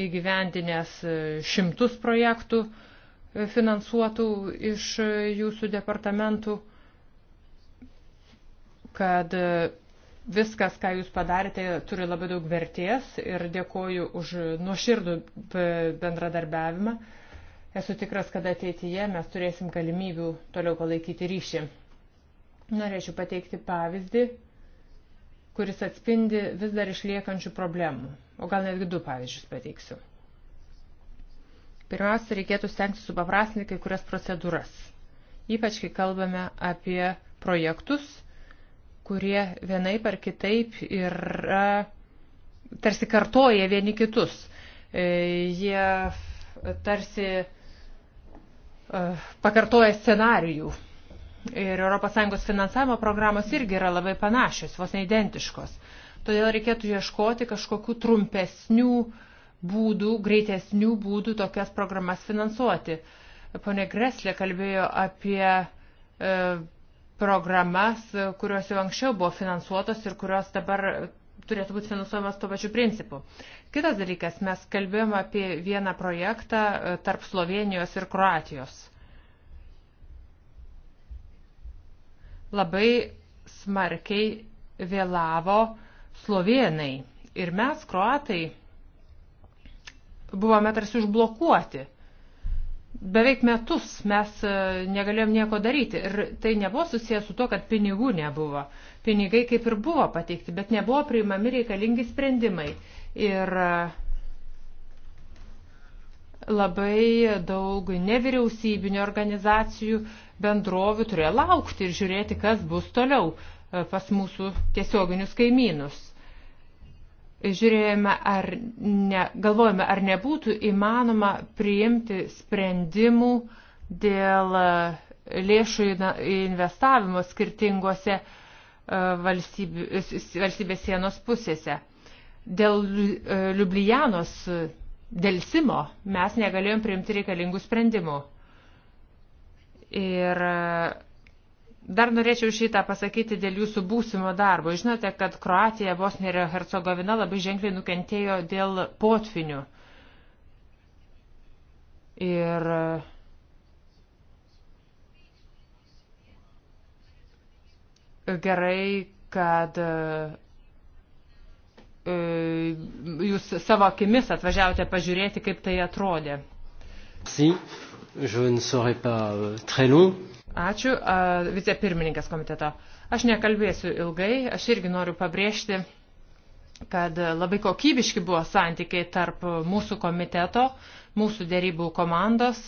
įgyvendinęs šimtus projektų e, finansuotų iš jūsų departamentų kad e, viskas, ką jūs padarėte, turi labai daug vertės ir dėkoju už nuoširdų bendradarbiavimą. Esu tikras, kad ateityje mes turėsim galimybių toliau palaikyti ryšį. Norėčiau pateikti pavyzdį, kuris atspindi vis dar išliekančių problemų. O gal netgi du pavyzdžius pateiksiu. Pirmiausia, reikėtų stengti supaprastinti kai kurias procedūras. Ypač, kai kalbame apie projektus, kurie vienai per kitaip yra tarsi kartoja vieni kitus. E, jie tarsi e, pakartoja scenarijų. Ir ES finansavimo programos irgi yra labai panašios, vos neidentiškos. Todėl reikėtų ieškoti kažkokių trumpesnių būdų, greitesnių būdų tokias programas finansuoti. Pone Greslė kalbėjo apie e, programas, kurios jau anksčiau buvo finansuotos ir kurios dabar turėtų būti finansuojamas tuo pačiu principu. Kitas dalykas, mes kalbėjome apie vieną projektą e, tarp Slovenijos ir Kroatijos. Labai smarkiai vėlavo Slovenai ir mes, Kroatai, buvome tarsi užblokuoti beveik metus mes e, negalėjom nieko daryti. Ir tai nebuvo susijęs su to, kad pinigų nebuvo. Pinigai kaip ir buvo pateikti, bet nebuvo priimami reikalingi sprendimai. Ir e, labai daug nevyriausybinio organizacijų bendrovių turėjo laukti ir žiūrėti, kas bus toliau e, pas mūsų tiesioginius kaimynus žiūrėjome, ar ne, galvojame, ar nebūtų įmanoma priimti sprendimų dėl e, lėšų investavimo skirtingose e, valstybės, valstybės sienos pusėse. Dėl e, Liublianos dėlsimo mes negalėjom priimti reikalingų sprendimų. Ir Dar norėčiau šitą pasakyti dėl jūsų būsimo darbo. Žinote, kad Kroatija, Bosnija ir Hercegovina labai ženkliai nukentėjo dėl potvinių. Ir e, gerai, kad e, e, jūs savo akimis atvažiavote pažiūrėti, kaip tai atrodė. Si, je ne serai pas euh, très long. Ačiū, vicepirmininkas komiteto. Aš nekalbėsiu ilgai, aš irgi noriu pabrėžti, kad labai kokybiški buvo santykiai tarp mūsų komiteto, mūsų dėrybų komandos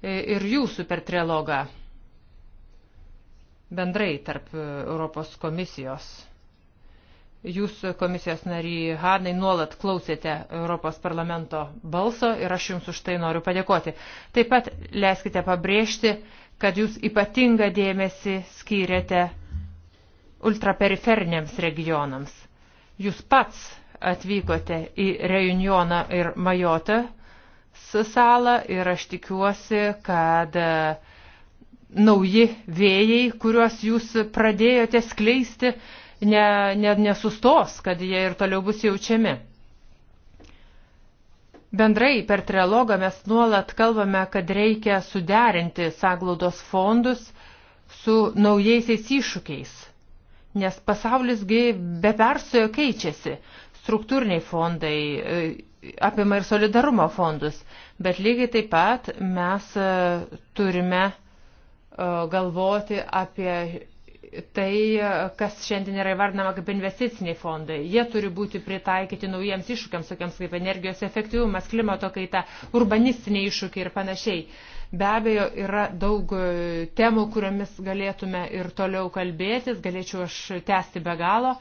ir jūsų per trilogą. Bendrai tarp Europos komisijos. Jūs komisijos nariai Hanai nuolat klausėte Europos parlamento balso ir aš jums už tai noriu padėkoti. Taip pat leiskite pabrėžti, kad jūs ypatingą dėmesį skyrėte ultraperiferiniams regionams. Jūs pats atvykote į Reunioną ir Majotą salą ir aš tikiuosi, kad e, nauji vėjai, kuriuos jūs pradėjote skleisti, ne, ne, nesustos, kad jie ir toliau bus jaučiami. Bendrai per trilogą mes nuolat kalbame, kad reikia suderinti saglaudos fondus su naujaisiais iššūkiais, nes pasaulisgi be persojo keičiasi. Struktūriniai fondai e, apima ir solidarumo fondus, bet lygiai taip pat mes e, turime e, galvoti apie tai, kas šiandien yra įvardinama kaip investiciniai fondai. Jie turi būti pritaikyti naujiems iššūkiams, tokiems kaip energijos efektyvumas, klimato kaita, urbanistiniai iššūkiai ir panašiai. Be abejo, yra daug e, temų, kuriomis galėtume ir toliau kalbėtis, galėčiau aš tęsti be galo,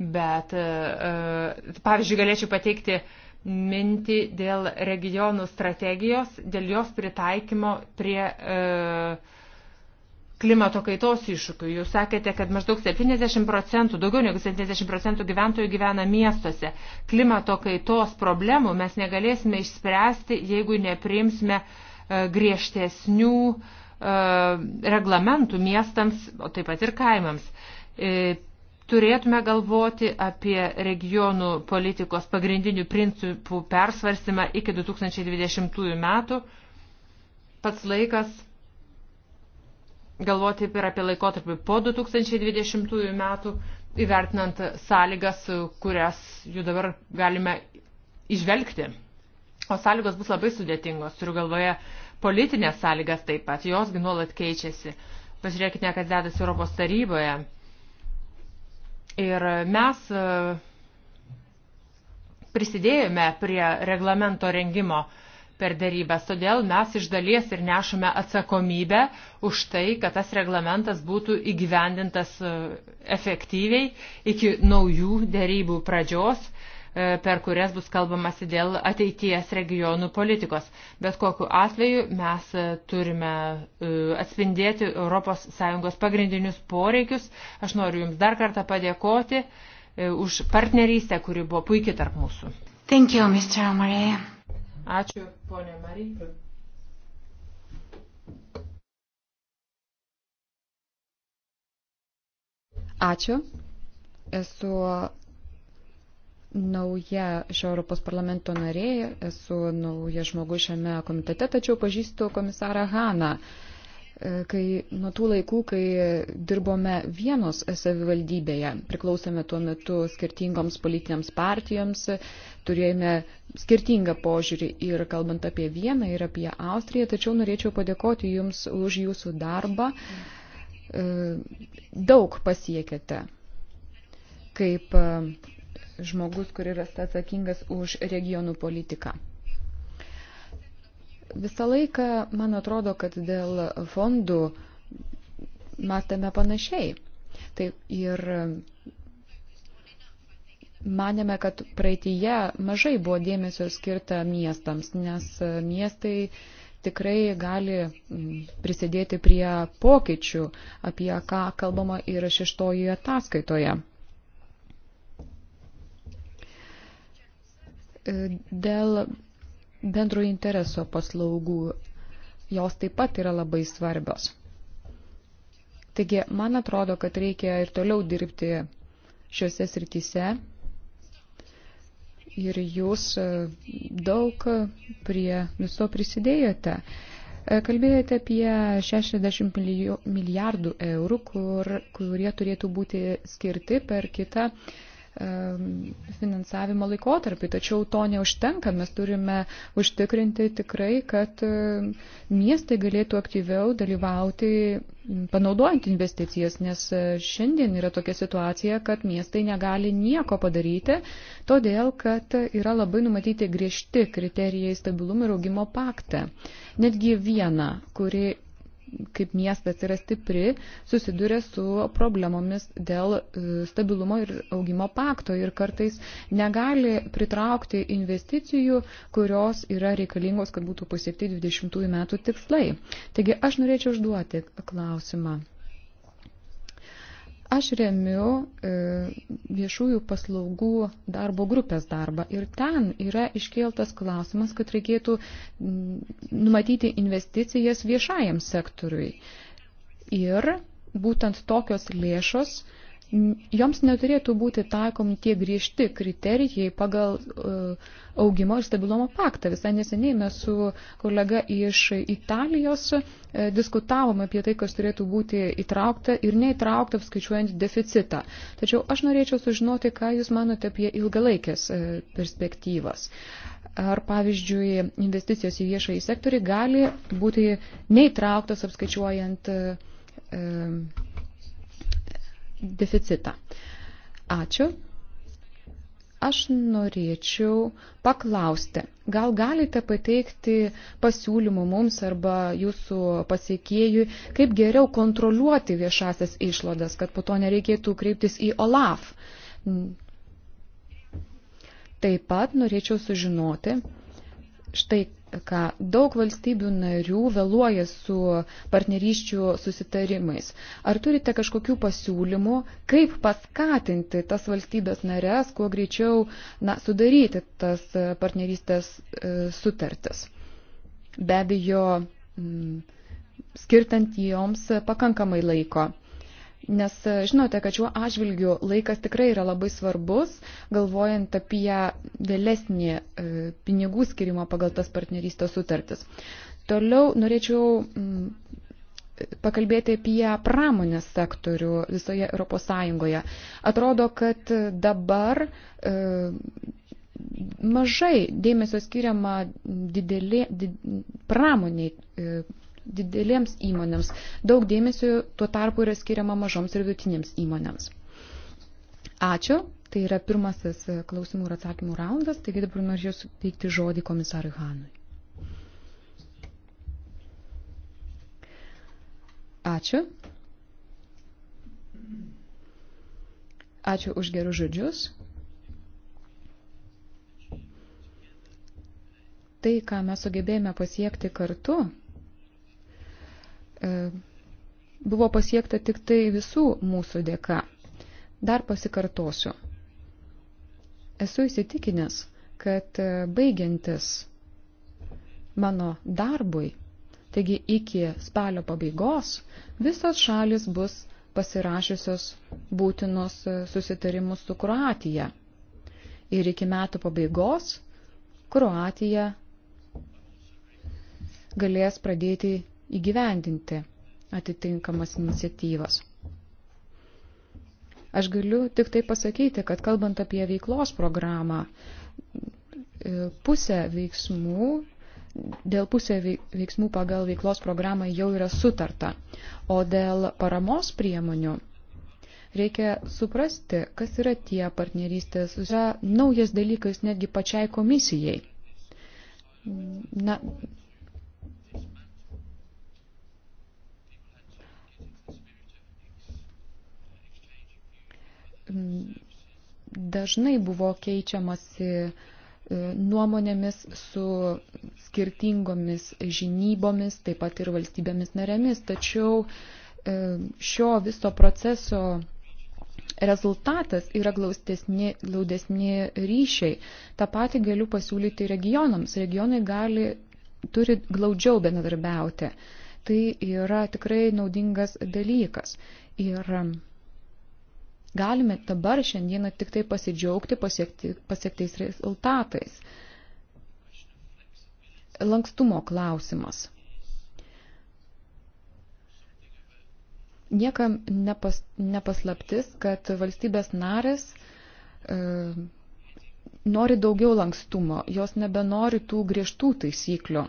bet, e, e, pavyzdžiui, galėčiau pateikti mintį dėl regionų strategijos, dėl jos pritaikymo prie. E, klimato kaitos iššūkių. Jūs sakėte, kad maždaug 70 procentų, daugiau negu 70 procentų gyventojų gyvena miestuose. Klimato kaitos problemų mes negalėsime išspręsti, jeigu nepriimsime e, griežtesnių e, reglamentų miestams, o taip pat ir kaimams e, turėtume galvoti apie regionų politikos pagrindinių principų persvarstymą iki 2020 metų. Pats laikas galvoti ir apie laikotarpį po 2020 metų, įvertinant sąlygas, kurias jų dabar galime išvelgti. O sąlygos bus labai sudėtingos, turiu galvoje politinės sąlygas taip pat, josgi nuolat keičiasi. Pažiūrėkite, kas dedasi Europos taryboje. Ir mes e, prisidėjome prie reglamento rengimo uh, per darybęs. Todėl mes iš dalies ir nešame atsakomybę už tai, kad tas reglamentas būtų įgyvendintas e, efektyviai iki naujų darybų pradžios e, per kurias bus kalbamasi dėl ateities regionų politikos. Bet kokiu atveju mes e, turime atspindėti ES pagrindinius poreikius. Aš noriu Jums dar kartą padėkoti už partnerystę, kuri buvo puikiai tarp mūsų. Thank you, Mr. Amarėja. Ačiū, ponė Marija. Ačiū. Esu nauja šio Europos parlamento narė, esu nauja žmogus šiame komitete, tačiau pažįstu komisarą Haną. Uh, E, kai nuo tų laikų, kai dirbome vienos savivaldybėje, priklausome tuo metu skirtingoms politinėms partijoms, turėjome skirtingą požiūrį ir kalbant apie vieną ir apie Austriją, tačiau norėčiau padėkoti Jums už Jūsų darbą. E, daug pasiekėte kaip e, žmogus, kuris yra atsakingas už regionų politiką. Visą laiką man atrodo, kad dėl fondų mąstame panašiai. Taip ir manėme, kad praeitįje mažai buvo dėmesio skirta miestams, nes miestai tikrai gali prisidėti prie pokyčių, apie ką kalbama ir šeštojoje ataskaitoje. Dėl bendro intereso paslaugų. Jos taip pat yra labai svarbios. Taigi, man atrodo, kad reikia ir toliau dirbti šiuose srityse. Ir jūs e, daug prie viso prisidėjote. E, kalbėjote apie 60 milijardų eurų, kur, kurie turėtų būti skirti per kitą uh, finansavimo laikotarpį, tačiau to neužtenka, mes turime užtikrinti tikrai, kad miestai galėtų aktyviau dalyvauti panaudojant investicijas, nes e, šiandien yra tokia situacija, kad miestai negali nieko padaryti, todėl, kad yra labai numatyti griežti kriterijai stabilumo ir augimo pakte. Netgi viena, kuri kaip miestas yra stipri, susiduria su problemomis dėl e, stabilumo ir augimo pakto ir kartais negali pritraukti investicijų, kurios yra reikalingos, kad būtų pasiekti 20 metų tikslai. Taigi aš norėčiau užduoti klausimą. Aš remiu e, viešųjų paslaugų darbo grupės darbą ir ten yra iškeltas klausimas, kad reikėtų mm, numatyti investicijas viešajam sektoriui. Ir būtent tokios lėšos uh, joms neturėtų būti taikomi tie griežti kriterijai pagal uh, augimo ir stabilumo paktą. Visai neseniai mes su kolega iš Italijos uh, e, diskutavome apie tai, kas turėtų būti įtraukta ir neįtraukta apskaičiuojant deficitą. Tačiau aš norėčiau sužinoti, ką Jūs manote apie ilgalaikės uh, perspektyvas. Ar, pavyzdžiui, investicijos į viešąjį sektorį gali būti neįtrauktas apskaičiuojant uh, deficitą. Ačiū. Aš norėčiau paklausti, gal galite pateikti pasiūlymų mums arba jūsų pasiekėjui, kaip geriau kontroliuoti viešasias išlaidas, kad po to nereikėtų kreiptis į OLAF. Taip pat norėčiau sužinoti, štai ką daug valstybių narių vėluoja su partnerysčių susitarimais. Ar turite kažkokių pasiūlymų, kaip paskatinti tas valstybės narės, kuo greičiau na, sudaryti tas partnerystės e, sutartis? Be abejo, m, skirtant joms pakankamai laiko. Nes žinote, kad šiuo atžvilgiu laikas tikrai yra labai svarbus, galvojant apie vėlesnį e, pinigų skirimą pagal tas partnerystės sutartis. Toliau norėčiau mm, pakalbėti apie pramonės sektorių visoje Europos Sąjungoje. Atrodo, kad dabar e, mažai dėmesio skiriama didelė, did, pramoniai e, didelėms įmonėms. Daug dėmesio tuo tarpu yra skiriama mažoms ir vidutinėms įmonėms. Ačiū. Tai yra pirmasis e, klausimų ir atsakymų raundas, taigi dabar norėčiau suteikti žodį komisarui Hanui. Ačiū. Ačiū už gerus žodžius. Tai, ką mes sugebėjome pasiekti kartu, E, buvo pasiekta tik tai visų mūsų dėka. Dar pasikartosiu. Esu įsitikinęs, kad e, baigiantis mano darbui, taigi iki spalio pabaigos, visas šalis bus pasirašiusios būtinus e, susitarimus su Kroatija. Ir iki metų pabaigos Kroatija galės pradėti įgyvendinti atitinkamas iniciatyvas. Aš galiu tik tai pasakyti, kad kalbant apie veiklos programą, e, pusė veiksmų, dėl pusė veiksmų pagal veiklos programą jau yra sutarta, o dėl paramos priemonių reikia suprasti, kas yra tie partnerystės, yra naujas dalykas netgi pačiai komisijai. Na, dažnai buvo keičiamasi e, nuomonėmis su skirtingomis žinybomis, taip pat ir valstybėmis narėmis, tačiau e, šio viso proceso rezultatas yra glaustesni, glaudesni ryšiai. Ta pati galiu pasiūlyti regionams. Regionai gali, turi glaudžiau bendradarbiauti. Tai yra tikrai naudingas dalykas. Ir Galime dabar šiandieną tik tai pasidžiaugti pasiekti, pasiektais rezultatais. Lankstumo klausimas. Niekam nepas, nepaslaptis, kad valstybės narės e, nori daugiau lankstumo, jos nebenori tų griežtų taisyklių.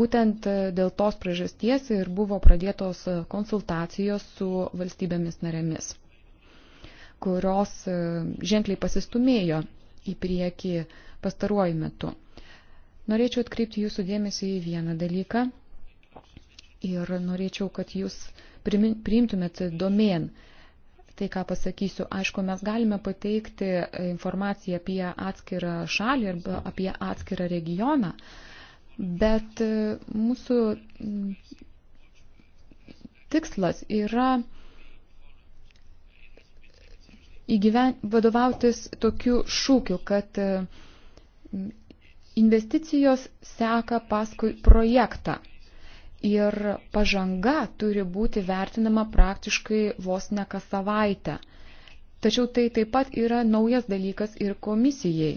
Būtent e, dėl tos priežasties ir buvo pradėtos e, konsultacijos su valstybėmis narėmis kurios e, ženkliai pasistumėjo į priekį pastaruoju metu. Norėčiau atkreipti jūsų dėmesį į vieną dalyką ir norėčiau, kad jūs priimtumėt domėn tai, ką pasakysiu. Aišku, mes galime pateikti informaciją apie atskirą šalį arba apie atskirą regioną, bet e, mūsų tikslas yra įgyven, vadovautis tokiu šūkiu, kad e, investicijos seka paskui projektą. Ir pažanga turi būti vertinama praktiškai vos ne kas savaitę. Tačiau tai taip pat yra naujas dalykas ir komisijai.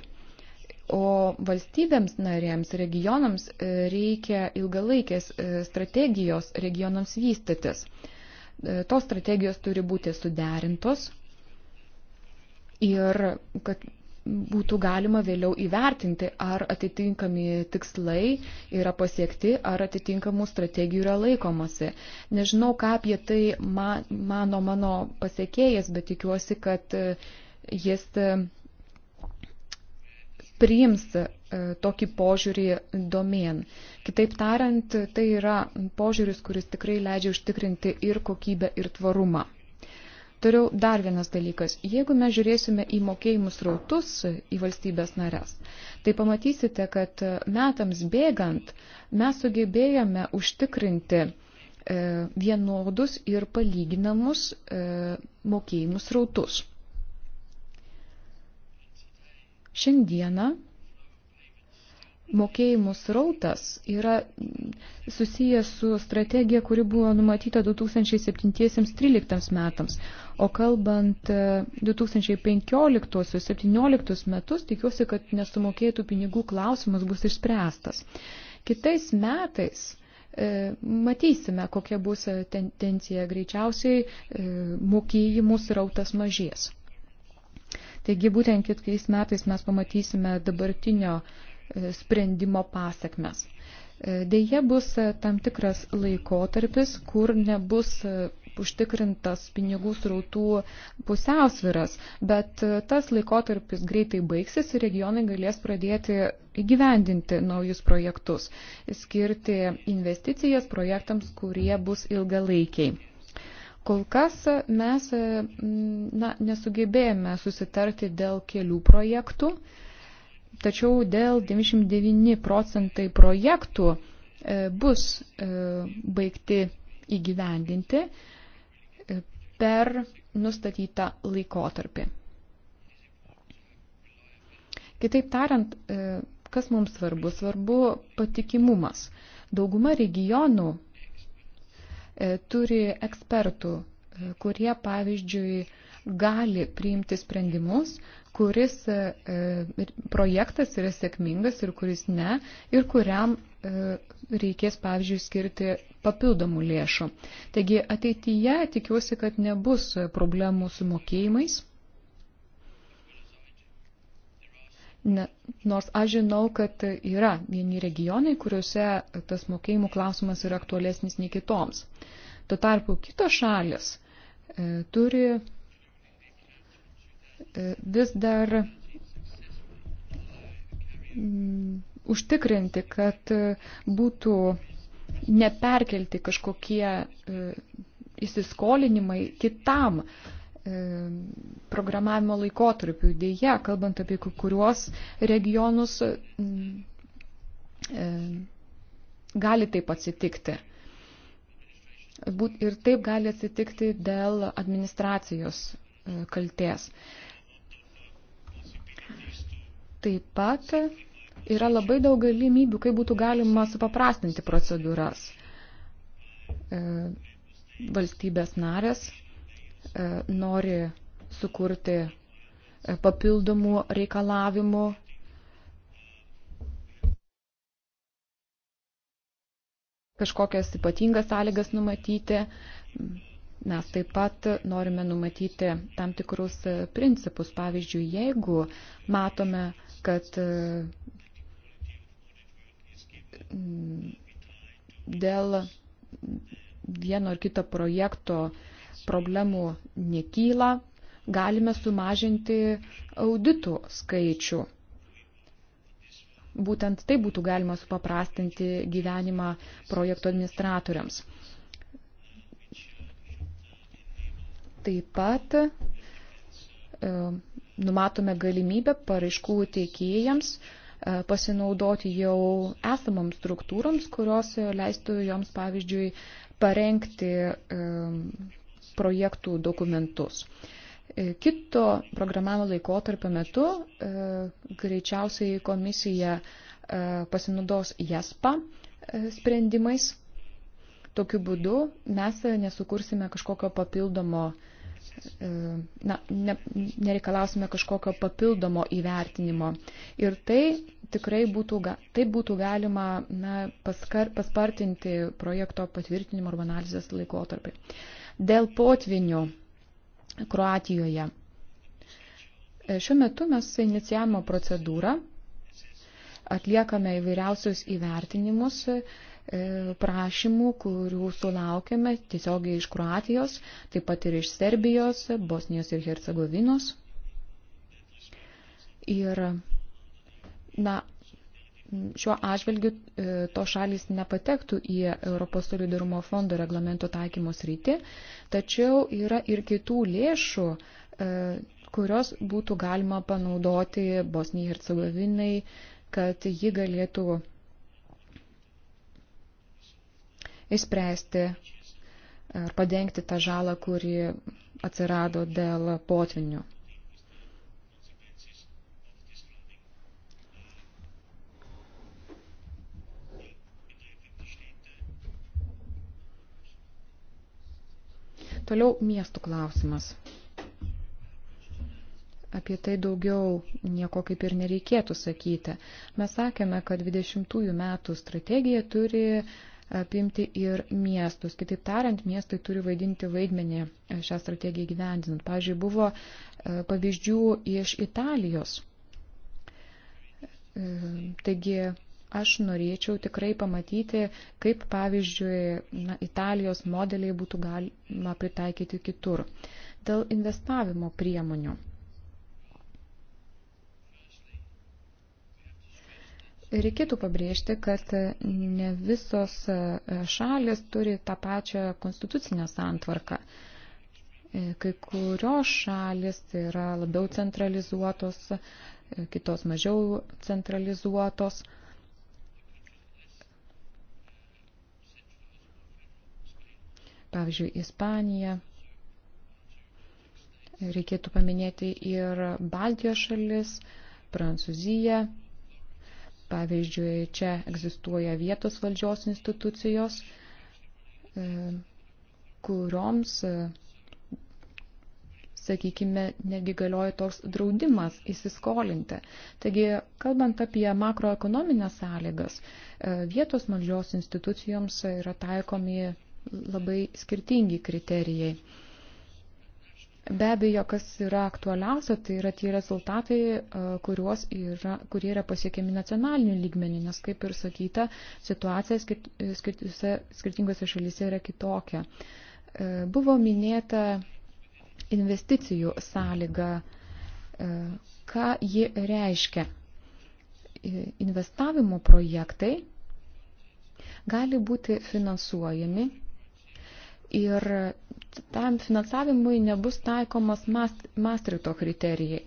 O valstybėms narėms, regionams e, reikia ilgalaikės e, strategijos regionams vystytis. Tos strategijos turi būti suderintos ir kad būtų galima vėliau įvertinti, ar atitinkami tikslai yra pasiekti, ar atitinkamų strategijų yra laikomasi. Nežinau, ką apie tai man, mano mano pasiekėjas, bet tikiuosi, kad e, jis e, priims e, tokį požiūrį domėn. Kitaip tariant, tai yra požiūris, kuris tikrai leidžia užtikrinti ir kokybę, ir tvarumą. Toliau dar vienas dalykas. Jeigu mes žiūrėsime į mokėjimus rautus į valstybės nares, tai pamatysite, kad metams bėgant mes sugebėjome užtikrinti e, vienodus ir palyginamus e, mokėjimus rautus. Šiandieną mokėjimų srautas yra susijęs su strategija, kuri buvo numatyta 2007-2013 metams. O kalbant 2015-2017 e, metus, tikiuosi, kad nesumokėtų pinigų klausimas bus išspręstas. Kitais metais e, matysime, kokia bus tendencija. Greičiausiai e, mokėjimų srautas mažės. Taigi būtent kitais metais mes pamatysime dabartinio sprendimo pasiekmes. E, Deja bus e, tam tikras laikotarpis, kur nebus e, užtikrintas pinigų srautų pusiausviras, bet tas laikotarpis greitai baigsis ir regionai galės pradėti įgyvendinti naujus projektus, skirti investicijas projektams, kurie bus ilgalaikiai. Kol kas mes na, nesugebėjome susitarti dėl kelių projektų, Tačiau dėl 99 procentai projektų e, bus e, baigti įgyvendinti e, per nustatytą laikotarpį. Kitaip tariant, kas mums svarbu? Svarbu patikimumas. Dauguma regionų turi ekspertų, kurie, pavyzdžiui, gali priimti sprendimus, kuris e, e, projektas yra sėkmingas ir kuris ne, ir kuriam e, reikės, pavyzdžiui, skirti papildomų lėšų. Taigi ateityje tikiuosi, kad nebus problemų su mokėjimais. Ne, nors aš žinau, kad yra vieni regionai, kuriuose tas mokėjimų klausimas yra aktualesnis nei kitoms. Tuo tarpu kitos šalis e, turi vis dar mm, užtikrinti, kad e, būtų neperkelti kažkokie e, įsiskolinimai kitam e, programavimo laikotarpiu. Dėja, kalbant apie kuriuos regionus, mm, gali taip atsitikti. Ir taip gali atsitikti dėl administracijos kalties. Taip pat yra labai daug galimybių, kaip būtų galima supaprastinti procedūras. E, valstybės narės e, nori sukurti e, papildomų reikalavimų kažkokias ypatingas sąlygas numatyti. Mes taip pat norime numatyti tam tikrus principus. Pavyzdžiui, jeigu matome, kad e, dėl vieno ar kito projekto problemų nekyla, galime sumažinti auditų skaičių. Būtent tai būtų galima supaprastinti gyvenimą projekto administratoriams. Taip pat e, numatome galimybę paraiškų teikėjams e, pasinaudoti jau esamoms struktūroms, kurios leistų joms, pavyzdžiui, parengti e, projektų dokumentus. E, kito programavimo laikotarpio metu greičiausiai komisija pasinaudos JASPA sprendimais. Tokiu būdu mes nesukursime kažkokio papildomo uh, E, na, ne, nereikalausime kažkokio papildomo įvertinimo. Ir tai tikrai būtų, tai būtų galima na, paskar, paspartinti projekto patvirtinimo arba analizės laikotarpį. Dėl potvinių Kroatijoje. E, šiuo metu mes inicijavimo procedūrą atliekame įvairiausius įvertinimus E, prašymų, kurių sulaukėme tiesiogiai iš Kroatijos, taip pat ir iš Serbijos, Bosnijos ir Hercegovinos. Ir, na, šiuo atžvilgiu e, to šalis nepatektų į Europos solidarumo fondo reglamento taikymos rytį, tačiau yra ir kitų lėšų, e, kurios būtų galima panaudoti Bosnijai Hercegovinai, kad ji galėtų įspręsti ar padengti tą žalą, kuri atsirado dėl potvinių. Toliau miestų klausimas. Apie tai daugiau nieko kaip ir nereikėtų sakyti. Mes sakėme, kad 20 metų strategija turi apimti ir miestus. Kitaip tariant, miestai turi vaidinti vaidmenį e, šią strategiją gyvendinant. Pavyzdžiui, buvo e, pavyzdžių iš Italijos. E, taigi, aš norėčiau tikrai pamatyti, kaip pavyzdžiui na, Italijos modeliai būtų galima pritaikyti kitur. Dėl investavimo priemonių Reikėtų pabrėžti, kad ne visos e, šalis turi tą pačią konstitucinę santvarką. E, kai kurios šalis yra labiau centralizuotos, e, kitos mažiau centralizuotos. Pavyzdžiui, Ispanija. Reikėtų paminėti ir Baltijos šalis, Prancūziją, Pavyzdžiui, čia egzistuoja vietos valdžios institucijos, e, kurioms, e, sakykime, netgi galioja toks draudimas įsiskolinti. Taigi, kalbant apie makroekonominės sąlygas, e, vietos valdžios institucijoms yra taikomi labai skirtingi kriterijai. Be abejo, kas yra aktualiausia, tai yra tie rezultatai, e, yra, kurie yra pasiekiami nacionaliniu lygmeniu, nes, kaip ir sakyta, situacija skirt, skirtose, skirtingose šalyse yra kitokia. E, buvo minėta investicijų sąlyga, e, ką ji reiškia. Investavimo projektai gali būti finansuojami ir tam finansavimui nebus taikomas Maastrichto kriterijai.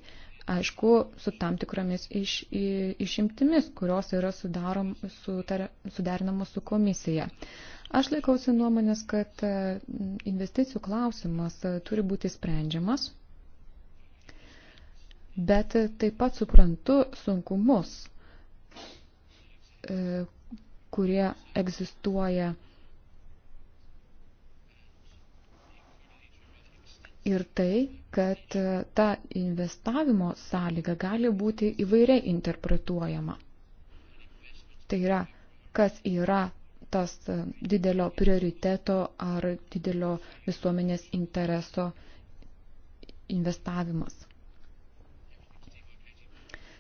Aišku, su tam tikromis iš, i, išimtimis, kurios yra sudarom, sutar, suderinamos su komisija. Aš laikausi nuomonės, kad e, investicijų klausimas e, turi būti sprendžiamas, bet e, taip pat suprantu sunkumus, kurie egzistuoja ir tai, kad e, ta investavimo sąlyga gali būti įvairiai interpretuojama. Tai yra, kas yra tas e, didelio prioriteto ar didelio visuomenės intereso investavimas.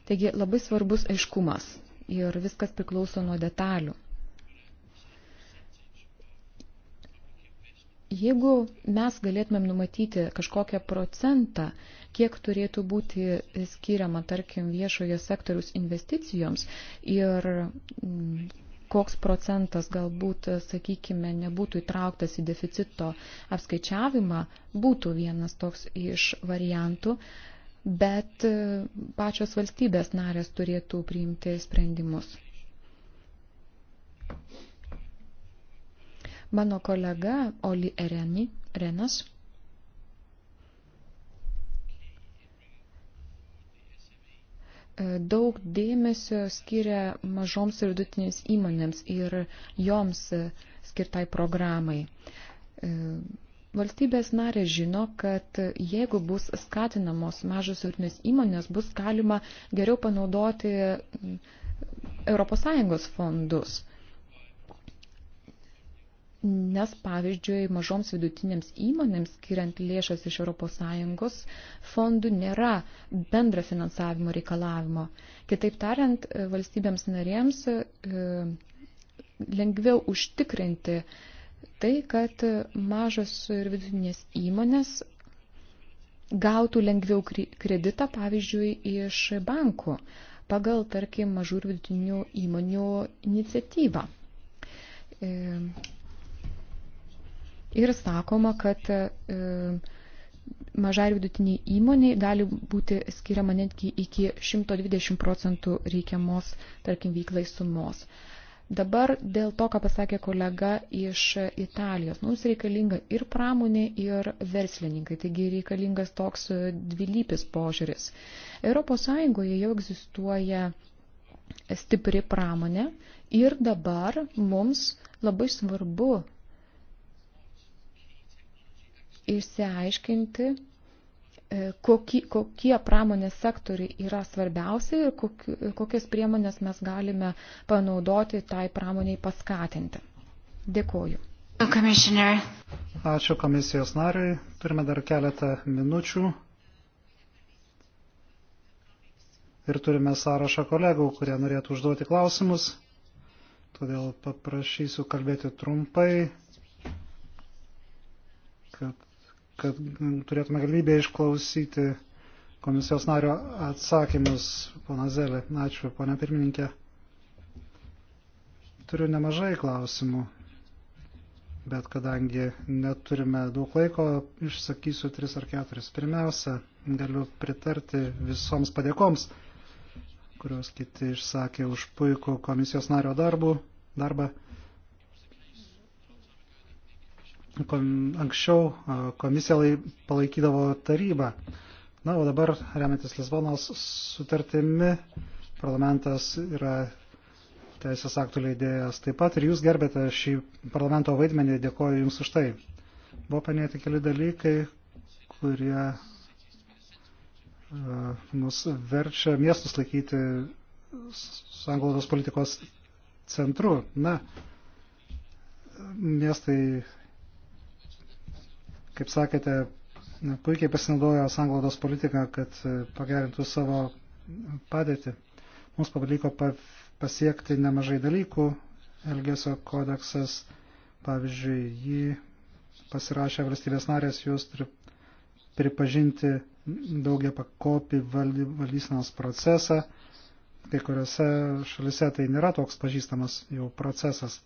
Taigi labai svarbus aiškumas ir viskas priklauso nuo detalių. Jeigu mes galėtumėm numatyti kažkokią procentą, kiek turėtų būti skiriama, tarkim, viešojo sektoriaus investicijoms ir mm, koks procentas galbūt, sakykime, nebūtų įtrauktas į deficito apskaičiavimą, būtų vienas toks iš variantų, bet pačios valstybės narės turėtų priimti sprendimus. Mano kolega Oli Ereni, Renas e, daug dėmesio skiria mažoms ir vidutinėms įmonėms ir joms e, skirtai programai. E, valstybės narė žino, kad jeigu bus skatinamos mažos ir vidutinės įmonės, bus galima geriau panaudoti ES fondus. Nes, pavyzdžiui, mažoms vidutinėms įmonėms skiriant lėšas iš ES fondų nėra bendra finansavimo reikalavimo. Kitaip tariant, valstybėms narėms e, lengviau užtikrinti tai, kad mažos ir vidutinės įmonės gautų lengviau kreditą, pavyzdžiui, iš bankų pagal, tarkim, mažų ir vidutinių įmonių iniciatyvą. E, ir sakoma, kad e, mažai ir vidutiniai įmoniai gali būti skiriama netgi iki 120 procentų reikiamos, tarkim, vyklai sumos. Dabar dėl to, ką pasakė kolega iš Italijos, mums reikalinga ir pramonė, ir verslininkai, taigi reikalingas toks dvilypis požiūris. ES jau egzistuoja stipri pramonė ir dabar mums labai svarbu išsiaiškinti, e, kokie, kokie pramonės sektoriai yra svarbiausi ir kokias priemonės mes galime panaudoti tai pramoniai paskatinti. Dėkuoju. Ačiū komisijos nariui. Turime dar keletą minučių. Ir turime sąrašą kolegų, kurie norėtų užduoti klausimus. Todėl paprašysiu kalbėti trumpai. kad turėtume galimybę išklausyti komisijos nario atsakymus, pana Zelė. Ačiū, pana pirmininkė. Turiu nemažai klausimų, bet kadangi neturime daug laiko, išsakysiu tris ar keturis. Pirmiausia, galiu pritarti visoms padėkoms, kurios kiti išsakė už puikų komisijos nario darbų, darbą. anksčiau komisija palaikydavo tarybą. Na, o dabar, remiantis Lisbonos sutartimi, parlamentas yra teisės aktų leidėjas taip pat ir jūs gerbėte šį parlamento vaidmenį, dėkoju Jums už tai. Buvo panėti keli dalykai, kurie uh, mus verčia miestus laikyti sanglaudos politikos centru. Na, miestai kaip sakėte, puikiai pasinaudojo sanglaudos politiką, kad e, pagerintų savo padėtį. Mums pavyko pasiekti nemažai dalykų. Elgesio kodeksas, pavyzdžiui, jį pasirašė valstybės narės, jūs turi pripažinti daugia pakopį valdysenos procesą. Kai kuriuose šalise tai nėra toks pažįstamas jau procesas.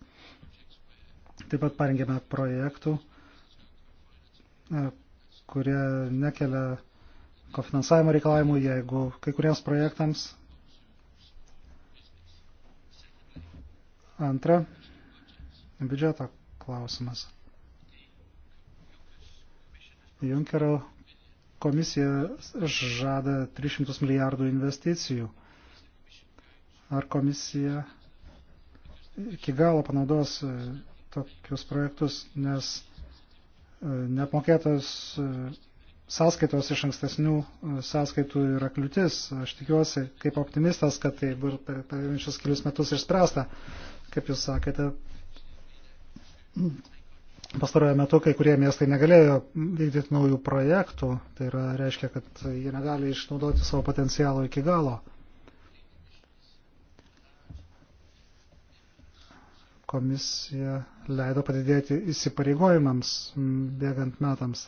Taip pat parengėme projektų E, kurie nekelia kofinansavimo reikalavimų, jeigu kai kuriems projektams. Antra, biudžeto klausimas. Junkero komisija žada 300 milijardų investicijų. Ar komisija iki galo panaudos e, tokius projektus, nes Nepmokėtos e, sąskaitos iš ankstesnių e, sąskaitų yra kliūtis. Aš tikiuosi, kaip optimistas, kad tai bus per šios kelius metus išspręsta, kaip jūs sakėte. Pastarojo metu kai kurie miestai negalėjo vykdyti naujų projektų, tai yra, reiškia, kad jie negali išnaudoti savo potencialo iki galo. komisija leido padidėti įsipareigojimams bėgant metams.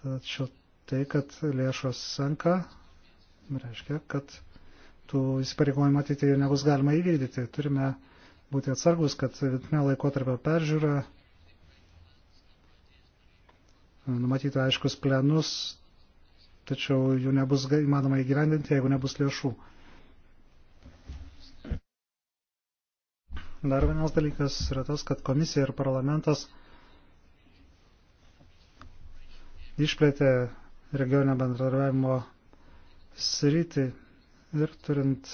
Tačiau tai, kad lėšos senka, reiškia, kad tų įsipareigojimų ateityje nebus galima įvykdyti. Turime būti atsargus, kad vidutinio laikotarpio peržiūra numatyti aiškus plenus, tačiau jų nebus įmanoma įgyvendinti, jeigu nebus lėšų. Dar vienas dalykas yra tas, kad komisija ir parlamentas išplėtė regioninio bendradarbiavimo sritį ir turint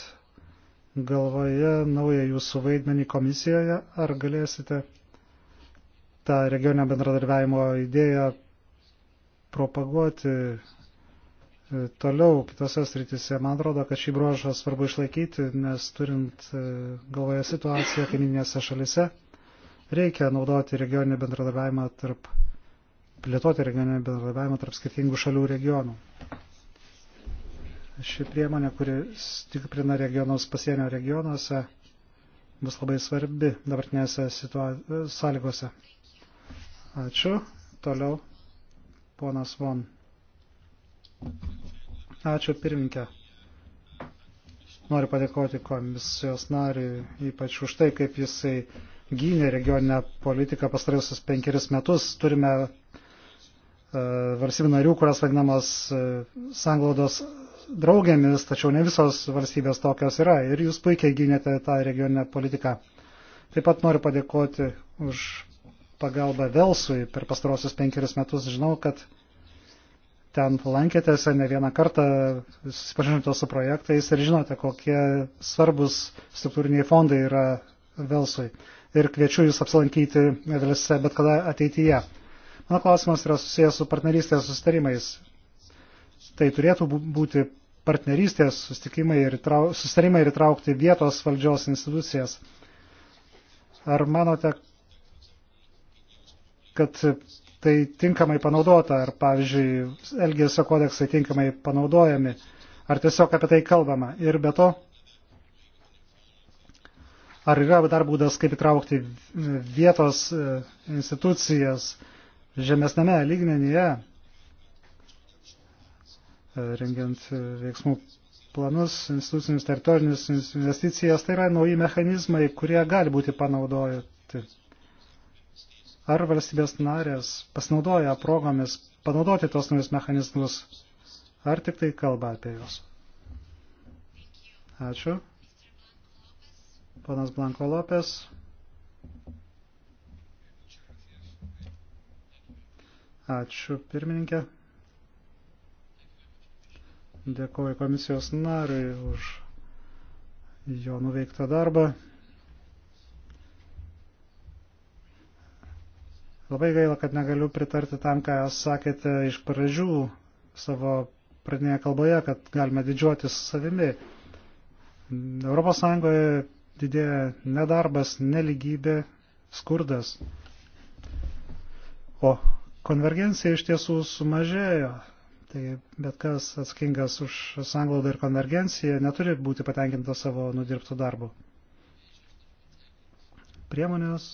galvoje naują jūsų vaidmenį komisijoje, ar galėsite tą regioninio bendradarbiavimo idėją propaguoti E, toliau kitose sritise. Man atrodo, kad šį bruožą svarbu išlaikyti, nes turint e, galvoje situaciją kaiminėse šalise, reikia naudoti regioninį bendradarbiavimą tarp, plėtoti regioninį bendradarbiavimą tarp skirtingų šalių regionų. Ši priemonė, kuri stiprina regionus pasienio regionuose, bus labai svarbi dabartinėse situa... sąlygose. Ačiū. Toliau ponas Von. Ačiū pirminkė. Noriu padėkoti komisijos nariui, ypač už tai, kaip jisai gynė regioninę politiką pastarusius penkeris metus. Turime uh, valstybių narių, kurias vadinamos uh, sanglaudos draugėmis, tačiau ne visos valstybės tokios yra. Ir jūs puikiai gynėte tą regioninę politiką. Taip pat noriu padėkoti už pagalbą Velsui per pastarosius penkeris metus. Žinau, kad ten lankėtės ne vieną kartą, susipažinote su projektais ir žinote, kokie svarbus struktūriniai fondai yra Velsui. Ir kviečiu Jūs apsilankyti Velse bet kada ateityje. Mano klausimas yra susijęs su partnerystės sustarimais. Tai turėtų būti partnerystės sustarimai ir, trau, sustarimai ir traukti vietos valdžios institucijas. Ar manote, kad tai tinkamai panaudota, ar pavyzdžiui, Elgėsio kodeksai tinkamai panaudojami, ar tiesiog apie tai kalbama. Ir be to, ar yra dar būdas, kaip įtraukti vietos e, institucijas žemesnėme lygmenyje, e, rengiant veiksmų planus, institucinius teritorinius investicijas, tai yra nauji mechanizmai, kurie gali būti panaudojami Ar valstybės narės pasinaudoja progomis panaudoti tos naujus mechanizmus, ar tik tai kalba apie juos? Ačiū. Panas Blanko Lopes. Ačiū pirmininkė. Dėkuoju komisijos nariui už jo nuveiktą darbą. Labai gaila, kad negaliu pritarti tam, ką sakėte iš pradžių savo pradinėje kalboje, kad galime didžiuotis savimi. Europos Sąjungoje didėja nedarbas, neligybė, skurdas. O konvergencija iš tiesų sumažėjo. Tai bet kas atsakingas už sanglaudą ir konvergenciją neturi būti patenkintas savo nudirbtų darbų. Priemonės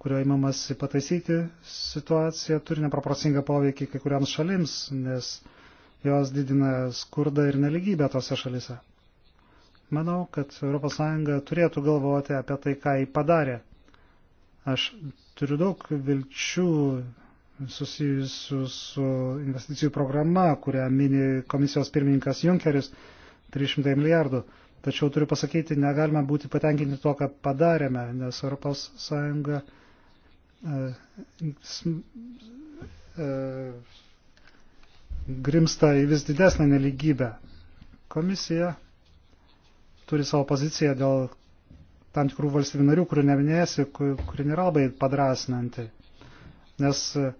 kurio įmamas pataisyti situaciją, turi neproporcingą poveikį kai kuriams šalims, nes jos didina skurdą ir neligybę tose šalise. Manau, kad ES turėtų galvoti apie tai, ką jį padarė. Aš turiu daug vilčių susijusių su investicijų programa, kurią mini komisijos pirmininkas Junkeris 300 milijardų. Tačiau turiu pasakyti, negalime būti patenkinti to, ką padarėme, nes ES grimsta į vis didesnę neligybę. Komisija turi savo poziciją dėl tam tikrų valstybių narių, kurių neminėsi, kuri nėra labai padrasinanti. Nes e,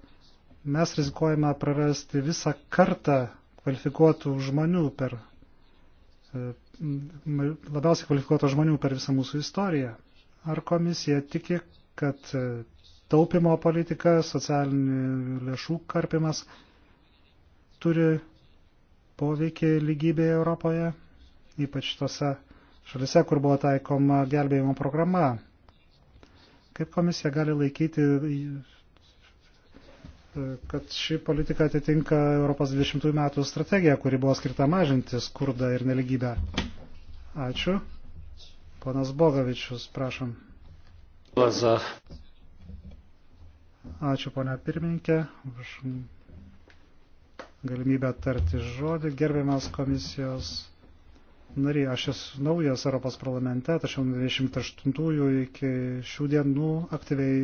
mes rizikuojame prarasti visą kartą kvalifikuotų žmonių per e, labiausiai kvalifikuotų žmonių per visą mūsų istoriją. Ar komisija tiki, kad e, taupimo politika, socialinių lėšų karpimas turi poveikį lygybėje Europoje, ypač tose šalise, kur buvo taikoma gelbėjimo programa. Kaip komisija gali laikyti, kad ši politika atitinka Europos 20 metų strategiją, kuri buvo skirta mažinti skurdą ir neligybę? Ačiū. Ponas Bogavičius, prašom. Laza. Ačiū, ponia pirmininkė, už galimybę tarti žodį. Gerbiamas komisijos nariai, aš esu naujas Europos parlamente, tačiau 28-ųjų iki šių dienų aktyviai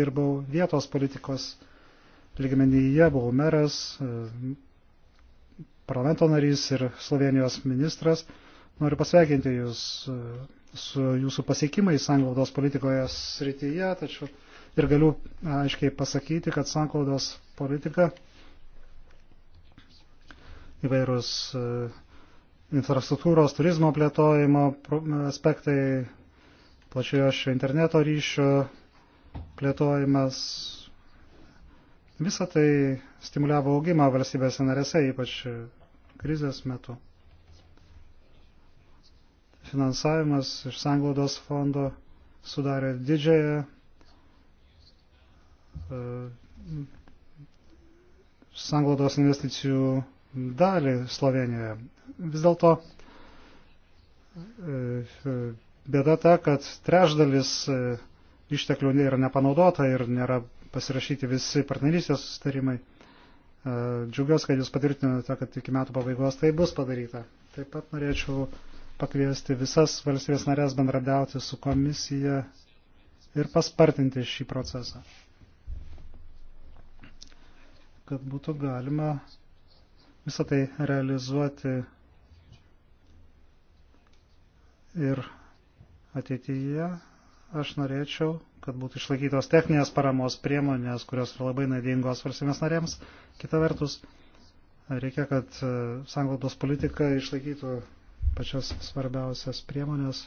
dirbau vietos politikos lygmenyje, buvau meras, parlamento narys ir Slovenijos ministras. Noriu pasveikinti Jūs su Jūsų pasiekimais sanglaudos politikoje srityje, tačiau Ir galiu aiškiai pasakyti, kad sanklaudos politika įvairūs e, infrastruktūros turizmo plėtojimo aspektai, plačiojo šio interneto ryšio plėtojimas. Visą tai stimuliavo augimą valstybėse narėse, ypač krizės metu. Finansavimas iš sanglaudos fondo sudarė didžiąją E, sanglaudos investicijų dalį Slovenijoje. Vis dėlto e, bėda ta, kad trešdalis e, išteklių yra nepanaudota ir nėra pasirašyti visi partnerystės sustarimai. Džiugiuosi, kad jūs patvirtinote, kad iki metų pabaigos tai bus padaryta. Taip pat norėčiau pakviesti visas valstybės narės bendradauti su komisija ir paspartinti šį procesą kad būtų galima visą tai realizuoti ir ateityje aš norėčiau, kad būtų išlaikytos techninės paramos priemonės, kurios yra labai naidingos valstybės narėms. Kita vertus, reikia, kad e, sanglaudos politika išlaikytų pačias svarbiausias priemonės,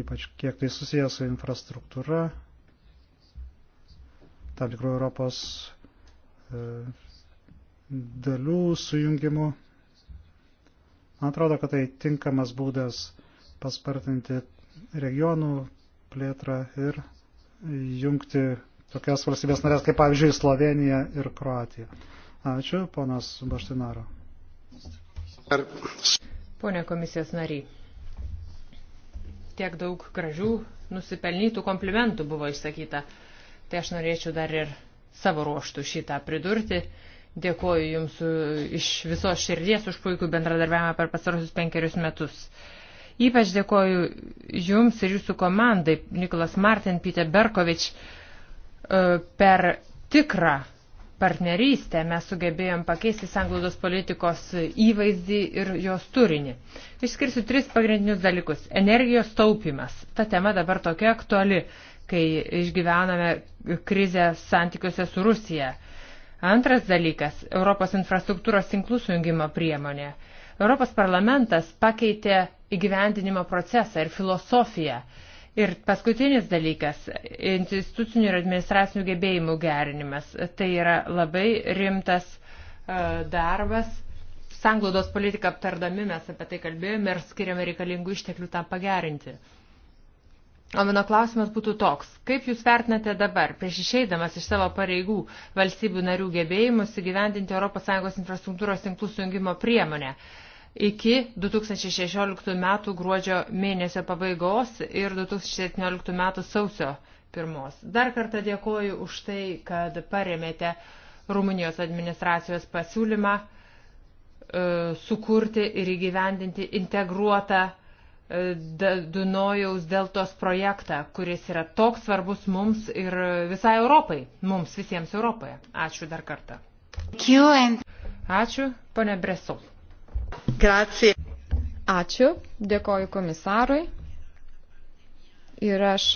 ypač kiek tai susijęs su infrastruktūra, tam tikrų Europos E, dalių sujungimu. Man atrodo, kad tai tinkamas būdas paspartinti regionų plėtrą ir jungti tokias valstybės narės kaip pavyzdžiui Slovenija ir Kroatija. Ačiū, ponas Baštinaro. Pone komisijos nariai, tiek daug gražių nusipelnytų komplimentų buvo išsakyta, tai aš norėčiau dar ir savo ruoštų šitą pridurti. Dėkuoju Jums iš visos širdies už puikų bendradarbiavimą per pasarosius penkerius metus. Ypač dėkoju Jums ir Jūsų komandai, Nikolas Martin, Pite Berkovič, e, per tikrą partnerystę mes sugebėjom pakeisti sanglaudos politikos įvaizdį ir jos turinį. Išskirsiu tris pagrindinius dalykus. Energijos taupimas. Ta tema dabar tokia aktuali kai išgyvename krizę santykiuose su Rusija. Antras dalykas - Europos infrastruktūros tinklų sujungimo priemonė. Europos parlamentas pakeitė įgyvendinimo procesą ir filosofiją. Ir paskutinis dalykas - institucinių ir administracinių gebėjimų gerinimas. Tai yra labai rimtas e, darbas. Sanglaudos politiką aptardami mes apie tai kalbėjome ir skiriame reikalingų išteklių tam pagerinti. O mano klausimas būtų toks. Kaip Jūs vertinate dabar, prieš išeidamas iš savo pareigų valstybių narių gebėjimus įgyvendinti ES infrastruktūros tinklų sujungimo priemonę iki 2016 metų gruodžio mėnesio pabaigos ir 2017 metų sausio pirmos? Dar kartą dėkoju už tai, kad paremėte Rumunijos administracijos pasiūlymą e, sukurti ir įgyvendinti integruotą E, Dunojaus deltos projektą, kuris yra toks svarbus mums ir visai Europai, mums visiems Europoje. Ačiū dar kartą. Ačiū, ponė Bresol. Grazie. Ačiū, dėkoju komisarui. Ir aš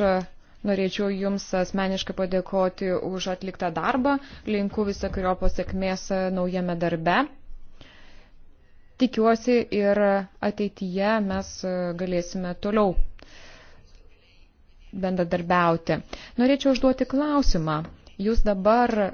norėčiau Jums asmeniškai padėkoti už atliktą darbą. Linku visokiojo pasiekmės naujame darbe. Tikiuosi ir ateityje mes e, galėsime toliau bendradarbiauti. Norėčiau užduoti klausimą. Jūs dabar e,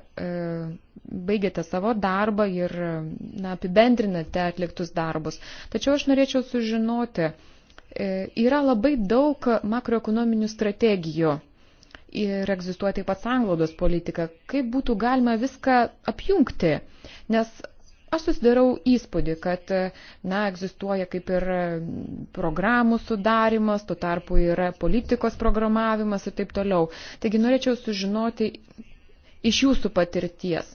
baigėte savo darbą ir na, apibendrinate atliktus darbus. Tačiau aš norėčiau sužinoti, e, yra labai daug makroekonominių strategijų ir egzistuoja taip pat sanglaudos politika. Kaip būtų galima viską apjungti? Nes Aš susidarau įspūdį, kad, na, egzistuoja kaip ir programų sudarimas, tuo tarpu yra politikos programavimas ir taip toliau. Taigi norėčiau sužinoti iš jūsų patirties,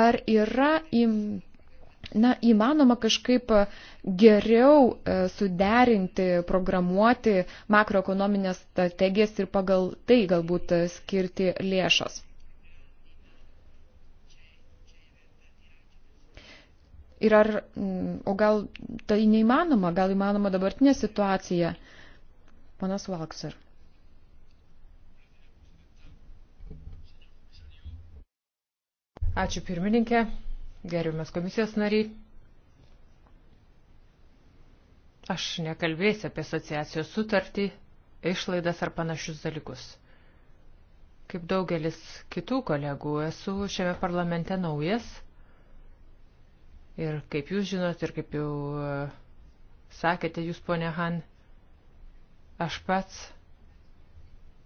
ar yra im, na, įmanoma kažkaip geriau e, suderinti, programuoti makroekonominės strategijas ir pagal tai galbūt e, skirti lėšas. Ir ar, mm, o gal tai neįmanoma, gal įmanoma dabartinė situacija? Panas Valksar. Ačiū pirmininkė, gerbiamas komisijos nariai. Aš nekalbėsiu apie asociacijos sutartį, išlaidas ar panašius dalykus. Kaip daugelis kitų kolegų esu šiame parlamente naujas – Ir kaip jūs žinot, ir kaip jau e, sakėte jūs, ponė Han, aš pats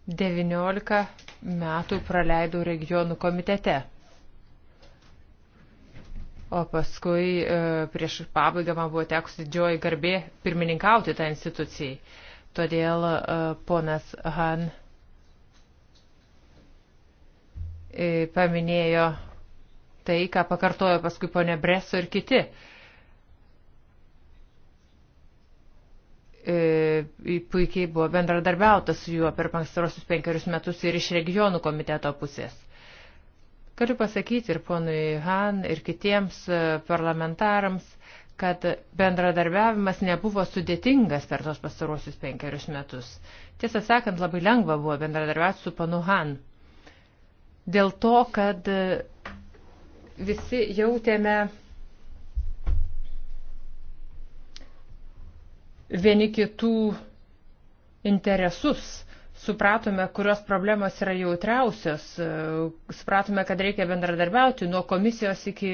19 metų praleidau regionų komitete. O paskui e, prieš pabaigą man buvo teks didžioji garbė pirmininkauti tą tai institucijai. Todėl e, ponas Han paminėjo tai, ką pakartojo paskui ponė Breso ir kiti. E, puikiai buvo bendradarbiauta su juo per pastarosius penkerius metus ir iš regionų komiteto pusės. Galiu pasakyti ir ponui Han, ir kitiems e, parlamentarams, kad bendradarbiavimas nebuvo sudėtingas per tos pastarosius penkerius metus. Tiesą sakant, labai lengva buvo bendradarbiauti su panu Han. Dėl to, kad visi jautėme vieni kitų interesus, supratome, kurios problemos yra jautriausios, supratome, kad reikia bendradarbiauti nuo komisijos iki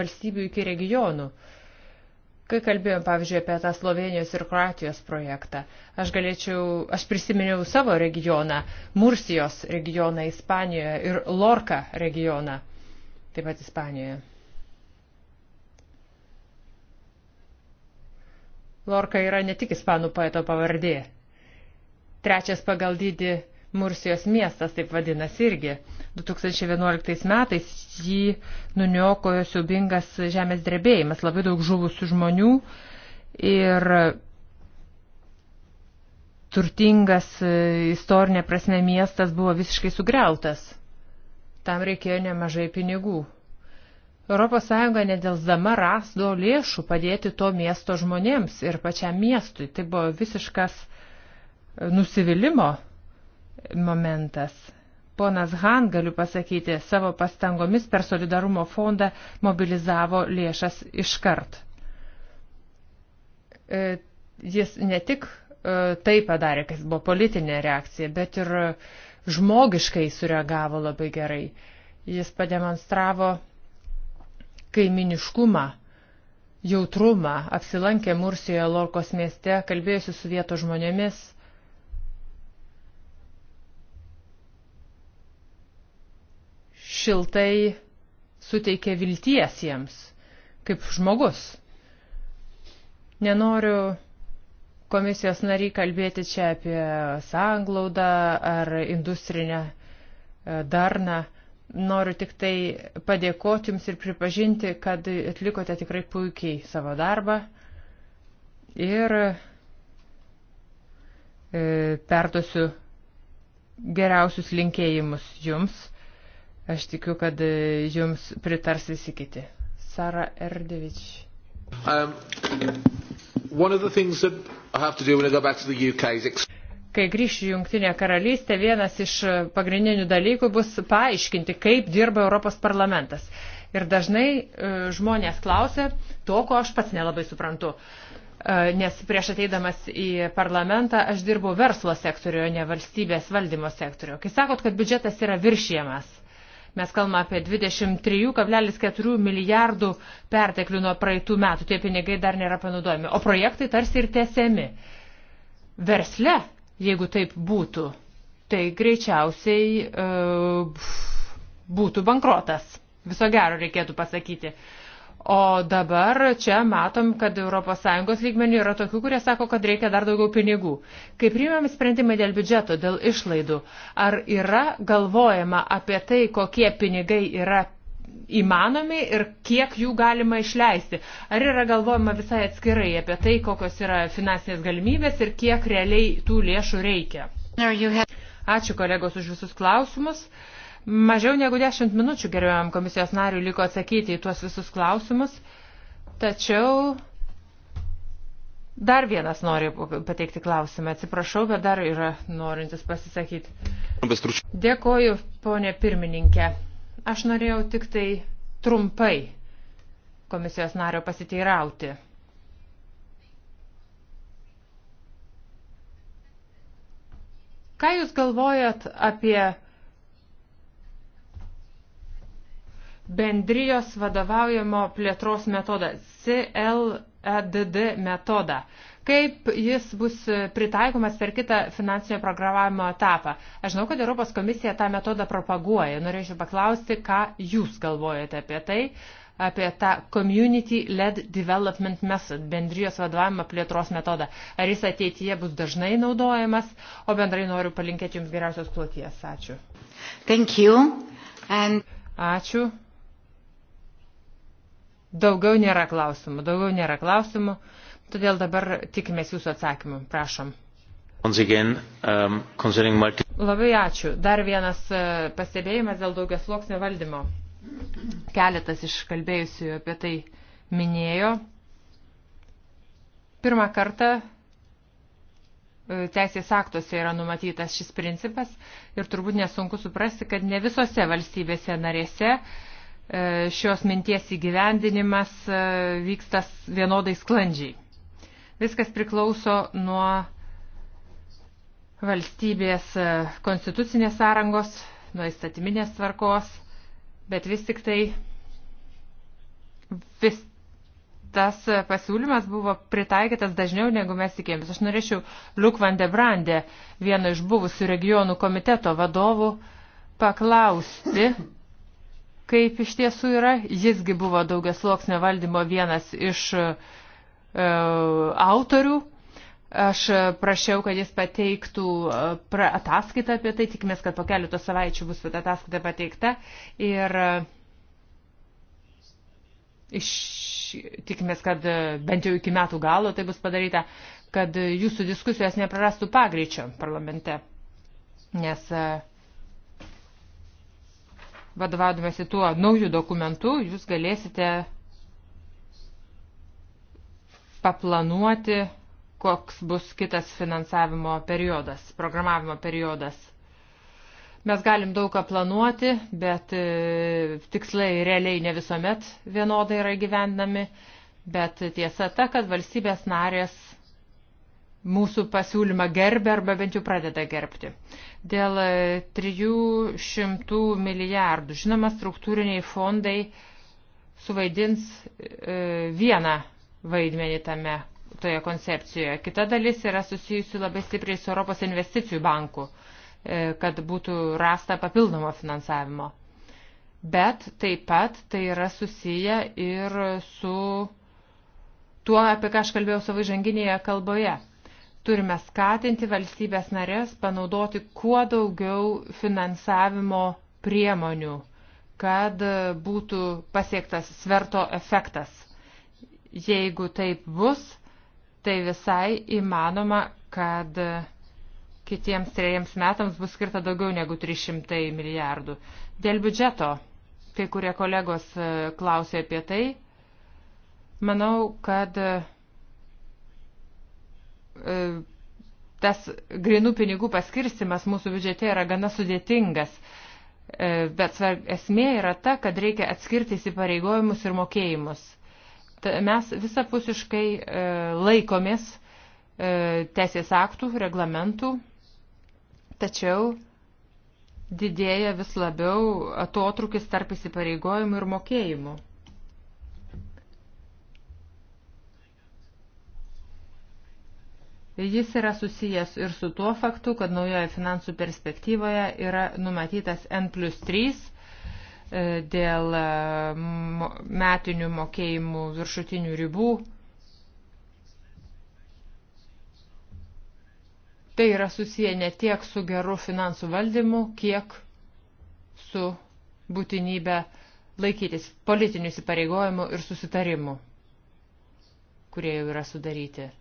valstybių, iki regionų. Kai kalbėjom, pavyzdžiui, apie tą Slovenijos ir Kroatijos projektą, aš galėčiau, aš prisiminiau savo regioną, Mursijos regioną Ispanijoje ir Lorka regioną taip pat Ispanijoje. Lorka yra ne tik ispanų poeto pavardė. Trečias pagal dydį Mursijos miestas, taip vadinasi irgi. 2011 metais jį nuniokojo siubingas žemės drebėjimas, labai daug žuvusių žmonių ir turtingas e, istorinė prasme miestas buvo visiškai sugriautas. Tam reikėjo nemažai pinigų. ES nedelsdama rasdo lėšų padėti to miesto žmonėms ir pačiam miestui. Tai buvo visiškas e, nusivylimo momentas. Ponas Han, galiu pasakyti, savo pastangomis per solidarumo fondą mobilizavo lėšas iškart. E, jis ne tik e, tai padarė, kas buvo politinė reakcija, bet ir žmogiškai sureagavo labai gerai. Jis pademonstravo kaiminiškumą, jautrumą, apsilankė Mursijoje Lorkos mieste, kalbėjusi su vietos žmonėmis. Šiltai suteikė vilties jiems, kaip žmogus. Nenoriu komisijos nariai kalbėti čia apie sanglaudą ar industrinę e, darną. Noriu tik tai padėkoti Jums ir pripažinti, kad atlikote tikrai puikiai savo darbą ir e, perduosiu geriausius linkėjimus Jums. Aš tikiu, kad e, Jums pritars visi kiti. Sara Erdevič. Um. Is... Kai grįšiu Junktinė karalystė, vienas iš e, pagrindinių dalykų bus paaiškinti, kaip dirba Europos parlamentas. Ir dažnai e, žmonės klausia to, ko aš pats nelabai suprantu. E, nes prieš ateidamas į parlamentą aš dirbau verslo sektoriuje, ne valstybės valdymo sektoriuje. Kai sakot, kad biudžetas yra viršiemas, Mes kalbame apie 23,4 milijardų perteklių nuo praeitų metų. Tie pinigai dar nėra panaudojami. O projektai tarsi ir tesiami. Versle, jeigu taip būtų, tai greičiausiai e, būtų bankrotas. Viso gero reikėtų pasakyti. E, O dabar čia matom, kad ES lygmenių yra tokių, kurie sako, kad reikia dar daugiau pinigų. Kai priimami sprendimai dėl biudžeto, dėl išlaidų, ar yra galvojama apie tai, kokie pinigai yra įmanomi ir kiek jų galima išleisti. Ar yra galvojama visai atskirai apie tai, kokios yra finansinės galimybės ir kiek realiai tų lėšų reikia? Ačiū kolegos už visus klausimus. Mažiau negu 10 minučių gerbiamam komisijos nariui liko atsakyti į tuos visus klausimus, tačiau dar vienas nori pateikti klausimą. Atsiprašau, bet dar yra norintis pasisakyti. Dėkoju, ponė pirmininkė. Aš norėjau tik tai trumpai komisijos nario pasiteirauti. Ką Jūs galvojat apie bendrijos vadovaujamo plėtros metodą, CLADD e metodą. Kaip jis bus pritaikomas per kitą finansinio programavimo etapą? Aš žinau, kad Europos komisija tą metodą propaguoja. Norėčiau paklausti, ką jūs galvojate apie tai, apie tą Community-led development method, bendrijos vadovavimo plėtros metodą. Ar jis ateityje bus dažnai naudojamas? O bendrai noriu palinkėti jums geriausios kloties. Ačiū. Thank you. And... Ačiū. Daugiau nėra klausimų, daugiau nėra klausimų, todėl dabar tikimės jūsų atsakymų. Prašom. Again, um, multi... Labai ačiū. Dar vienas e, pastebėjimas dėl daugias sluoksnio valdymo. Keletas iš kalbėjusių apie tai minėjo. Pirmą kartą e, teisės aktuose yra numatytas šis principas ir turbūt nesunku suprasti, kad ne visose valstybėse narėse uh, E, šios minties įgyvendinimas e, vyksta vienodai sklandžiai. Viskas priklauso nuo valstybės e, konstitucinės sąrangos, nuo įstatyminės tvarkos, bet vis tik tai vis tas pasiūlymas buvo pritaikytas dažniau, negu mes tikėjomės. Aš norėčiau Liuk van de Brande, vieno iš buvusių regionų komiteto vadovų, paklausti, kaip iš tiesų yra. Jisgi buvo daugias sluoksnio valdymo vienas iš e, autorių. Aš prašiau, kad jis pateiktų e, pra, ataskaitą apie tai, tikimės, kad po keletos savaičių bus ataskaita pateikta ir e, iš, tikimės, kad e, bent jau iki metų galo tai bus padaryta, kad jūsų diskusijos neprarastų pagreičio parlamente, nes uh, vadovaudamasi tuo naujų dokumentų, jūs galėsite paplanuoti, koks bus kitas finansavimo periodas, programavimo periodas. Mes galim daug ką planuoti, bet e, tikslai realiai ne visuomet vienodai yra gyvendami, bet tiesa ta, kad valstybės narės mūsų pasiūlymą gerbė arba bent jau pradeda gerbti. Dėl 300 e, milijardų, žinoma, struktūriniai fondai suvaidins e, vieną vaidmenį tame toje koncepcijoje. Kita dalis yra susijusi labai stipriai su Europos investicijų banku, e, kad būtų rasta papildomo finansavimo. Bet taip pat tai yra susiję ir su tuo, apie ką aš kalbėjau savo žanginėje kalboje Turime skatinti valstybės narės panaudoti kuo daugiau finansavimo priemonių, kad būtų pasiektas sverto efektas. Jeigu taip bus, tai visai įmanoma, kad kitiems trejiems metams bus skirta daugiau negu 300 milijardų. Dėl biudžeto, kai kurie kolegos e, klausė apie tai, manau, kad E, tas grinų pinigų paskirstimas mūsų biudžete yra gana sudėtingas, e, bet esmė yra ta, kad reikia atskirti įsipareigojimus ir mokėjimus. Mes visapusiškai e, laikomės teisės aktų, reglamentų, tačiau didėja vis labiau atotrukis tarp įsipareigojimų ir mokėjimų. Jis yra susijęs ir su tuo faktu, kad naujoje finansų perspektyvoje yra numatytas N plus 3 e, dėl e, metinių mokėjimų viršutinių ribų. Tai yra susiję ne tiek su geru finansų valdymu, kiek su būtinybė laikytis politinių įsipareigojimų ir susitarimų, kurie jau yra sudaryti.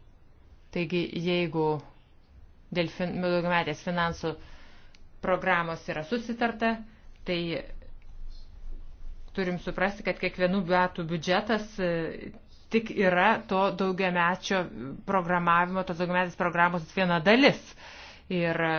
Taigi, jeigu dėl fin, daugiametės finansų programos yra susitarta, tai turim suprasti, kad kiekvienų metų biudžetas e, tik yra to daugiamečio programavimo, tos daugiametės programos viena dalis. Ir e,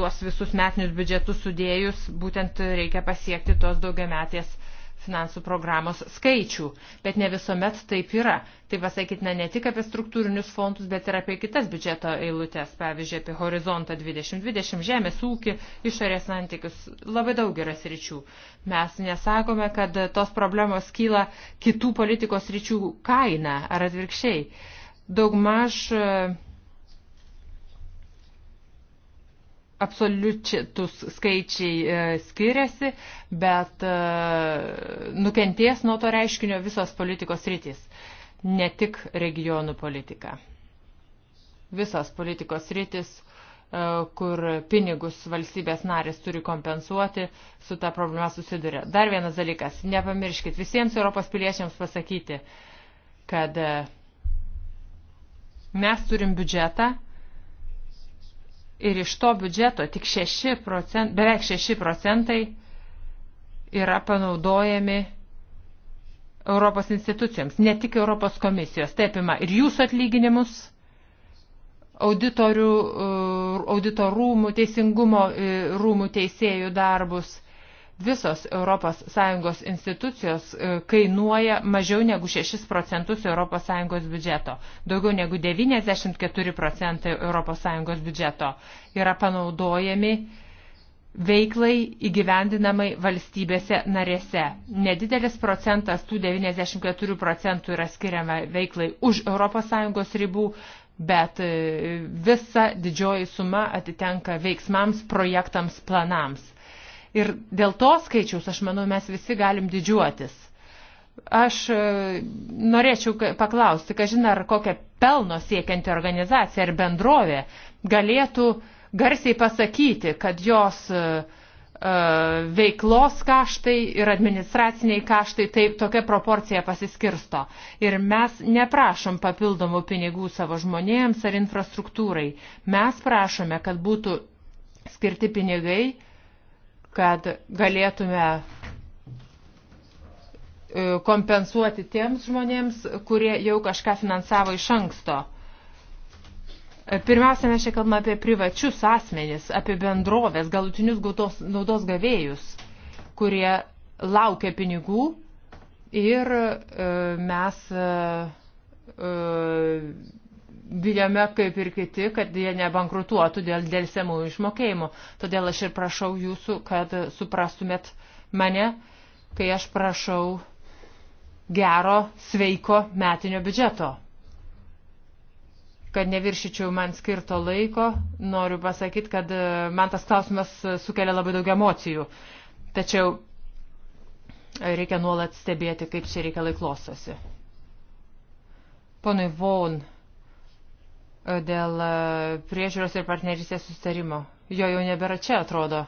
tuos visus metinius biudžetus sudėjus būtent reikia pasiekti tos daugiametės programos finansų programos skaičių, bet ne visuomet taip yra. Tai pasakytina ne tik apie struktūrinius fondus, bet ir apie kitas biudžeto eilutės, pavyzdžiui, apie horizontą 2020, žemės ūkį, išorės santykius, labai daug yra sričių. Mes nesakome, kad tos problemos kyla kitų politikos sričių kaina ar atvirkščiai. Daugmaž uh, absoliučius skaičiai e, skiriasi, bet e, nukenties nuo to reiškinio visos politikos rytis, ne tik regionų politika. Visos politikos rytis, e, kur pinigus valstybės narės turi kompensuoti, su ta problema susiduria. Dar vienas dalykas, nepamirškit visiems Europos piliečiams pasakyti, kad mes turim biudžetą, ir iš to biudžeto tik 6 procent, beveik 6 procentai yra panaudojami Europos institucijoms, ne tik Europos komisijos. Taip ima ir jūsų atlyginimus, auditorių, e, auditorų rūmų, teisingumo e, rūmų teisėjų darbus – visos ES institucijos e, kainuoja mažiau negu 6 procentus ES biudžeto. Daugiau negu 94 procentai ES biudžeto yra panaudojami veiklai įgyvendinamai valstybėse narėse. Nedidelis procentas tų 94 procentų yra skiriama veiklai už ES ribų, bet e, visa didžioji suma atitenka veiksmams, projektams, planams Ir dėl to skaičiaus, aš manau, mes visi galim didžiuotis. Aš e, norėčiau paklausti, kažin ar kokią pelno siekianti organizacija ar bendrovė galėtų garsiai pasakyti, kad jos e, e, veiklos kaštai ir administraciniai kaštai taip tokia proporcija pasiskirsto. Ir mes neprašom papildomų pinigų savo žmonėms ar infrastruktūrai. Mes prašome, kad būtų skirti pinigai kad galėtume e, kompensuoti tiems žmonėms, kurie jau kažką finansavo iš anksto. E, pirmiausia, mes čia kalbame apie privačius asmenis, apie bendrovės, galutinius gautos, naudos gavėjus, kurie laukia pinigų ir e, mes bijome, kaip ir kiti, kad jie nebankrutuotų dėl dėlsiamų išmokėjimų. Todėl aš ir prašau jūsų, kad suprastumėt mane, kai aš prašau gero, sveiko metinio biudžeto. Kad neviršyčiau man skirto laiko, noriu pasakyti, kad e, man tas klausimas e, sukelia labai daug emocijų. Tačiau reikia nuolat stebėti, kaip čia reikalai klostosi. Ponui Vaughan dėl e, priežiūros ir partnerystės sustarimo. Jo jau nebėra čia, atrodo.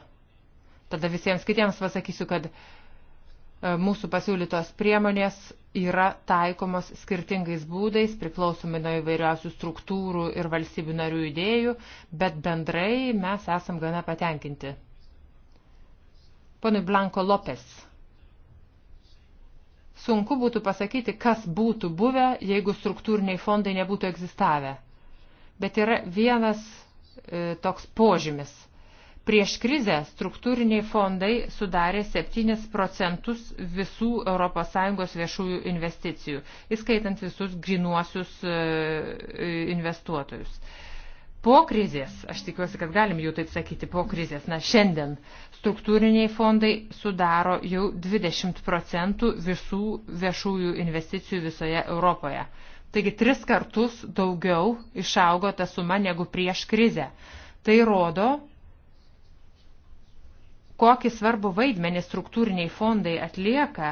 Tada visiems kitiems pasakysiu, kad e, mūsų pasiūlytos priemonės yra taikomos skirtingais būdais, priklausomai nuo įvairiausių struktūrų ir valstybių narių idėjų, bet bendrai mes esam gana patenkinti. Ponui Blanko Lopes. Sunku būtų pasakyti, kas būtų buvę, jeigu struktūriniai fondai nebūtų egzistavę. Bet yra vienas e, toks požymis. Prieš krizę struktūriniai fondai sudarė 7 procentus visų ES viešųjų investicijų, įskaitant visus grinuosius e, e, investuotojus. Po krizės, aš tikiuosi, kad galim jau taip sakyti, po krizės, na šiandien struktūriniai fondai sudaro jau 20 procentų visų viešųjų investicijų visoje Europoje. Taigi tris kartus daugiau išaugo ta suma negu prieš krizę. Tai rodo, kokį svarbų vaidmenį struktūriniai fondai atlieka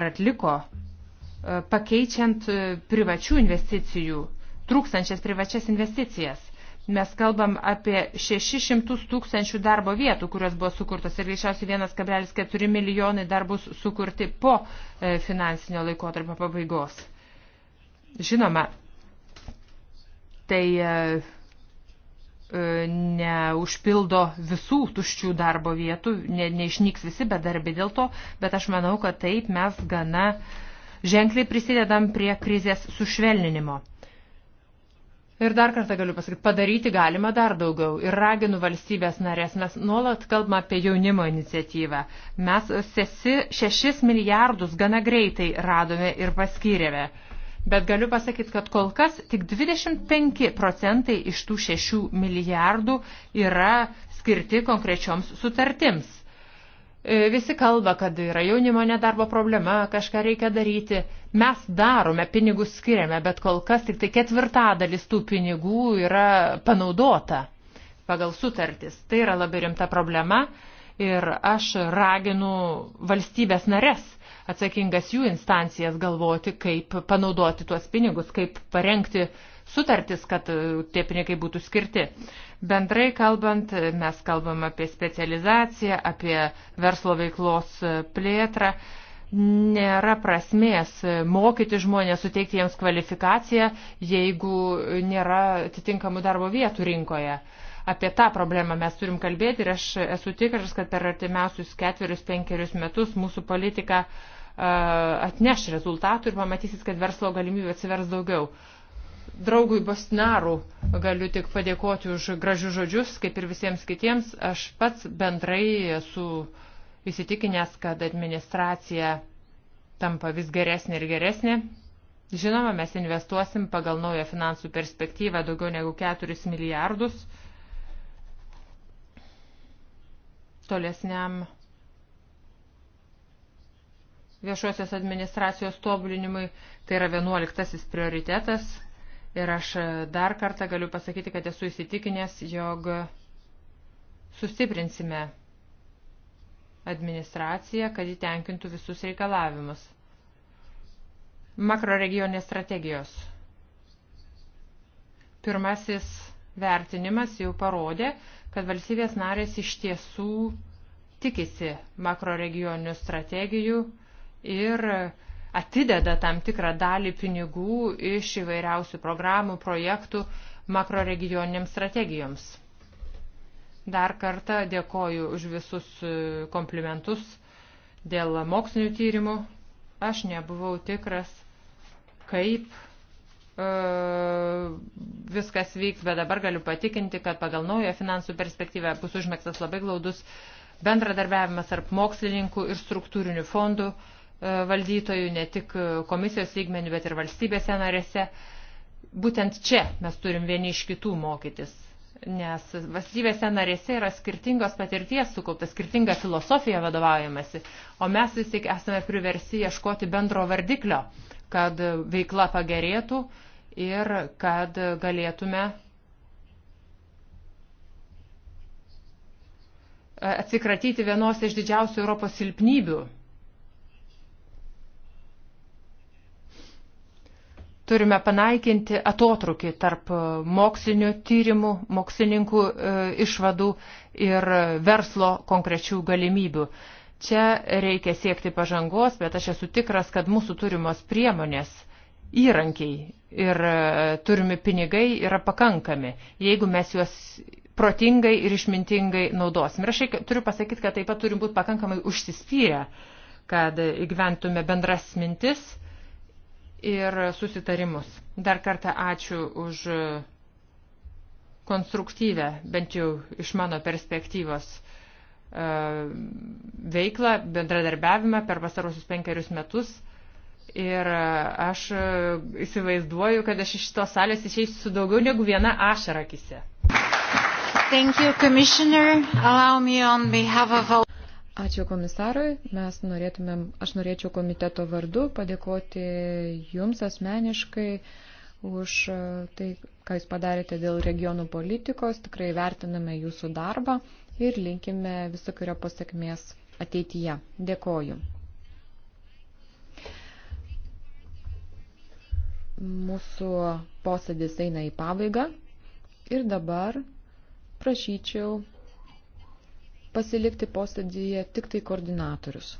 ar atliko, e, pakeičiant e, privačių investicijų, trūkstančias privačias investicijas. Mes kalbam apie 600 tūkstančių darbo vietų, kurios buvo sukurtos ir greičiausiai 1,4 milijonai dar bus sukurti po e, finansinio laikotarpio pabaigos. Žinoma, tai e, e, neužpildo visų tuščių darbo vietų, ne, neišnyks visi bedarbi dėl to, bet aš manau, kad taip mes gana ženkliai prisidedam prie krizės sušvelninimo. Ir dar kartą galiu pasakyti, padaryti galima dar daugiau. Ir raginu valstybės narės, mes nuolat kalbame apie jaunimo iniciatyvą. Mes sesi, šešis milijardus gana greitai radome ir paskyrėme. Bet galiu pasakyti, kad kol kas tik 25 procentai iš tų 6 milijardų yra skirti konkrečioms sutartims. E, visi kalba, kad yra jaunimo nedarbo problema, kažką reikia daryti. Mes darome, pinigus skiriame, bet kol kas tik tai ketvirtadalis tų pinigų yra panaudota pagal sutartis. Tai yra labai rimta problema ir aš raginu valstybės nares atsakingas jų instancijas galvoti, kaip panaudoti tuos pinigus, kaip parengti sutartis, kad e, tie pinigai būtų skirti. Bendrai kalbant, e, mes kalbam apie specializaciją, apie verslo veiklos e, plėtrą. Nėra prasmės mokyti žmonės, suteikti jiems kvalifikaciją, jeigu nėra atitinkamų darbo vietų rinkoje apie tą problemą mes turim kalbėti ir aš esu tikras, kad per artimiausius ketverius, penkerius metus mūsų politika uh, atneš rezultatų ir pamatysit, kad verslo galimybių atsivers daugiau. Draugui Bosnarų galiu tik padėkoti už gražius žodžius, kaip ir visiems kitiems. Aš pats bendrai esu įsitikinęs, kad administracija tampa vis geresnė ir geresnė. Žinoma, mes investuosim pagal naują finansų perspektyvą daugiau negu 4 milijardus tolesniam viešosios administracijos tobulinimui. Tai yra vienuoliktasis prioritetas. Ir aš dar kartą galiu pasakyti, kad esu įsitikinęs, jog sustiprinsime administraciją, kad ji tenkintų visus reikalavimus. Makroregionės strategijos. Pirmasis vertinimas jau parodė, kad valstybės narės iš tiesų tikisi makroregioninių strategijų ir atideda tam tikrą dalį pinigų iš įvairiausių programų, projektų makroregioniniams strategijoms. Dar kartą dėkoju už visus e, komplimentus dėl mokslinių tyrimų. Aš nebuvau tikras, kaip e, viskas vyks, bet dabar galiu patikinti, kad pagal naują finansų perspektyvę bus užmėgstas labai glaudus bendradarbiavimas tarp mokslininkų ir struktūrinių fondų. E, valdytojų, ne tik komisijos lygmenių, bet ir valstybėse narėse. Būtent čia mes turim vieni iš kitų mokytis, nes valstybėse narėse yra skirtingos patirties sukaupta, skirtinga filosofija vadovaujamasi, o mes vis tik esame priversi ieškoti bendro vardiklio, kad veikla pagerėtų ir kad galėtume atsikratyti vienos iš didžiausių Europos silpnybių Turime panaikinti atotrukį tarp mokslinių tyrimų, mokslininkų e, išvadų ir verslo konkrečių galimybių. Čia reikia siekti pažangos, bet aš esu tikras, kad mūsų turimos priemonės, įrankiai ir e, turimi pinigai yra pakankami, jeigu mes juos protingai ir išmintingai naudosim. Ir aš turiu pasakyti, kad taip pat turim būti pakankamai užsispyrę, kad įgyventume bendras mintis ir susitarimus. Dar kartą ačiū už konstruktyvę, bent jau iš mano perspektyvos, e, veiklą, bendradarbiavimą per pasarosius penkerius metus. Ir aš įsivaizduoju, kad aš iš šitos salės išeisiu su daugiau negu viena ašara akise. Thank you, Commissioner. Allow me on behalf of all Ačiū komisarui. Mes norėtumėm, aš norėčiau komiteto vardu padėkoti Jums asmeniškai už e, tai, ką Jūs padarėte dėl regionų politikos. Tikrai vertiname Jūsų darbą ir linkime visokio pasiekmės ateityje. Dėkoju. Mūsų posėdis eina į pabaigą ir dabar prašyčiau pasilikti posėdėje tik tai koordinatorius